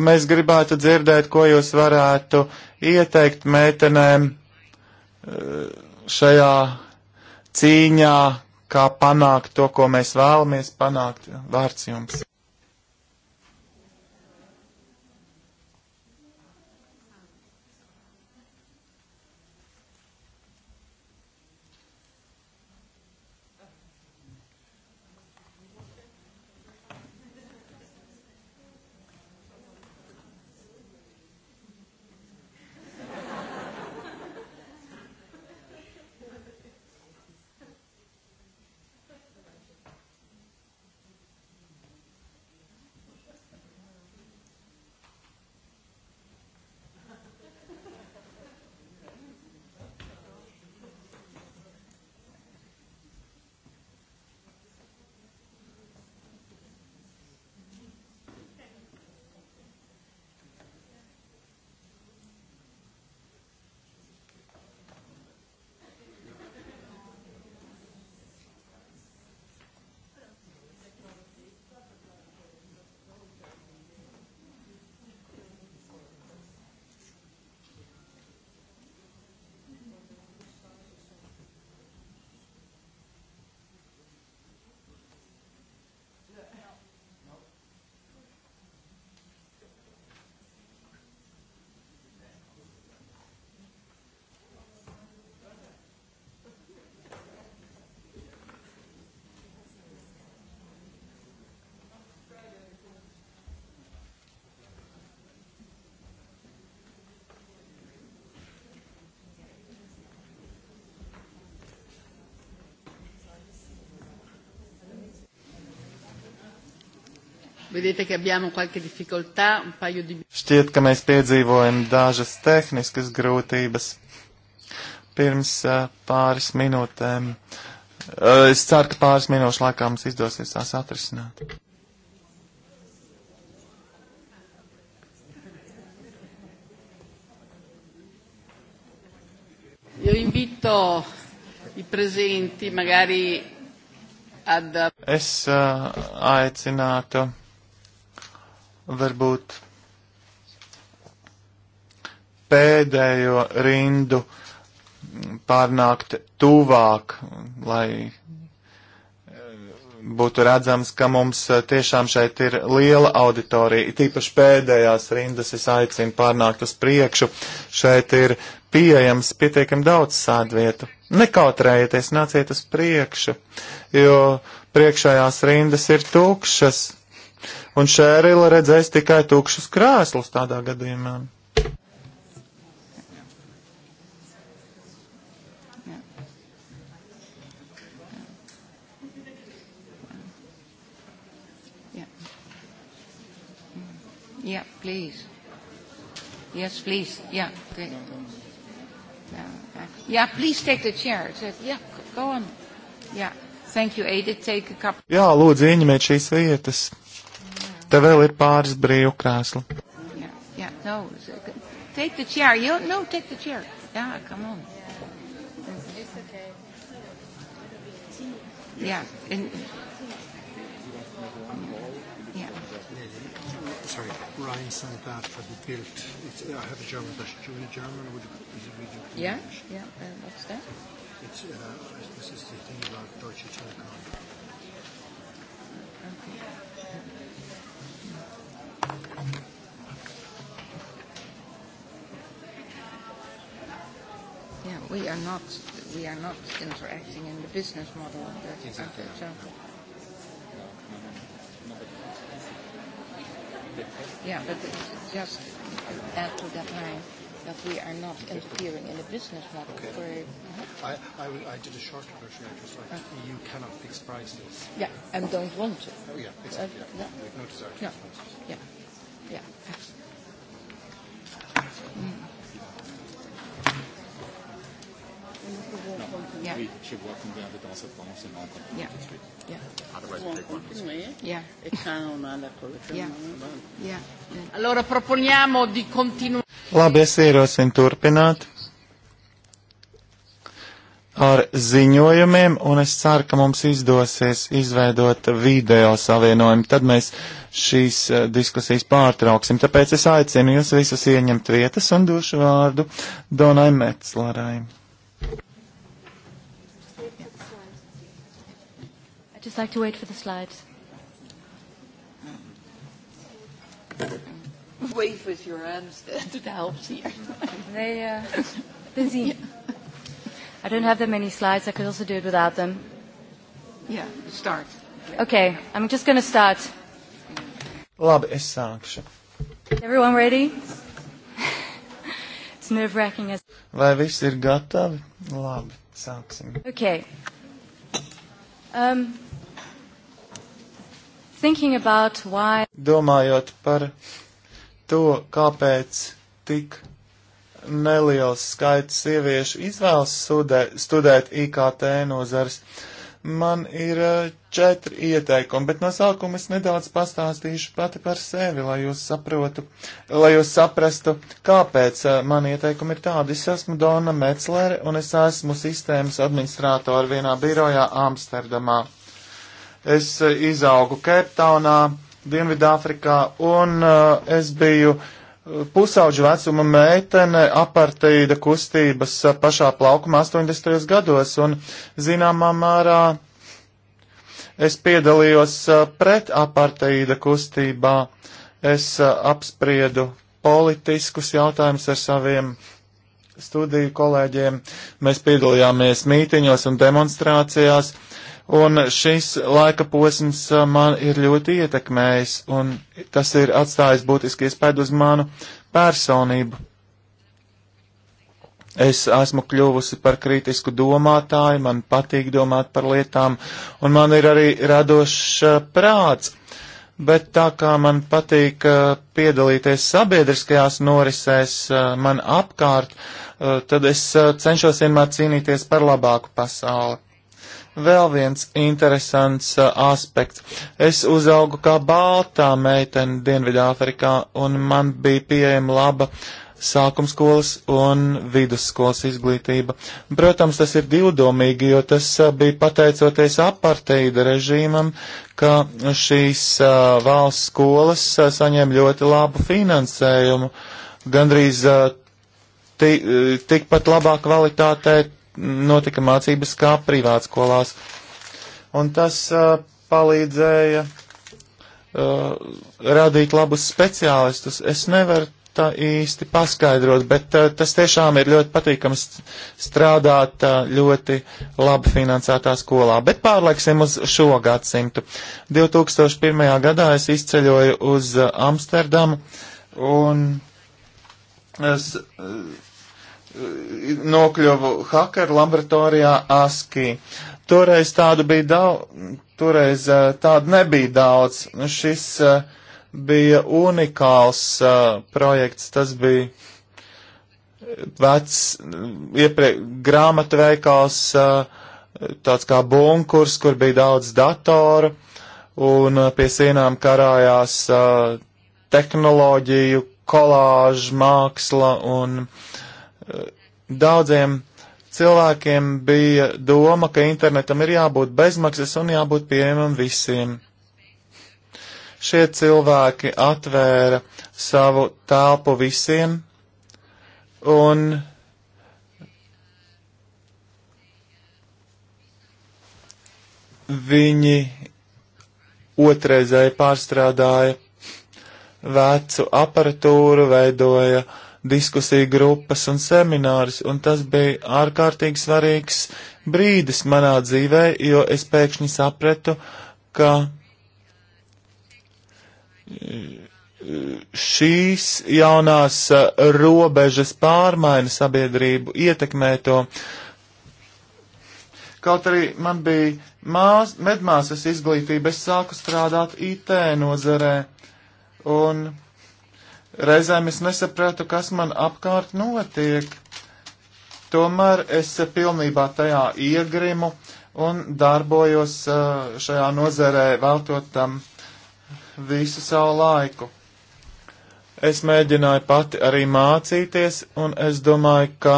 mēs gribētu dzirdēt, ko jūs varētu uh, ieteikt meitenēm eh, šajā cīņā, kā panākt to, ko mēs vēlamies panākt. Vārds jums! Šķiet, ka mēs piedzīvojam dažas tehniskas grūtības. Pirms eh, pāris minūtēm. Eh, es ceru, ka pāris minūšu laikā mums izdosies tās atrisināt. Io invito i presenti magari ad... Es uh, aicinātu varbūt pēdējo rindu pārnākt tuvāk, lai eh, būtu redzams, ka mums eh, tiešām šeit ir liela auditorija. Tīpaši pēdējās rindas es aicinu pārnākt uz priekšu. Šeit ir pieejams pietiekam daudz sēdvietu. Nekautrējieties, nāciet uz priekšu, jo priekšējās rindas ir tukšas un Šērila redzēs tikai tukšus krēslus tādā gadījumā. Yeah, please. Yes, please. Yeah. Take. Yeah, please take the chair. Yeah, go on. Yeah. Thank you, Edith. Take a cup. Jā, lūdzu, ieņemiet šīs vietas. Te vēl ir pāris brīvu krēslu. Yeah, yeah, no, take the chair. You, no, take the chair. Yeah, come on. It's okay. Yeah. In, yeah. Sorry, Ryan sent that for the built. It's, I have a German version. Do you want a German or would you, is it reading? Yeah, yeah. Uh, what's that? It's, uh, this is the thing about Deutsche Telekom. we are not we are not interacting in the business model of that. Exactly. Of that so. Yeah, but just add to that line that we are not interfering in the business model. Okay. For, uh-huh. I, I, I did a short version, just like uh, uh-huh. EU cannot fix prices. Yeah, and don't want to. Oh yeah, exactly. Uh, yeah. Yeah. We've no desire to yeah. fix prices. Yeah, yeah. Yeah. We should work from there because of course and all Yeah. Yeah. Otherwise, we'll take one. Yeah. Yeah. Yeah. Allora proponiamo di continuare. Labi, es ierosinu turpināt ar ziņojumiem, un es ceru, ka mums izdosies izveidot video savienojumu. Tad mēs šīs uh, diskusijas pārtrauksim. Tāpēc es aicinu jūs visus ieņemt vietas un došu vārdu Donai Metzlerai. just like to wait for the slides. Wave with your hands to the help here. they, uh, busy. I don't have that many slides. I could also do it without them. Yeah, start. Okay, I'm just going to start. Labi, es sākšu. Everyone ready? It's nerve wracking. As... Vai viss ir gatavi? Labi, sāksim. Okay. Um, why... Domājot par to, kāpēc tik neliels skaits sieviešu izvēlas studē, studēt IKT nozars, man ir eh, četri ieteikumi, bet no sākuma es nedaudz pastāstīšu pati par sevi, lai jūs saprotu, lai jūs saprastu, kāpēc eh, mani ieteikumi ir tādi. Es esmu Dona Metzlere un es esmu sistēmas administrātori vienā birojā Amsterdamā. Es eh, izaugu Keiptaunā, Dienvidāfrikā, un eh, es biju eh, pusauģu vecuma meitene aparteida kustības pašā plaukuma 80. gados, un zināmā mērā es piedalījos pret aparteida kustībā. Es apspriedu politiskus jautājumus ar saviem studiju kolēģiem. Mēs piedalījāmies mītiņos un demonstrācijās. Un šis laika posms uh, man ir ļoti ietekmējis, un tas ir atstājis būtiski iespēju uz manu personību. Es esmu kļuvusi par kritisku domātāju, man patīk domāt par lietām, un man ir arī radošs uh, prāts. Bet tā kā man patīk uh, piedalīties sabiedriskajās norisēs man apkārt, tad es cenšos vienmēr cīnīties par labāku pasauli. Vēl viens interesants uh, aspekts. Es uzaugu kā baltā meitene Dienvidāfrikā, un man bija pieejama laba sākumskolas un vidusskolas izglītība. Protams, tas ir divdomīgi, jo tas uh, bija pateicoties aparteida režīmam, ka šīs uh, valsts skolas uh, saņem ļoti labu finansējumu. Gandrīz uh, uh tikpat labā kvalitātē notika mācības kā privātskolās. Un tas uh, palīdzēja uh, radīt labus speciālistus. Es nevaru tā īsti paskaidrot, bet uh, tas tiešām ir ļoti patīkams strādāt uh, ļoti labi finansētā skolā. Bet pārlaiksim uz šo gadsimtu. 2001. gadā es izceļoju uz uh, Amsterdamu un es. Uh, nokļuvu hakeru laboratorijā ASCII. Toreiz tādu bija daudz, toreiz eh, tādu nebija daudz. Šis eh, bija unikāls eh, projekts, tas bija vecs iepriek grāmatveikals, tāds kā bunkurs, kur bija daudz datoru, un pie sienām karājās tehnoloģiju kolāžu māksla un uh, Daudziem cilvēkiem bija doma, ka internetam ir jābūt bezmaksas un jābūt pieejamam visiem. Šie cilvēki atvēra savu telpu visiem un viņi otrreizēji pārstrādāja vecu aparatūru, veidoja uh, diskusiju grupas un seminārus, un tas bija ārkārtīgi svarīgs brīdis manā dzīvē, jo es pēkšņi sapratu, ka e, šīs jaunās e, robežas pārmaina sabiedrību, ietekmē to. Kaut arī man bija mās, medmāsas izglītība, es sāku strādāt IT nozarē, un Reizēm es nesapratu, kas man apkārt notiek. Tomēr es eh, pilnībā tajā iegrimu un darbojos eh, šajā nozerē veltot tam visu savu laiku. Es mēģināju pati arī mācīties, un es domāju, ka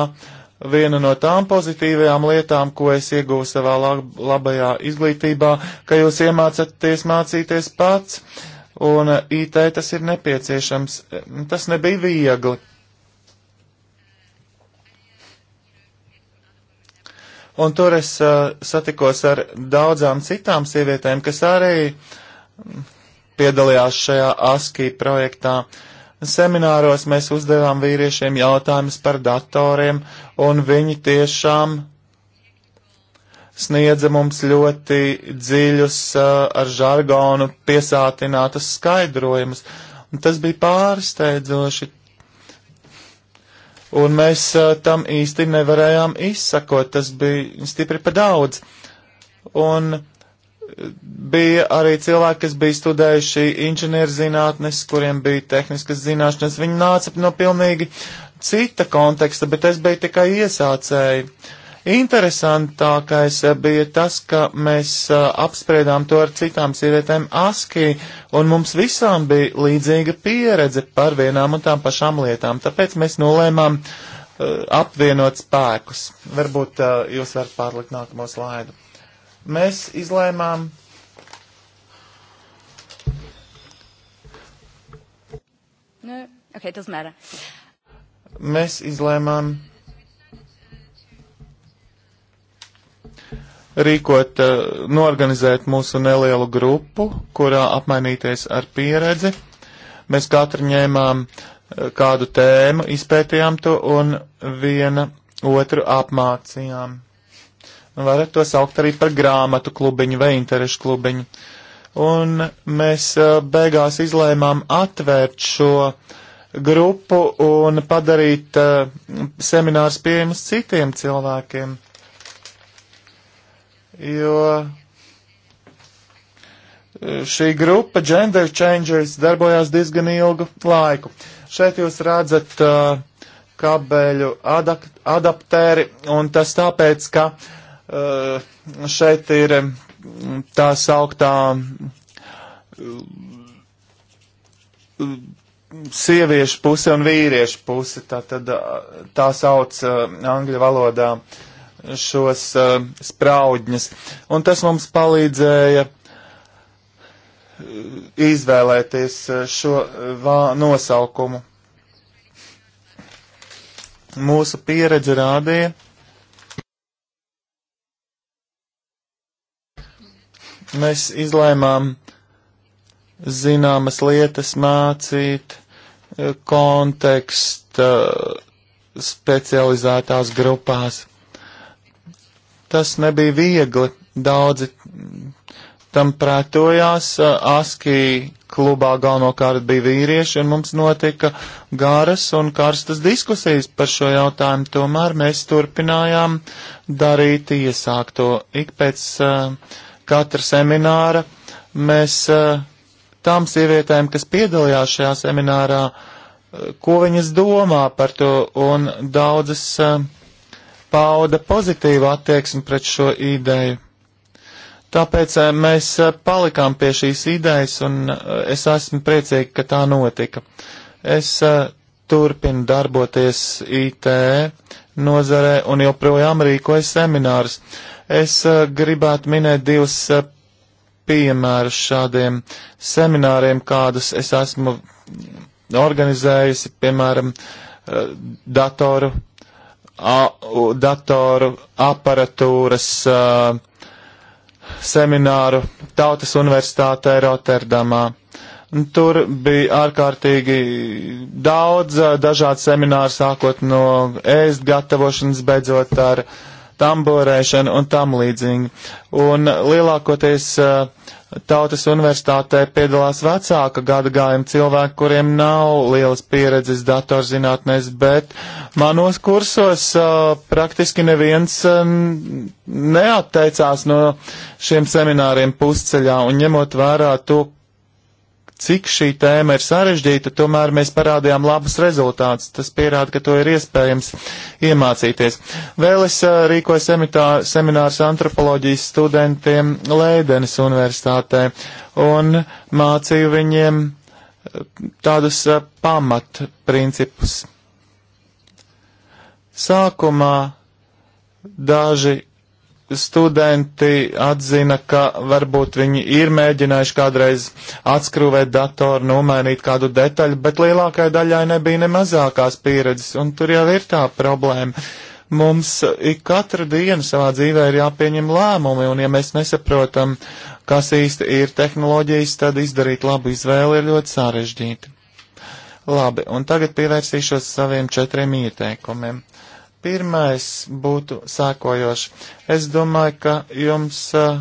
viena no tām pozitīvajām lietām, ko es iegūstu savā lab labajā izglītībā, ka jūs iemācāties mācīties pats. Uh, un eh, IT tas ir nepieciešams. Eh, tas nebija viegli. Un tur es uh, satikos ar daudzām citām sievietēm, kas arī mm, piedalījās šajā ASKI projektā. Semināros mēs uzdevām vīriešiem jautājumus par datoriem, un viņi tiešām sniedza mums ļoti dziļus ar žargonu piesātinātus skaidrojumus. Un tas bija pārsteidzoši. Un mēs tam īsti nevarējām izsakot, tas bija stipri pa daudz. Un bija arī cilvēki, kas bija studējuši inženierzinātnes, kuriem bija tehniskas zināšanas. Viņi nāca no pilnīgi cita konteksta, bet es biju tikai iesācēji. Uh, Interesantākais eh, bija tas, ka mēs eh, apspriedām to ar citām sievietēm ASKI, un mums visām bija līdzīga pieredze par vienām un tām pašām lietām, tāpēc mēs nolēmām eh, apvienot spēkus. Varbūt jūs varat pārlikt nākamo slaidu. Mēs izlēmām No, nu, okay, doesn't matter. Mēs izlēmām rīkot, eh, norganizēt mūsu nelielu grupu, kurā apmainīties ar pieredzi. Mēs katru ņēmām eh, kādu tēmu, izpētījām to un viena otru apmācījām. Varat to saukt arī par grāmatu klubiņu vai interešu klubiņu. Un mēs eh, beigās izlēmām atvērt šo grupu un padarīt seminārus pieejamus citiem cilvēkiem jo e, šī grupa Gender Changers darbojās diezgan ilgu laiku. Šeit jūs redzat uh, kabeļu adaptēri, un tas tāpēc, ka uh, šeit ir tā sauktā uh, sieviešu puse un vīriešu puse, tā, tad, tā sauc angļu valodā uh, šos uh, spraudņus. Un tas mums palīdzēja eh, izvēlēties eh, šo vā, nosaukumu. Mūsu pieredze rādīja, mēs izlēmām zināmas lietas mācīt konteksta specializētās grupās. Tas nebija viegli. Daudzi tam pretojās. ASKI klubā galvenokārt bija vīrieši, un mums notika garas un karstas diskusijas par šo jautājumu. Tomēr mēs turpinājām darīt iesākto. Ik pēc uh, katra semināra mēs uh, tām sievietēm, kas piedalījās šajā seminārā, uh, ko viņas domā par to, un daudzas uh, pauda pozitīvu attieksmi pret šo ideju. Tāpēc eh, mēs eh, palikām pie šīs idejas, un eh, es esmu priecīgi, ka tā notika. Es turpinu darboties IT nozarē un joprojām rīkoju seminārus. Es gribētu minēt divus piemērus šādiem semināriem, kādus es esmu organizējusi, piemēram, datoru datoru, aparatūras uh, semināru Tautas universitātē Rotterdamā. Tur bija ārkārtīgi daudz dažādu semināru, sākot no ēst gatavošanas, beidzot ar tamborēšanu un tam līdzīgi. Un lielākoties uh, Tautas universitātē piedalās vecāka gada gājuma cilvēki, kuriem nav lielas pieredzes datorzinātnēs, bet manos kursos uh, praktiski neviens um, neatteicās no šiem semināriem pusceļā un ņemot vērā to, cik šī tēma ir sarežģīta, tomēr mēs parādījām labus rezultātus. Tas pierāda, ka to ir iespējams iemācīties. Vēl es uh, rīkoju semitā, seminārus antropoloģijas studentiem Leidenes universitātē un mācīju viņiem tādus uh, pamatprincipus. Sākumā daži studenti atzina, ka varbūt viņi ir mēģinājuši kādreiz atskrūvēt datoru, nomainīt kādu detaļu, bet lielākai daļai nebija ne mazākās pieredzes, un tur jau ir tā problēma. Mums ik katru dienu savā dzīvē ir jāpieņem lēmumi, un ja mēs nesaprotam, kas īsti ir tehnoloģijas, tad izdarīt labu izvēli ir ļoti sarežģīti. Labi, un tagad pievērsīšos saviem četriem ieteikumiem. Uh, Pirmais būtu sākojoši. Es domāju, ka jums uh,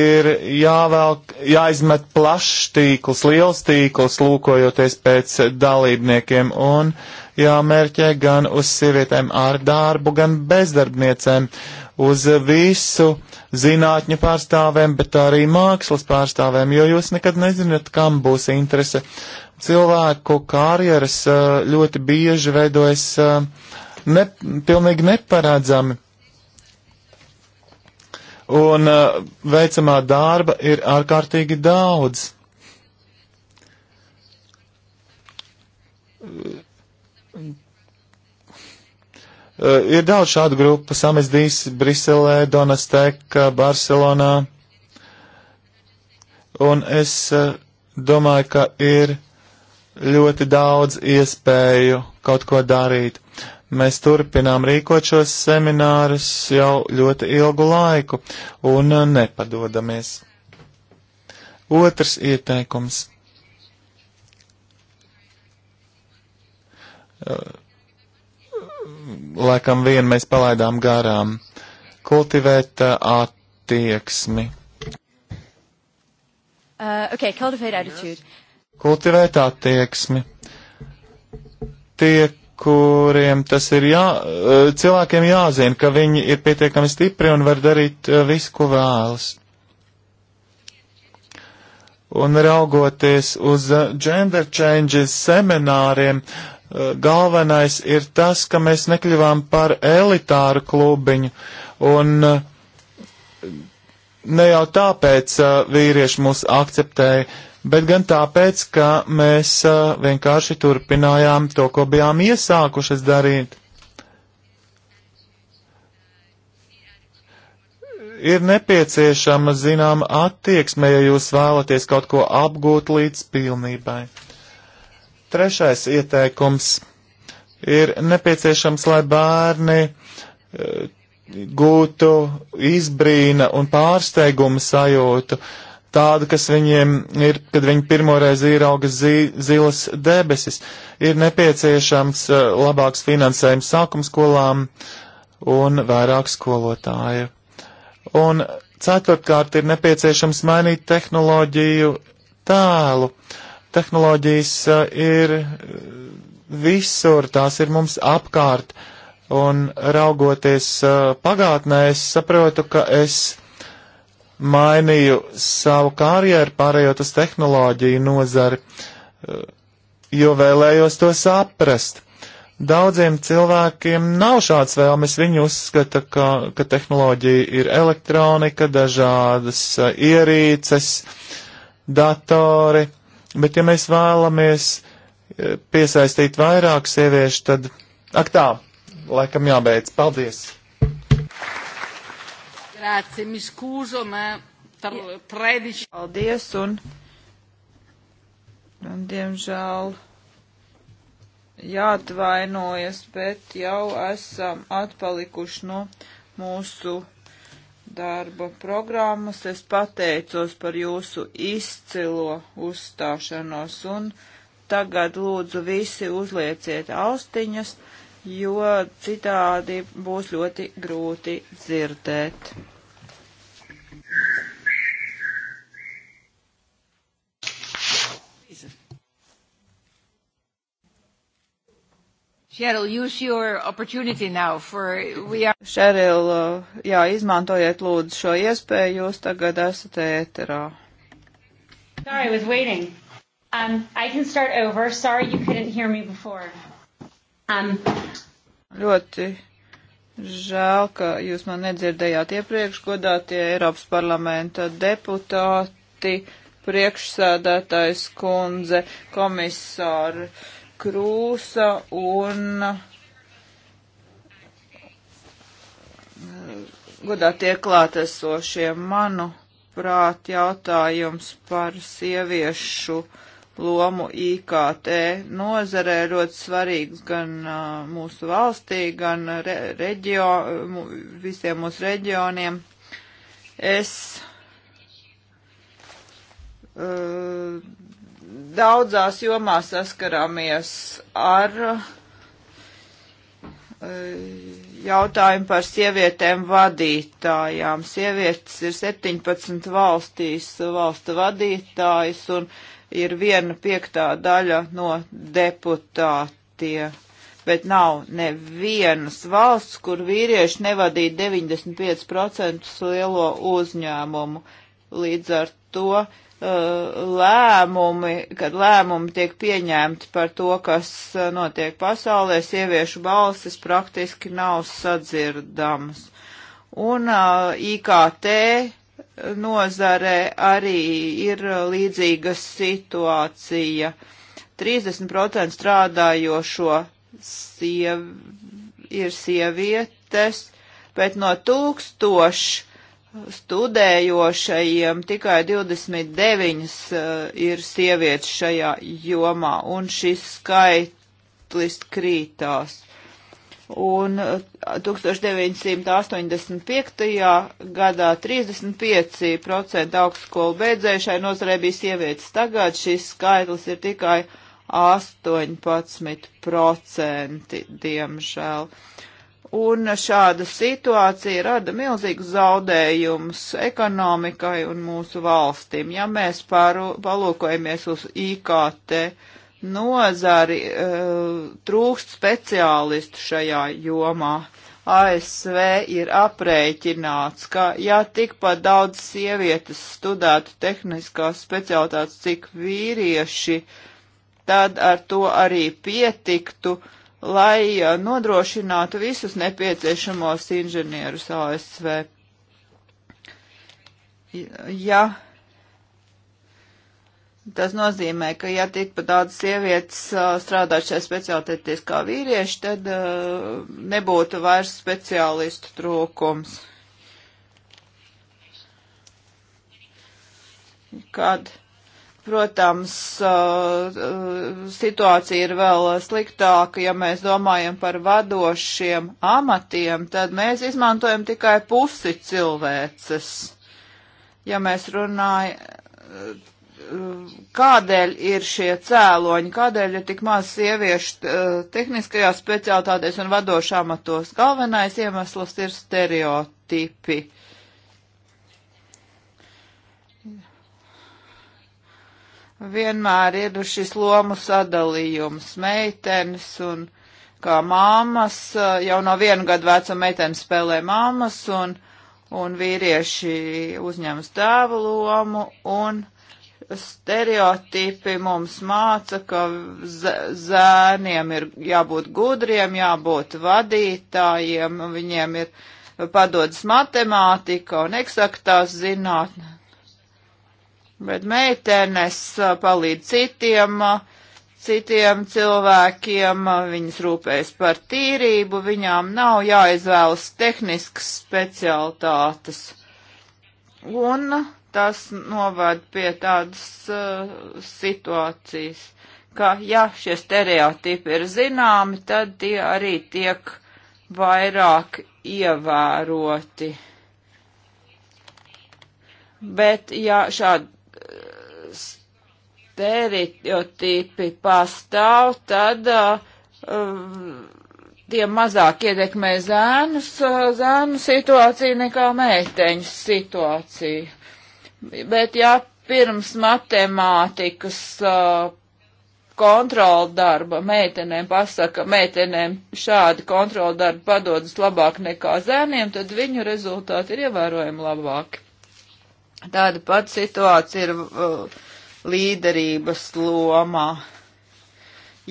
ir jāvelk, jāizmet plašs tīkls, liels tīkls, lūkojoties pēc dalībniekiem un jāmērķē gan uz sievietēm ar darbu, gan bezdarbniecēm, uz visu zinātņu pārstāvēm, bet arī mākslas pārstāvēm, jo jūs nekad nezināt, kam būs interese cilvēku karjeras eh, ļoti bieži veidojas eh, ne, pilnīgi neparedzami. Un uh, veicamā darba ir ārkārtīgi daudz. Uh, ir daudz šādu grupu, Samizdīs, Briselē, Donasteka, Barcelonā. Un es uh, domāju, ka ir ļoti daudz iespēju kaut ko darīt. Mēs turpinām rīkot šos seminārus jau ļoti ilgu laiku un uh, nepadodamies. Otrs ieteikums. Uh, laikam vien mēs palaidām garām. Kultivēt uh, attieksmi. Uh, okay, cultivate attitude. Kultivēt attieksmi. Tiek kuriem tas ir jā, eh, cilvēkiem jāzina, ka viņi ir pietiekami stipri un var darīt eh, visu, ko vēlas. Un raugoties uz eh, gender changes semināriem, galvenais ir tas, ka mēs nekļuvām par elitāru klubiņu. Un ne jau tāpēc vīrieši mūs akceptēja, bet gan tāpēc, ka mēs uh, vienkārši turpinājām to, ko bijām iesākušas darīt. Ir nepieciešama zināma attieksme, ja jūs vēlaties kaut ko apgūt līdz pilnībai. Trešais ieteikums ir nepieciešams, lai bērni uh, gūtu izbrīna un pārsteiguma sajūtu. Uh, tādu, kas viņiem ir, kad viņi pirmoreiz ierauga zī, zilas debesis. Ir nepieciešams eh, labāks finansējums sākumskolām un vairāk skolotāju. Un ceturtkārt ir nepieciešams mainīt tehnoloģiju tēlu. Tehnoloģijas eh, ir eh, visur, tās ir mums apkārt. Un raugoties pagātnē, es saprotu, ka es mainīju savu karjeru, pārējot uz tehnoloģiju nozari, eh, jo vēlējos to saprast. Daudziem cilvēkiem nav šāds vēlmes. Viņi uzskata, ka, ka tehnoloģija ir elektronika, dažādas eh, ierīces, datori, bet ja mēs vēlamies eh, piesaistīt vairāk sieviešu, tad, ak tā, laikam jābeidz. Paldies! Grazie, mi scuso, ma 13. Paldies un, un diemžēl jāatvainojas, bet jau esam atpalikuši no mūsu darba programmas. Es pateicos par jūsu izcilo uzstāšanos un tagad lūdzu visi uzlieciet austiņas, jo citādi būs ļoti grūti dzirdēt. Cheryl, use your opportunity now for we are. Cheryl, uh, jā, izmantojiet lūdzu šo iespēju, jūs tagad esat ēterā. Sorry, I was waiting. Um, I can start over. Sorry you couldn't hear me before. Um, Ļoti žēl, ka jūs man nedzirdējāt iepriekš, godātie Eiropas parlamenta deputāti, priekšsēdētājs kundze, komisāri Krūsa un mm, godā tie klātesošie manu prāt jautājums par sieviešu lomu IKT nozarē ļoti svarīgs gan uh, mūsu valstī, gan re reģio, visiem mūsu reģioniem. Es uh, daudzās jomās saskarāmies ar e, jautājumu par sievietēm vadītājām. Sievietes ir 17 valstīs valsta vadītājas un ir viena piektā daļa no deputātiem. Bet nav nevienas valsts, kur vīrieši nevadīja 95% lielo uzņēmumu. Līdz ar to uh, Uh, lēmumi, kad lēmumi tiek pieņemti par to, kas uh, notiek pasaulē, sieviešu balsis praktiski nav sadzirdamas. Un uh, IKT nozarē arī ir līdzīga situācija. 30% strādājošo siev, ir sievietes, bet no tūkstošu studējošajiem tikai 29 eh, ir sievietes šajā jomā, un šis skaitlis krītās. Un 1985. Eh, gadā 35% augstskolu beidzējušai nozarei bija sievietes. Tagad šis skaitlis ir tikai 18%, diemžēl. Uh, Un šāda situācija rada milzīgus zaudējumus ekonomikai un mūsu valstīm. Ja mēs paru, palūkojamies uz IKT nozari, eh, trūkst speciālistu šajā jomā. ASV ir aprēķināts, ka ja tikpat daudz sievietes studētu tehniskās specialitātes, cik vīrieši, tad ar to arī pietiktu. Uh, lai uh, nodrošinātu visus nepieciešamos inženierus ASV. Ja Tas nozīmē, ka ja tik pat daudz sievietes uh, strādā šajā speciālitātēs kā vīrieši, tad uh, nebūtu vairs speciālistu trūkums. Kad Protams, situācija ir vēl sliktāka, ja mēs domājam par vadošiem amatiem, tad mēs izmantojam tikai pusi cilvēces. Ja mēs runājam, kādēļ ir šie cēloņi, kādēļ ir tik maz sieviešu tehniskajās speciālitātēs un vadošā amatos. Galvenais iemesls ir stereotipi. Uh, vienmēr ir šis lomu sadalījums. Meitenes un kā māmas, jau no vienu gadu veca meitene spēlē māmas un, un vīrieši uzņemas tēva lomu un stereotipi mums māca, ka zēniem ir jābūt gudriem, jābūt vadītājiem, viņiem ir padodas matemātika un eksaktās zinātne bet meitenes uh, palīdz citiem, uh, citiem cilvēkiem, uh, viņas rūpējas par tīrību, viņām nav jāizvēlas tehniskas specialitātes. Un tas novad pie tādas uh, situācijas, ka, ja šie stereotipi ir zināmi, tad tie arī tiek vairāk ievēroti. Bet, ja šādi stereotipi pastāv, tad uh, um, tie mazāk iedekmē zēnus, uh, zēnu situāciju nekā meiteņu situāciju. Bet ja pirms matemātikas uh, kontrola darba meitenēm pasaka, meitenēm šādi kontrola darba padodas labāk nekā zēniem, tad viņu rezultāti ir ievērojami labāki. Tāda pati situācija ir uh, līderības lomā.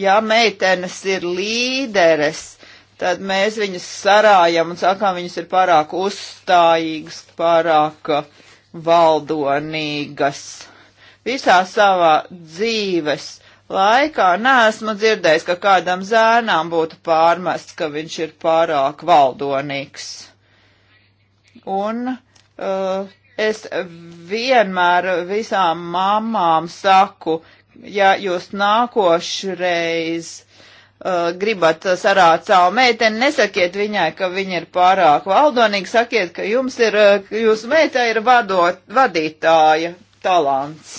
Ja meitenes ir līderes, tad mēs viņus sarājam un sakām, viņas ir pārāk uzstājīgas, pārāk valdonīgas. Visā savā dzīves laikā neesmu dzirdējis, ka kādam zēnām būtu pārmests, ka viņš ir pārāk valdonīgs. Un uh, Es vienmēr visām mamām saku, ja jūs nākošreiz uh, gribat sarāt savu meiteni, nesakiet viņai, ka viņa ir pārāk valdonīga, sakiet, ka jums ir, uh, jūsu meitai ir vadot, vadītāja talants.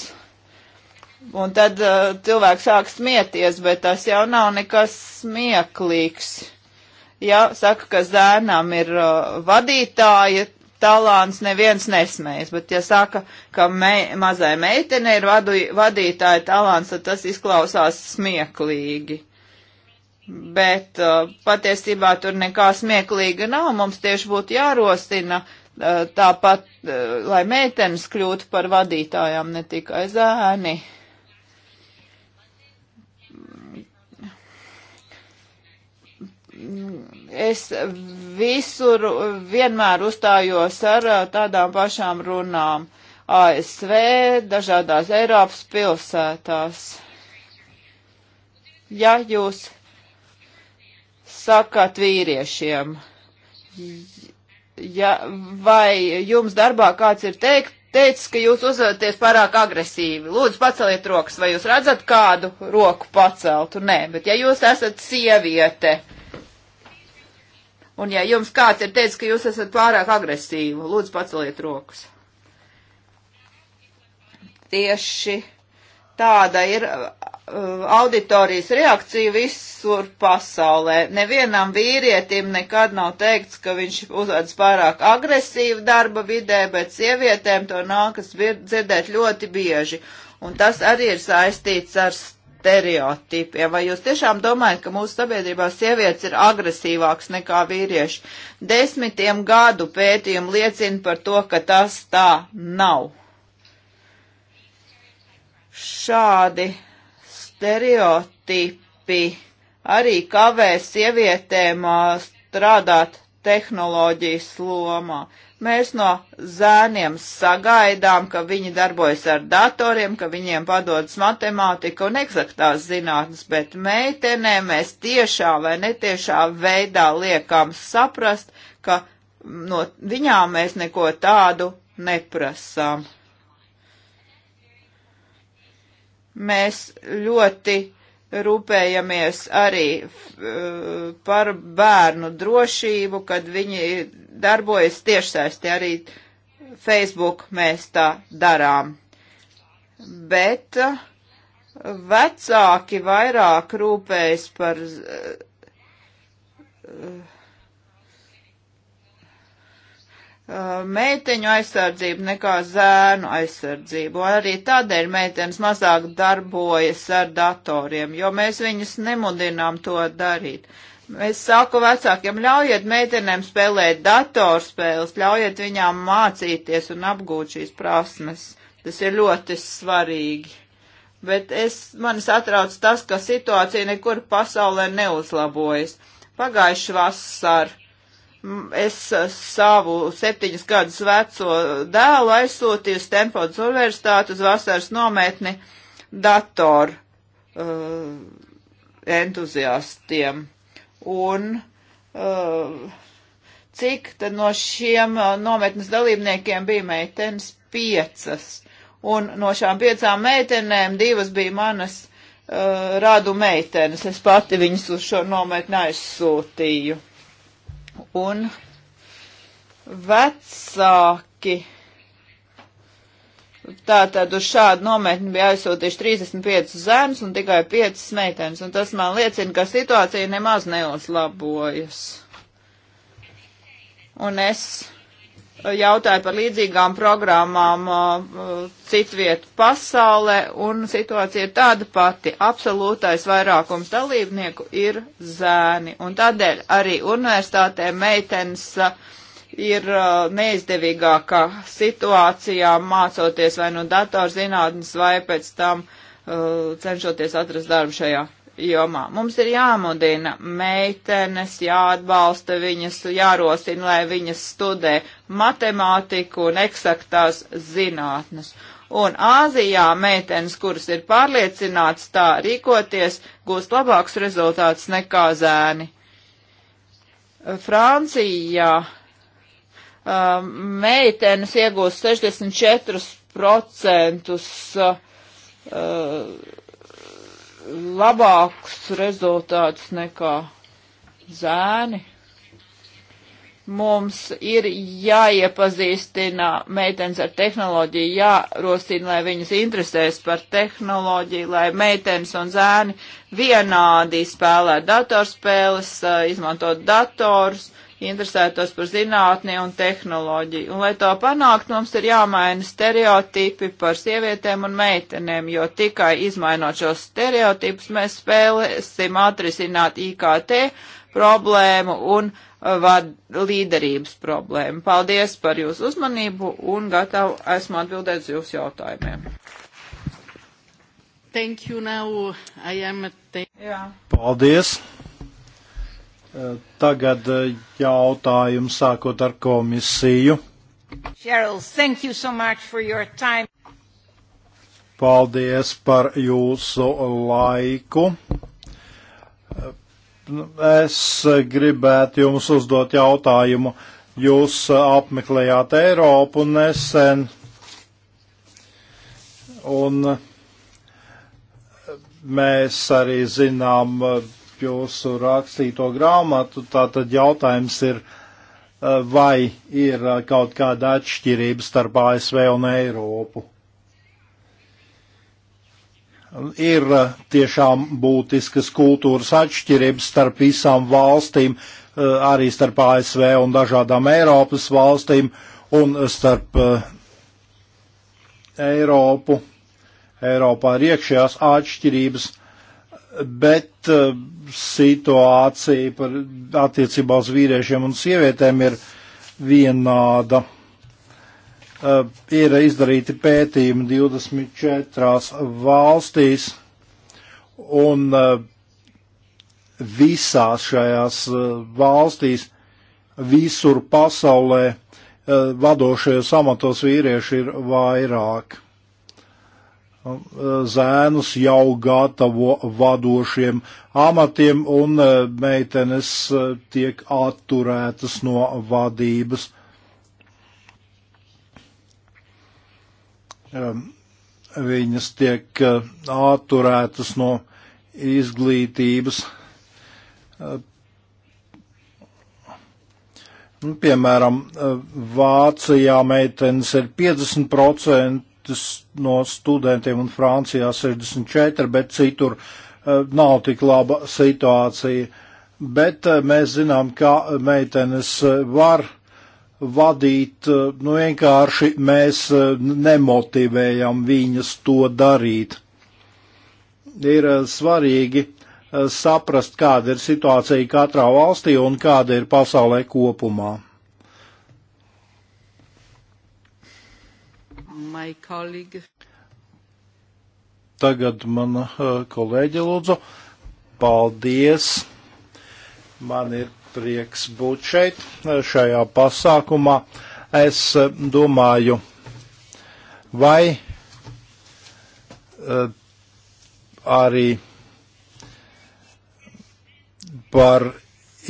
Un tad uh, cilvēks sāk smieties, bet tas jau nav nekas smieklīgs. Ja saka, ka zēnam ir uh, vadītāja talants neviens nesmējas, bet ja saka, ka me, mazai meitene ir vadu, vadītāja talants, tad tas izklausās smieklīgi. Bet uh, patiesībā tur nekā smieklīga nav, mums tieši būtu jārostina uh, tāpat, uh, lai meitenes kļūtu par vadītājām, ne tikai zēni. Mm es visur vienmēr uzstājos ar tādām pašām runām ASV, dažādās Eiropas pilsētās. Ja jūs sakat vīriešiem, ja, vai jums darbā kāds ir teikt, teicis, ka jūs uzvedaties pārāk agresīvi. Lūdzu, paceliet rokas, vai jūs redzat kādu roku paceltu? Nē, bet ja jūs esat sieviete, Un ja jums kāds ir teicis, ka jūs esat pārāk agresīvi, lūdzu paceliet rokas. Tieši tāda ir uh, uh, auditorijas reakcija visur pasaulē. Nevienam vīrietim nekad nav teikts, ka viņš uzvedas pārāk agresīvi darba vidē, bet sievietēm to nākas dzirdēt ļoti bieži. Un tas arī ir saistīts ar stereotipiem. Vai jūs tiešām domājat, ka mūsu sabiedrībā sievietes ir agresīvāks nekā vīrieši? Desmitiem gadu pētījumi liecina par to, ka tas tā nav. Šādi stereotipi arī kavē sievietēm strādāt tehnoloģijas lomā. Mēs no zēniem sagaidām, ka viņi darbojas ar datoriem, ka viņiem padodas matemātika un eksaktās zinātnes, bet meitenē mēs tiešā vai netiešā veidā liekam saprast, ka no viņām mēs neko tādu neprasām. Mēs ļoti rūpējamies arī eh, par bērnu drošību, kad viņi darbojas tiešsaistē, arī Facebook mēs tā darām. Bet eh, vecāki vairāk rūpējas par eh, Uh, meiteņu aizsardzību nekā zēnu aizsardzību. Arī tādēļ meitenes mazāk darbojas ar datoriem, jo mēs viņus nemudinām to darīt. Es saku vecākiem, ļaujiet meitenēm spēlēt datorspēles, ļaujiet viņām mācīties un apgūt šīs prasmes. Tas ir ļoti svarīgi. Bet es, manis atrauc tas, ka situācija nekur pasaulē neuzlabojas. Pagājuši vasar es eh, savu septiņus gadus veco dēlu aizsūtīju uz Tempodas universitāti uz vasaras nometni datoru uh, eh, entuziastiem. Un uh, cik tad no šiem uh, nometnes dalībniekiem bija meitenes? Piecas. Un no šām piecām meitenēm divas bija manas uh, radu meitenes. Es pati viņas uz šo nometni aizsūtīju un vecāki. Tātad uz šādu nometni bija aizsūtījuši 35 zēnus un tikai 5 meitenes, un tas man liecina, ka situācija nemaz neuzlabojas. Un es jautāja par līdzīgām programmām uh, citvietu pasaulē, un situācija ir tāda pati. Absolūtais vairākums dalībnieku ir zēni, un tādēļ arī universitātē meitenes uh, ir uh, neizdevīgākā situācijā mācoties vai nu datorzinātnes vai pēc tam uh, cenšoties atrast darbu šajā jomā. Mums ir jāmudina meitenes, jāatbalsta viņas, jārosina, lai viņas studē matemātiku un eksaktās zinātnes. Un Āzijā meitenes, kuras ir pārliecināts tā rīkoties, gūst labāks rezultāts nekā zēni. Francijā um, meitenes iegūst 64% uh, labākus rezultātus nekā zēni. Mums ir jāiepazīstina meitenes ar tehnoloģiju, jārosina, lai viņas interesēs par tehnoloģiju, lai meitenes un zēni vienādi spēlē datorspēles, izmantot dators, interesētos par zinātni un tehnoloģiju. Un, lai to panākt, mums ir jāmaina stereotipi par sievietēm un meitenēm, jo tikai izmainot šos stereotipus mēs spēlēsim atrisināt IKT problēmu un uh, vad līderības problēmu. Paldies par jūsu uzmanību un gatavu esmu atbildēt uz jūsu jautājumiem. Thank you now. I am at the... Jā. Paldies. Tagad eh, jautājumu sākot ar komisiju. Cheryl, thank you so much for your time. Paldies par jūsu laiku. Es gribētu jums uzdot jautājumu. Jūs apmeklējāt Eiropu nesen, un mēs arī zinām, jūsu rakstīto grāmatu, tātad jautājums ir, eh, vai ir eh, kaut kāda atšķirība starp ASV un Eiropu. Ir eh, tiešām būtiskas kultūras atšķirības starp visām valstīm, arī starp ASV un dažādām Eiropas valstīm un starp Eiropu. Eiropā ir iekšējās atšķirības bet uh, situācija par attiecībā uz vīriešiem un sievietēm ir vienāda. Uh, ir izdarīti pētījumi 24 valstīs, un uh, visās šajās valstīs, visur pasaulē vadošajos amatos vīrieši ir vairāk zēnus jau gatavo vadošiem amatiem, un e, meitenes e, tiek atturētas no vadības. E, viņas tiek atturētas no izglītības. Piemēram, Vācijā meitenes ir 50% no studentiem un Francijā 64, bet citur eh, nav tik laba situācija. Bet eh, mēs zinām, ka meitenes eh, var vadīt, nu vienkārši mēs nemotivējam viņas to darīt. Ir svarīgi saprast, kāda ir situācija katrā valstī un kāda ir pasaulē kopumā. my colleague. Tagad mana eh, kolēģe lūdzu. Paldies! Man ir prieks būt šeit, eh, šajā pasākumā. Es eh, domāju, vai arī par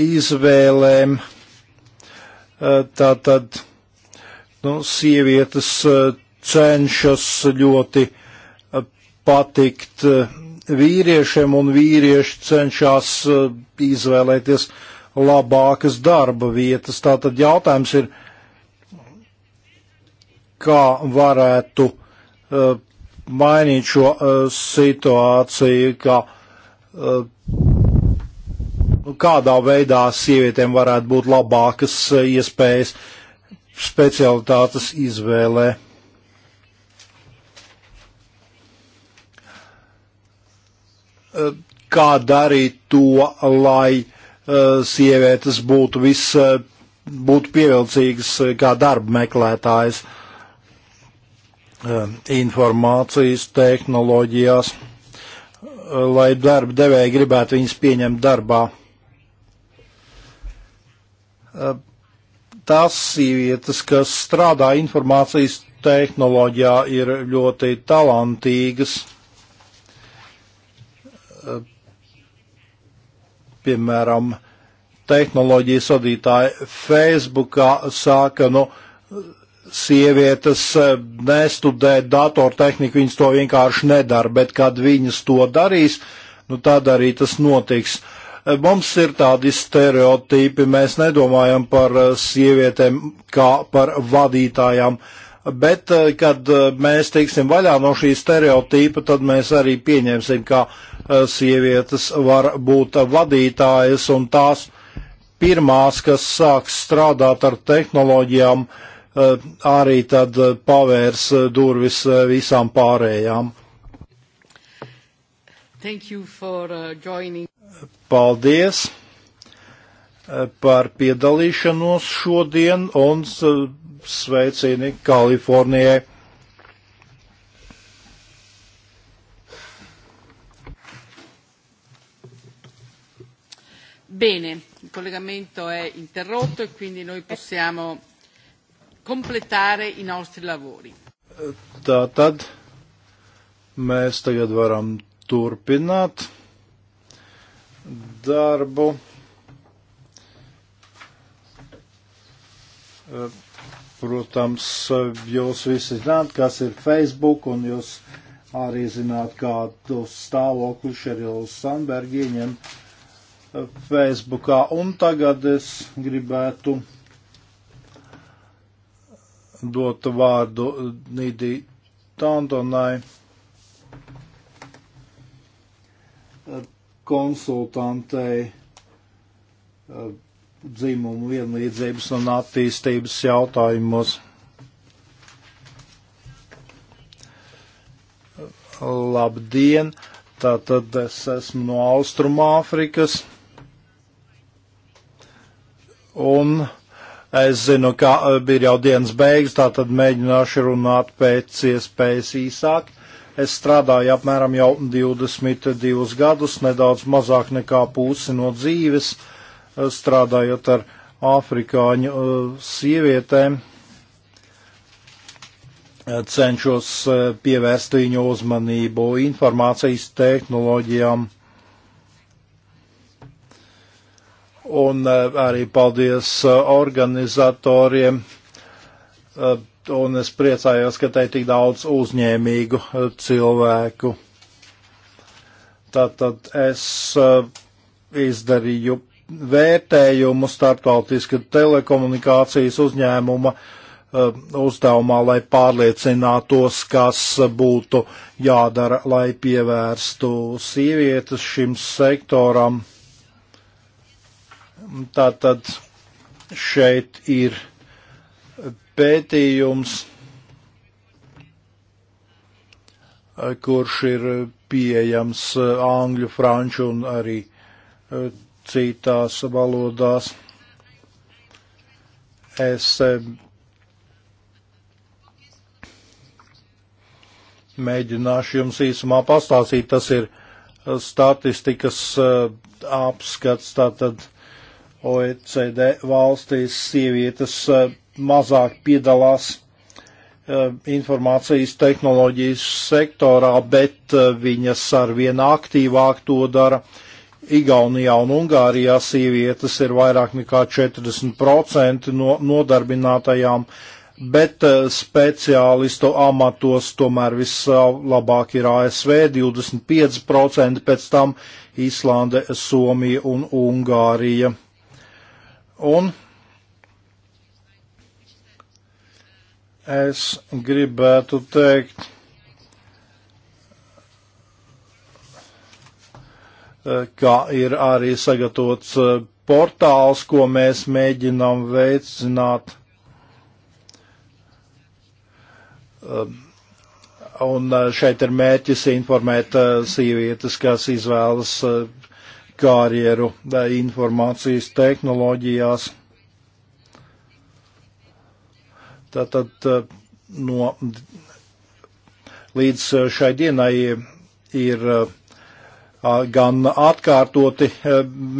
izvēlēm tātad nu, sievietes cenšas ļoti eh, patikt eh, vīriešiem, un vīrieši cenšas eh, izvēlēties labākas darba vietas. Tātad jautājums ir, kā varētu mainīt šo situāciju, kā, kādā veidā sievietēm varētu būt labākas iespējas specialitātes izvēlē. Eh, kā darīt to, lai eh, sievietes būtu vis, eh, būtu pievilcīgas kā darba meklētājas informācijas tehnoloģijās, lai darba devēja gribētu viņas pieņemt darbā. Tās sievietes, kas strādā informācijas tehnoloģijā, ir ļoti talantīgas piemēram, tehnoloģijas vadītāji Facebookā sāka, nu, sievietes eh, nestudē datortehniku, viņas to vienkārši nedara, bet kad viņas to darīs, nu tad arī tas notiks. Eh, mums ir tādi stereotipi, mēs nedomājam par eh, sievietēm kā par vadītājām. Uh, bet eh, kad eh, mēs tiksim vaļā no šī stereotīpa, tad mēs arī pieņemsim, ka eh, sievietes var būt vadītājas un tās pirmās, kas sāks strādāt ar tehnoloģijām, arī tad pavērs durvis visām pārējām. Uh, Paldies par piedalīšanos šodien un sveicieni Kalifornijai. Bene, il collegamento è interrotto e quindi noi possiamo completare i nostri lavori. Tātad mēs tagad varam turpināt darbu. Protams, jūs visi zināt, kas ir Facebook, un jūs arī zināt, kādu stāvokli Šerils Sandberg ieņem Facebookā. Un tagad es gribētu dot vārdu Nīdī Tandonai, konsultantei dzimumu vienlīdzības un attīstības jautājumos. Labdien! Tātad es esmu no Austrumāfrikas. Un es zinu, ka ir jau dienas beigas, tātad mēģināšu runāt pēc iespējas īsāk. Es strādāju apmēram jau 22 gadus, nedaudz mazāk nekā pusi no dzīves. Uh, strādājot ar afrikāņu uh, sievietēm, uh, cenšos uh, pievērst viņu uzmanību informācijas tehnoloģijām. Un arī paldies organizatoriem. Un es priecājos, ka te ir tik daudz uzņēmīgu cilvēku. Tātad es izdarīju vērtējumu starptautiska telekomunikācijas uzņēmuma eh, uzdevumā, lai pārliecinātos, kas būtu jādara, lai pievērstu sievietes šim sektoram. Tātad šeit ir pētījums, eh, kurš ir pieejams eh, angļu, franču un arī citās valodās. Es mēģināšu jums īsumā pastāstīt, tas ir eh, statistikas eh, apskats, tātad OECD valstīs sievietes eh, mazāk piedalās informācijas tehnoloģijas sektorā, bet viņas arvien aktīvāk to dara. Uh, Igaunijā un Ungārijā sievietes ir vairāk nekā 40% no nodarbinātajām, bet eh, speciālistu amatos tomēr vislabāk eh, ir ASV 25%, pēc tam Īslande, Somija un Ungārija. Un es gribētu teikt, kā ir arī sagatavots eh, portāls, ko mēs mēģinām veicināt. Eh, un eh, šeit ir mērķis informēt sievietes, kas izvēlas karjeru informācijas tehnoloģijās. Tātad no līdz šai dienai ir uh, gan atkārtoti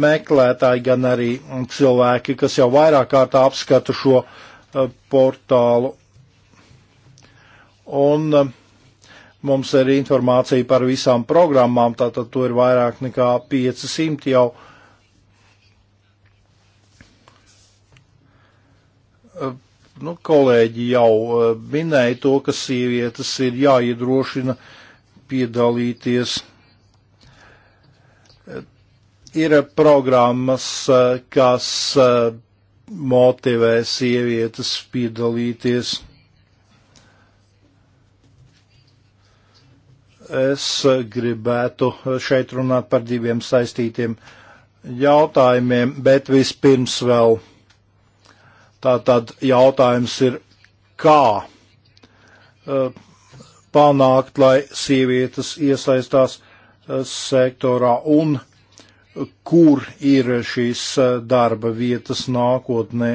meklētāji, gan arī cilvēki, kas jau vairāk kārtā apskata šo portālu. Un mums ir informācija par visām programmām, tātad to ir vairāk nekā 500 jau. Nu, kolēģi jau minēja to, ka sievietes ir jāiedrošina piedalīties ir programmas, eh, kas eh, motivē sievietes piedalīties. Es eh, gribētu šeit runāt par diviem saistītiem jautājumiem, bet vispirms vēl tātad jautājums ir, kā panākt, lai sievietes iesaistās sektorā un uh, kur ir šīs eh, darba vietas nākotnē.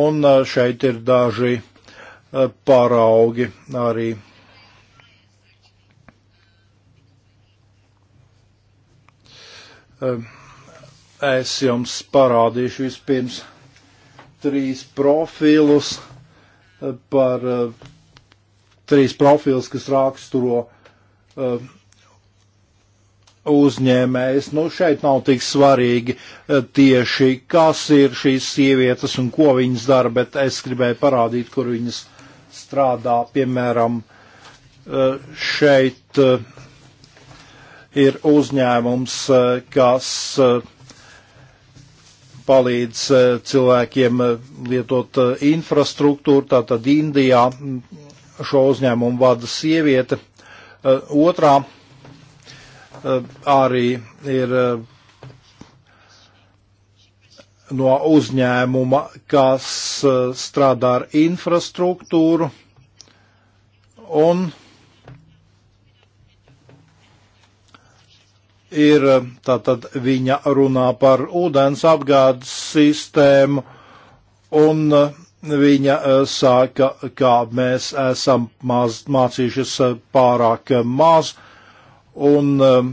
Un eh, šeit ir daži eh, paraugi arī. Es jums parādīšu vispirms trīs profilus par trīs profilus, kas raksturo uzņēmējs. Nu, šeit nav tik svarīgi eh, tieši, kas ir šīs sievietes un ko viņas dara, bet es gribēju parādīt, kur viņas strādā. Piemēram, eh, šeit eh, ir uzņēmums, kas palīdz cilvēkiem lietot infrastruktūru, tātad Indijā mm, šo uzņēmumu vada sieviete. Otrā Eh, arī ir eh, no uzņēmuma, kas eh, strādā ar infrastruktūru un ir tātad viņa runā par ūdens apgādes sistēmu un viņa sāka, kā mēs esam māz, mācījušies pārāk maz un um,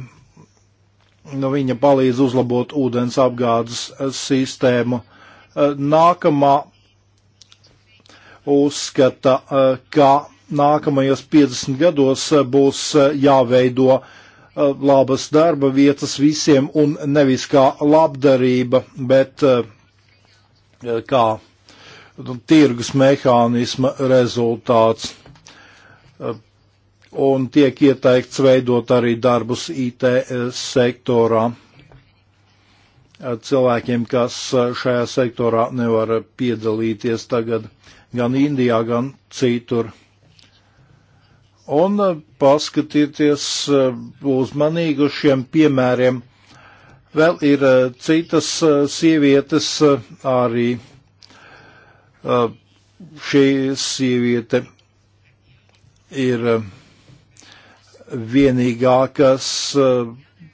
nu, viņa palīdz uzlabot ūdens apgādes uh, sistēmu. Uh, nākamā uzskata, uh, ka nākamajos 50 gados būs jāveido labas darba vietas visiem un nevis kā labdarība, bet kā nu, tirgus mehānisma rezultāts un tiek ieteikts veidot arī darbus IT eh, sektorā eh, cilvēkiem, kas eh, šajā sektorā nevar piedalīties tagad gan Indijā, gan citur. Un paskatieties uzmanīgi uz šiem piemēriem. Vēl ir citas sievietes arī. Šī sieviete ir vienīgā, kas eh,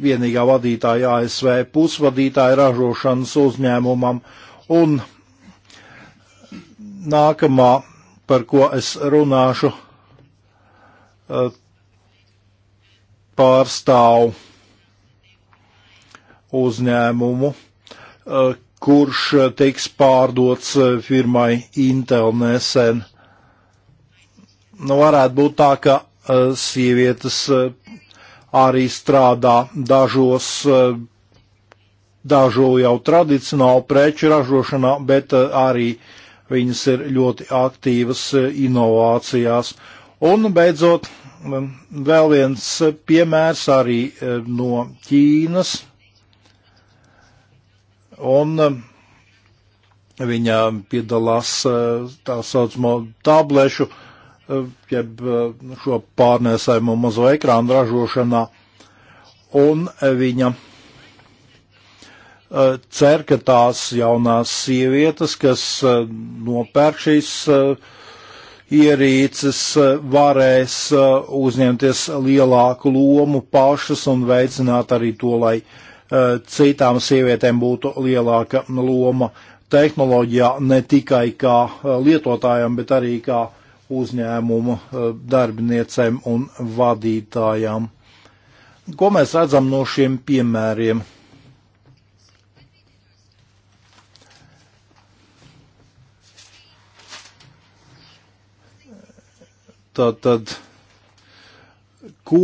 vienīgā vadītāja ASV pusvadītāja ražošanas uzņēmumam. Un nākamā, par ko es runāšu, eh, pārstāv uzņēmumu, eh, kurš tiks pārdots firmai Intel nesen. Nu, varētu būt tā, ka Eh, sievietes eh, arī strādā dažos, eh, dažu jau tradicionālu preču ražošanā, bet arī viņas ir ļoti aktīvas inovācijās. Un beidzot, mm, vēl viens piemērs arī no Ķīnas. Un viņa piedalās tā saucamo tablešu uh, jeb eh, šo pārnēsējumu mazo ekrānu ražošanā, un eh, viņa eh, cer, ka tās jaunās sievietes, kas nopērk šīs ierīces, varēs uzņemties lielāku lomu pašas un veicināt arī to, lai citām sievietēm būtu lielāka loma tehnoloģijā ne tikai kā lietotājam, bet arī kā uzņēmuma eh, darbiniecēm un vadītājām. Ko mēs redzam no šiem piemēriem? Tātad, ko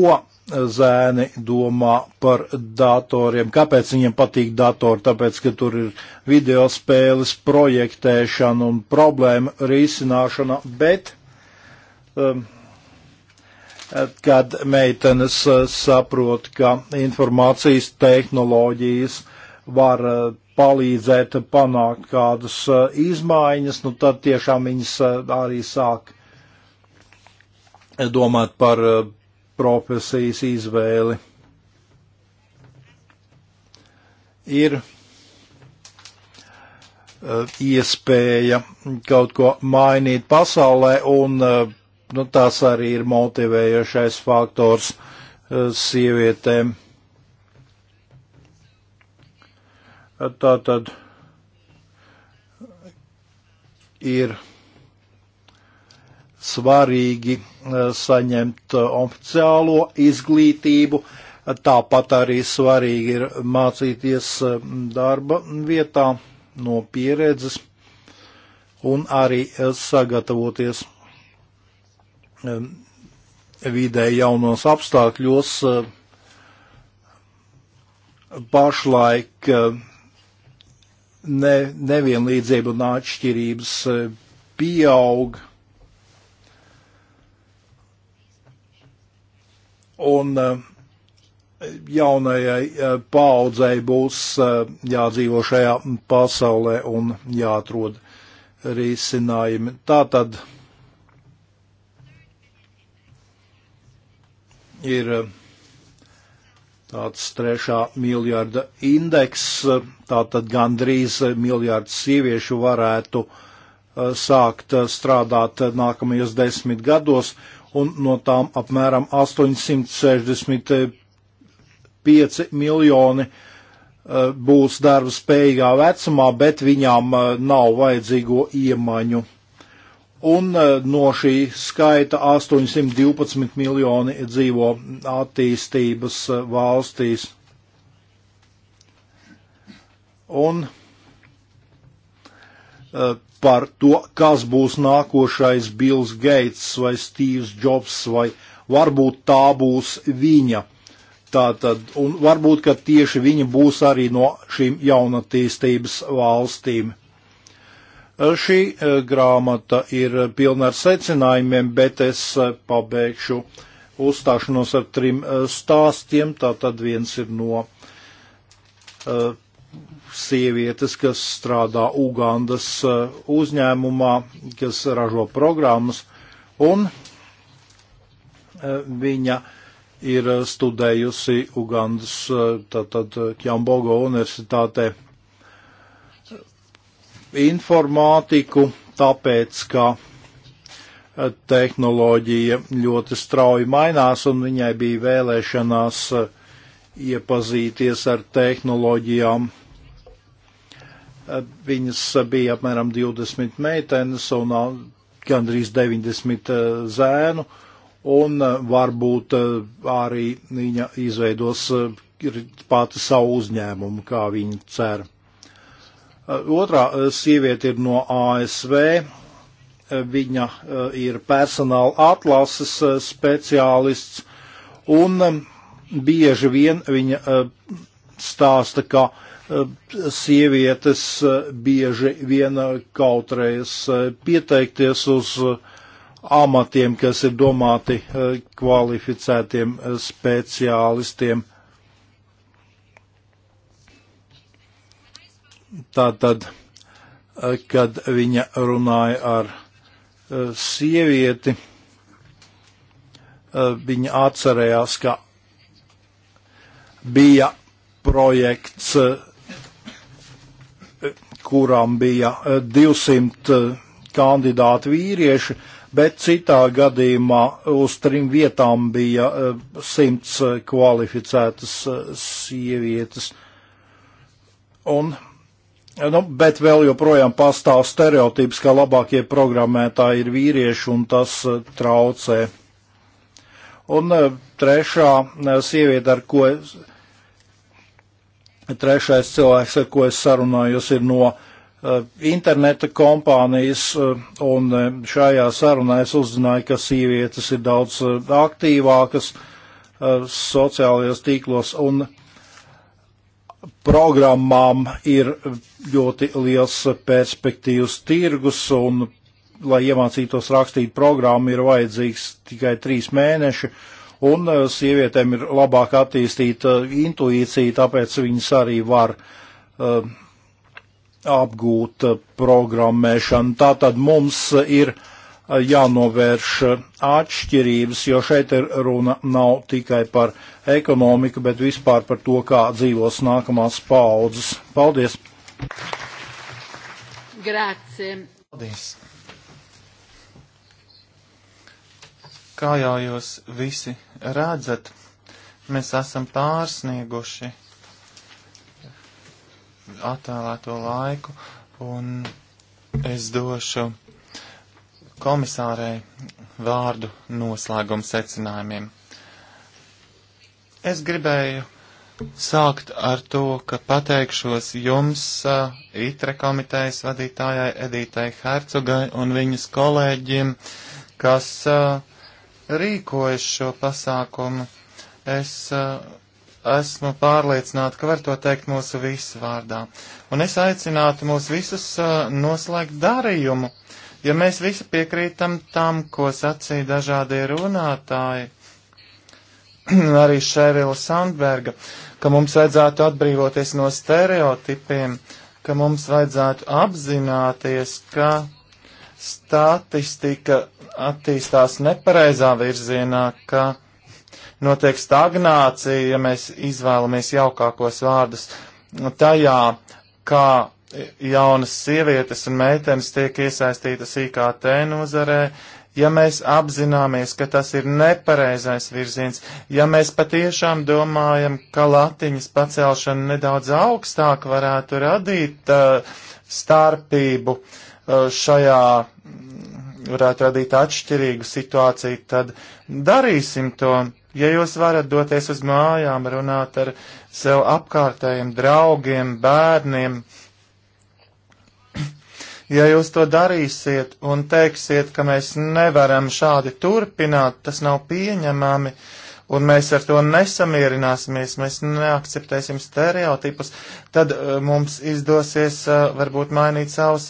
zēni domā par datoriem? Kāpēc viņiem patīk datori? Tāpēc, ka tur ir video spēles, projektēšana un problēma risināšana, bet Um, kad meitenes uh, saprot, ka informācijas tehnoloģijas var uh, palīdzēt panākt kādas uh, izmaiņas, nu tad tiešām viņas arī sāk domāt par profesijas izvēli. Ir iespēja kaut ko mainīt pasaulē un Nu, tās arī ir motivējošais faktors eh, sievietēm. Tā tad ir svarīgi eh, saņemt eh, oficiālo izglītību, tāpat arī svarīgi ir mācīties darba vietā no pieredzes un arī sagatavoties Um, vidē jaunos apstākļos uh, pašlaik uh, ne, nevienlīdzība un atšķirības uh, pieaug. Un jaunajai paaudzei būs jādzīvo šajā pasaulē un jāatrod risinājumi. Tātad. tad ir eh, tāds trešā miljarda indeks, eh, tātad gandrīz miljards sieviešu varētu eh, sākt strādāt nākamajos desmit gados, un no tām apmēram 865 miljoni būs darba spējīgā vecumā, bet viņām nav vajadzīgo iemaņu un eh, no šī skaita 812 miljoni dzīvo attīstības eh, valstīs. Un eh, par to, kas būs nākošais Bills Gates vai Steve's Jobs vai varbūt tā būs viņa. Tātad, un varbūt, ka tieši viņa būs arī no šīm jaunatīstības valstīm. Šī grāmata ir pilna ar secinājumiem, bet es pabeigšu uzstāšanos ar trim stāstiem. Tā tad viens ir no sievietes, kas strādā Ugandas uzņēmumā, kas ražo programmas, un viņa ir studējusi Ugandas tātad Kjambogo universitātē informātiku, tāpēc, ka eh, tehnoloģija ļoti strauji mainās un viņai bija vēlēšanās eh, iepazīties ar tehnoloģijām. Eh, viņas bija apmēram 20 meitenes un gandrīz 90 zēnu, un varbūt arī viņa izveidos pati savu uzņēmumu, kā viņa cer. Eh, otrā eh, sieviete ir no ASV. Eh, viņa ir personāla atlases speciālists un bieži vien viņa stāsta, ka sievietes bieži vien kautrējas pieteikties uz amatiem, kas ir domāti kvalificētiem speciālistiem. tātad, eh, kad viņa runāja ar eh, sievieti, eh, viņa atcerējās, ka bija projekts, kurām bija 200 kandidāti vīrieši, bet citā gadījumā uz trim vietām bija simts kvalificētas sievietes. Un Eh, nu, bet vēl joprojām pastāv stereotips, ka labākie programmētāji ir vīrieši un tas eh, traucē. Un eh, trešā sieviete, ar ko es, trešais cilvēks, ar ko es sarunājos, ir no interneta kompānijas, un šajā sarunā es uzzināju, ka sievietes ir daudz aktīvākas sociālajos tīklos, un programmām ir ļoti liels perspektīvas tirgus, un, lai iemācītos rakstīt programmu, ir vajadzīgs tikai trīs mēneši, un eh, sievietēm ir labāk attīstīta eh, intuīcija, tāpēc viņas arī var uh, apgūt programmēšanu. Tātad mums ir jānovērš atšķirības, jo šeit ir runa nav tikai par ekonomiku, bet vispār par to, kā dzīvos nākamās paudzes. Paldies! Grācie. Paldies. Kā jau jūs visi redzat, mēs esam pārsnieguši atvēlēto laiku, un es došu komisārei vārdu noslēguma secinājumiem. Es gribēju sākt ar to, ka pateikšos jums, uh, ITRE komitejas vadītājai Edītai Hercogai un viņas kolēģiem, kas uh, rīkojas šo pasākumu. Es uh, esmu pārliecināta, ka var to teikt mūsu visu vārdā. Un es aicinātu mūs visus noslēgt darījumu, ja mēs visi piekrītam tam, ko sacīja dažādie runātāji arī Šēvila Sandberga, ka mums vajadzētu atbrīvoties no stereotipiem, ka mums vajadzētu apzināties, ka statistika attīstās nepareizā virzienā, ka notiek stagnācija, ja mēs izvēlamies jaukākos vārdus tajā, kā jaunas sievietes un meitenes tiek iesaistītas IKT nozarē, uh, ja mēs apzināmies, ka tas ir nepareizais virziens, ja mēs patiešām domājam, ka latiņas pacelšana nedaudz augstāk varētu radīt uh, starpību uh, šajā, mm, varētu radīt atšķirīgu situāciju, tad darīsim to. Ja jūs varat doties uz mājām, runāt ar sev apkārtējiem draugiem, bērniem, uh, Ja jūs to darīsiet un teiksiet, ka mēs nevaram šādi turpināt, tas nav pieņemami, un mēs ar to nesamierināsimies, mēs neakceptēsim stereotipus, tad uh, mums izdosies uh, varbūt mainīt savus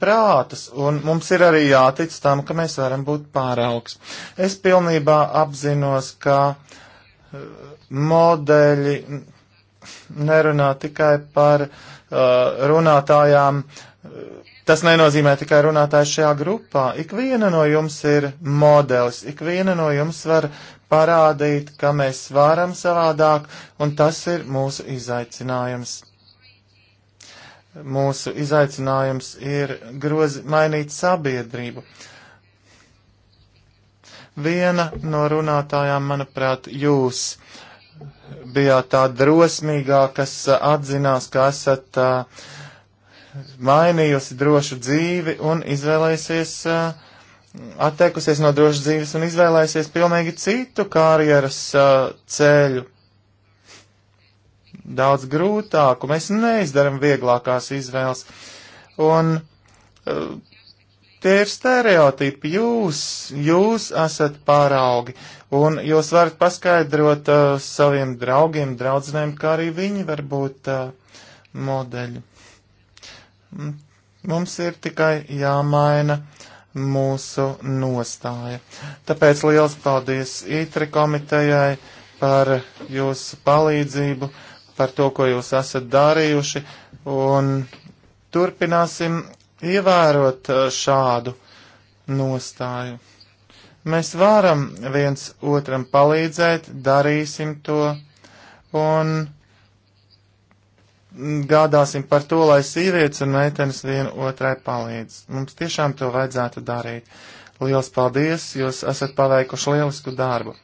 prātus, un mums ir arī jātic tam, ka mēs varam būt pāraugs. Es pilnībā apzinos, ka uh, modeļi nerunā tikai par uh, runātājām, uh, Tas nenozīmē tikai runātājs šajā grupā. Ikviena no jums ir modelis, ikviena no jums var parādīt, ka mēs varam savādāk, un tas ir mūsu izaicinājums. Mūsu izaicinājums ir grozi mainīt sabiedrību. Viena no runātājām, manuprāt, jūs bijāt tā drosmīgā, kas atzinās, ka esat uh, mainījusi drošu dzīvi un izvēlēsies, eh, atteikusies no drošas dzīves un izvēlēsies pilnīgi citu karjeras eh, ceļu. Daudz grūtāku, mēs neizdaram vieglākās izvēles. Un eh, tie ir stereotipi, jūs, jūs esat pāraugi, un jūs varat paskaidrot uh, saviem draugiem, draudzinēm, kā arī viņi var būt uh, modeļi. Mums ir tikai jāmaina mūsu nostāja. Tāpēc liels paldies ITRI komitejai par jūsu palīdzību, par to, ko jūs esat darījuši, un turpināsim ievērot uh, šādu nostāju. Mēs varam viens otram palīdzēt, darīsim to, un gādāsim par to, lai sievietes un meitenes viena otrai palīdz. Mums tiešām to vajadzētu darīt. Liels paldies, jūs esat paveikuši lielisku darbu.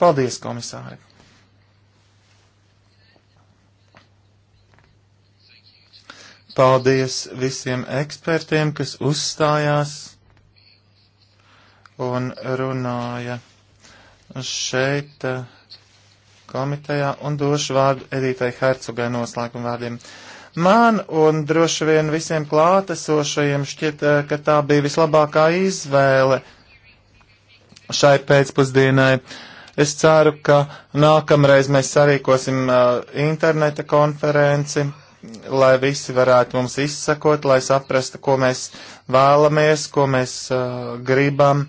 Paldies, komisāri! Paldies visiem ekspertiem, kas uzstājās un runāja šeit. Uh, komitejā un došu vārdu Edītai Hercogai noslēguma vārdiem. Man un droši vien visiem klātesošajiem šķiet, eh, ka tā bija vislabākā izvēle šai pēcpusdienai. Es ceru, ka nākamreiz mēs sarīkosim uh, interneta konferenci, lai visi varētu mums izsakot, lai saprastu, ko mēs vēlamies, ko mēs uh, gribam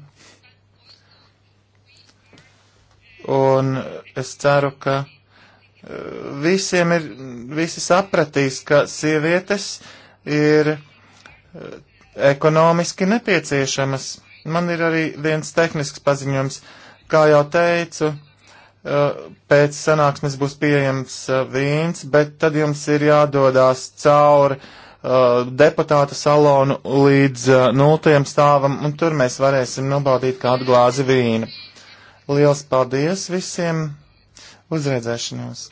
Un es ceru, ka eh, visiem ir, visi sapratīs, ka sievietes ir eh, ekonomiski nepieciešamas. Man ir arī viens tehnisks paziņojums. Kā jau teicu, eh, pēc sanāksmes būs pieejams vīns, bet tad jums ir jādodās cauri deputāta salonu līdz nultajam stāvam, un tur mēs varēsim nobaudīt kādu glāzi vīnu. Liels paldies visiem! Uz redzēšanos!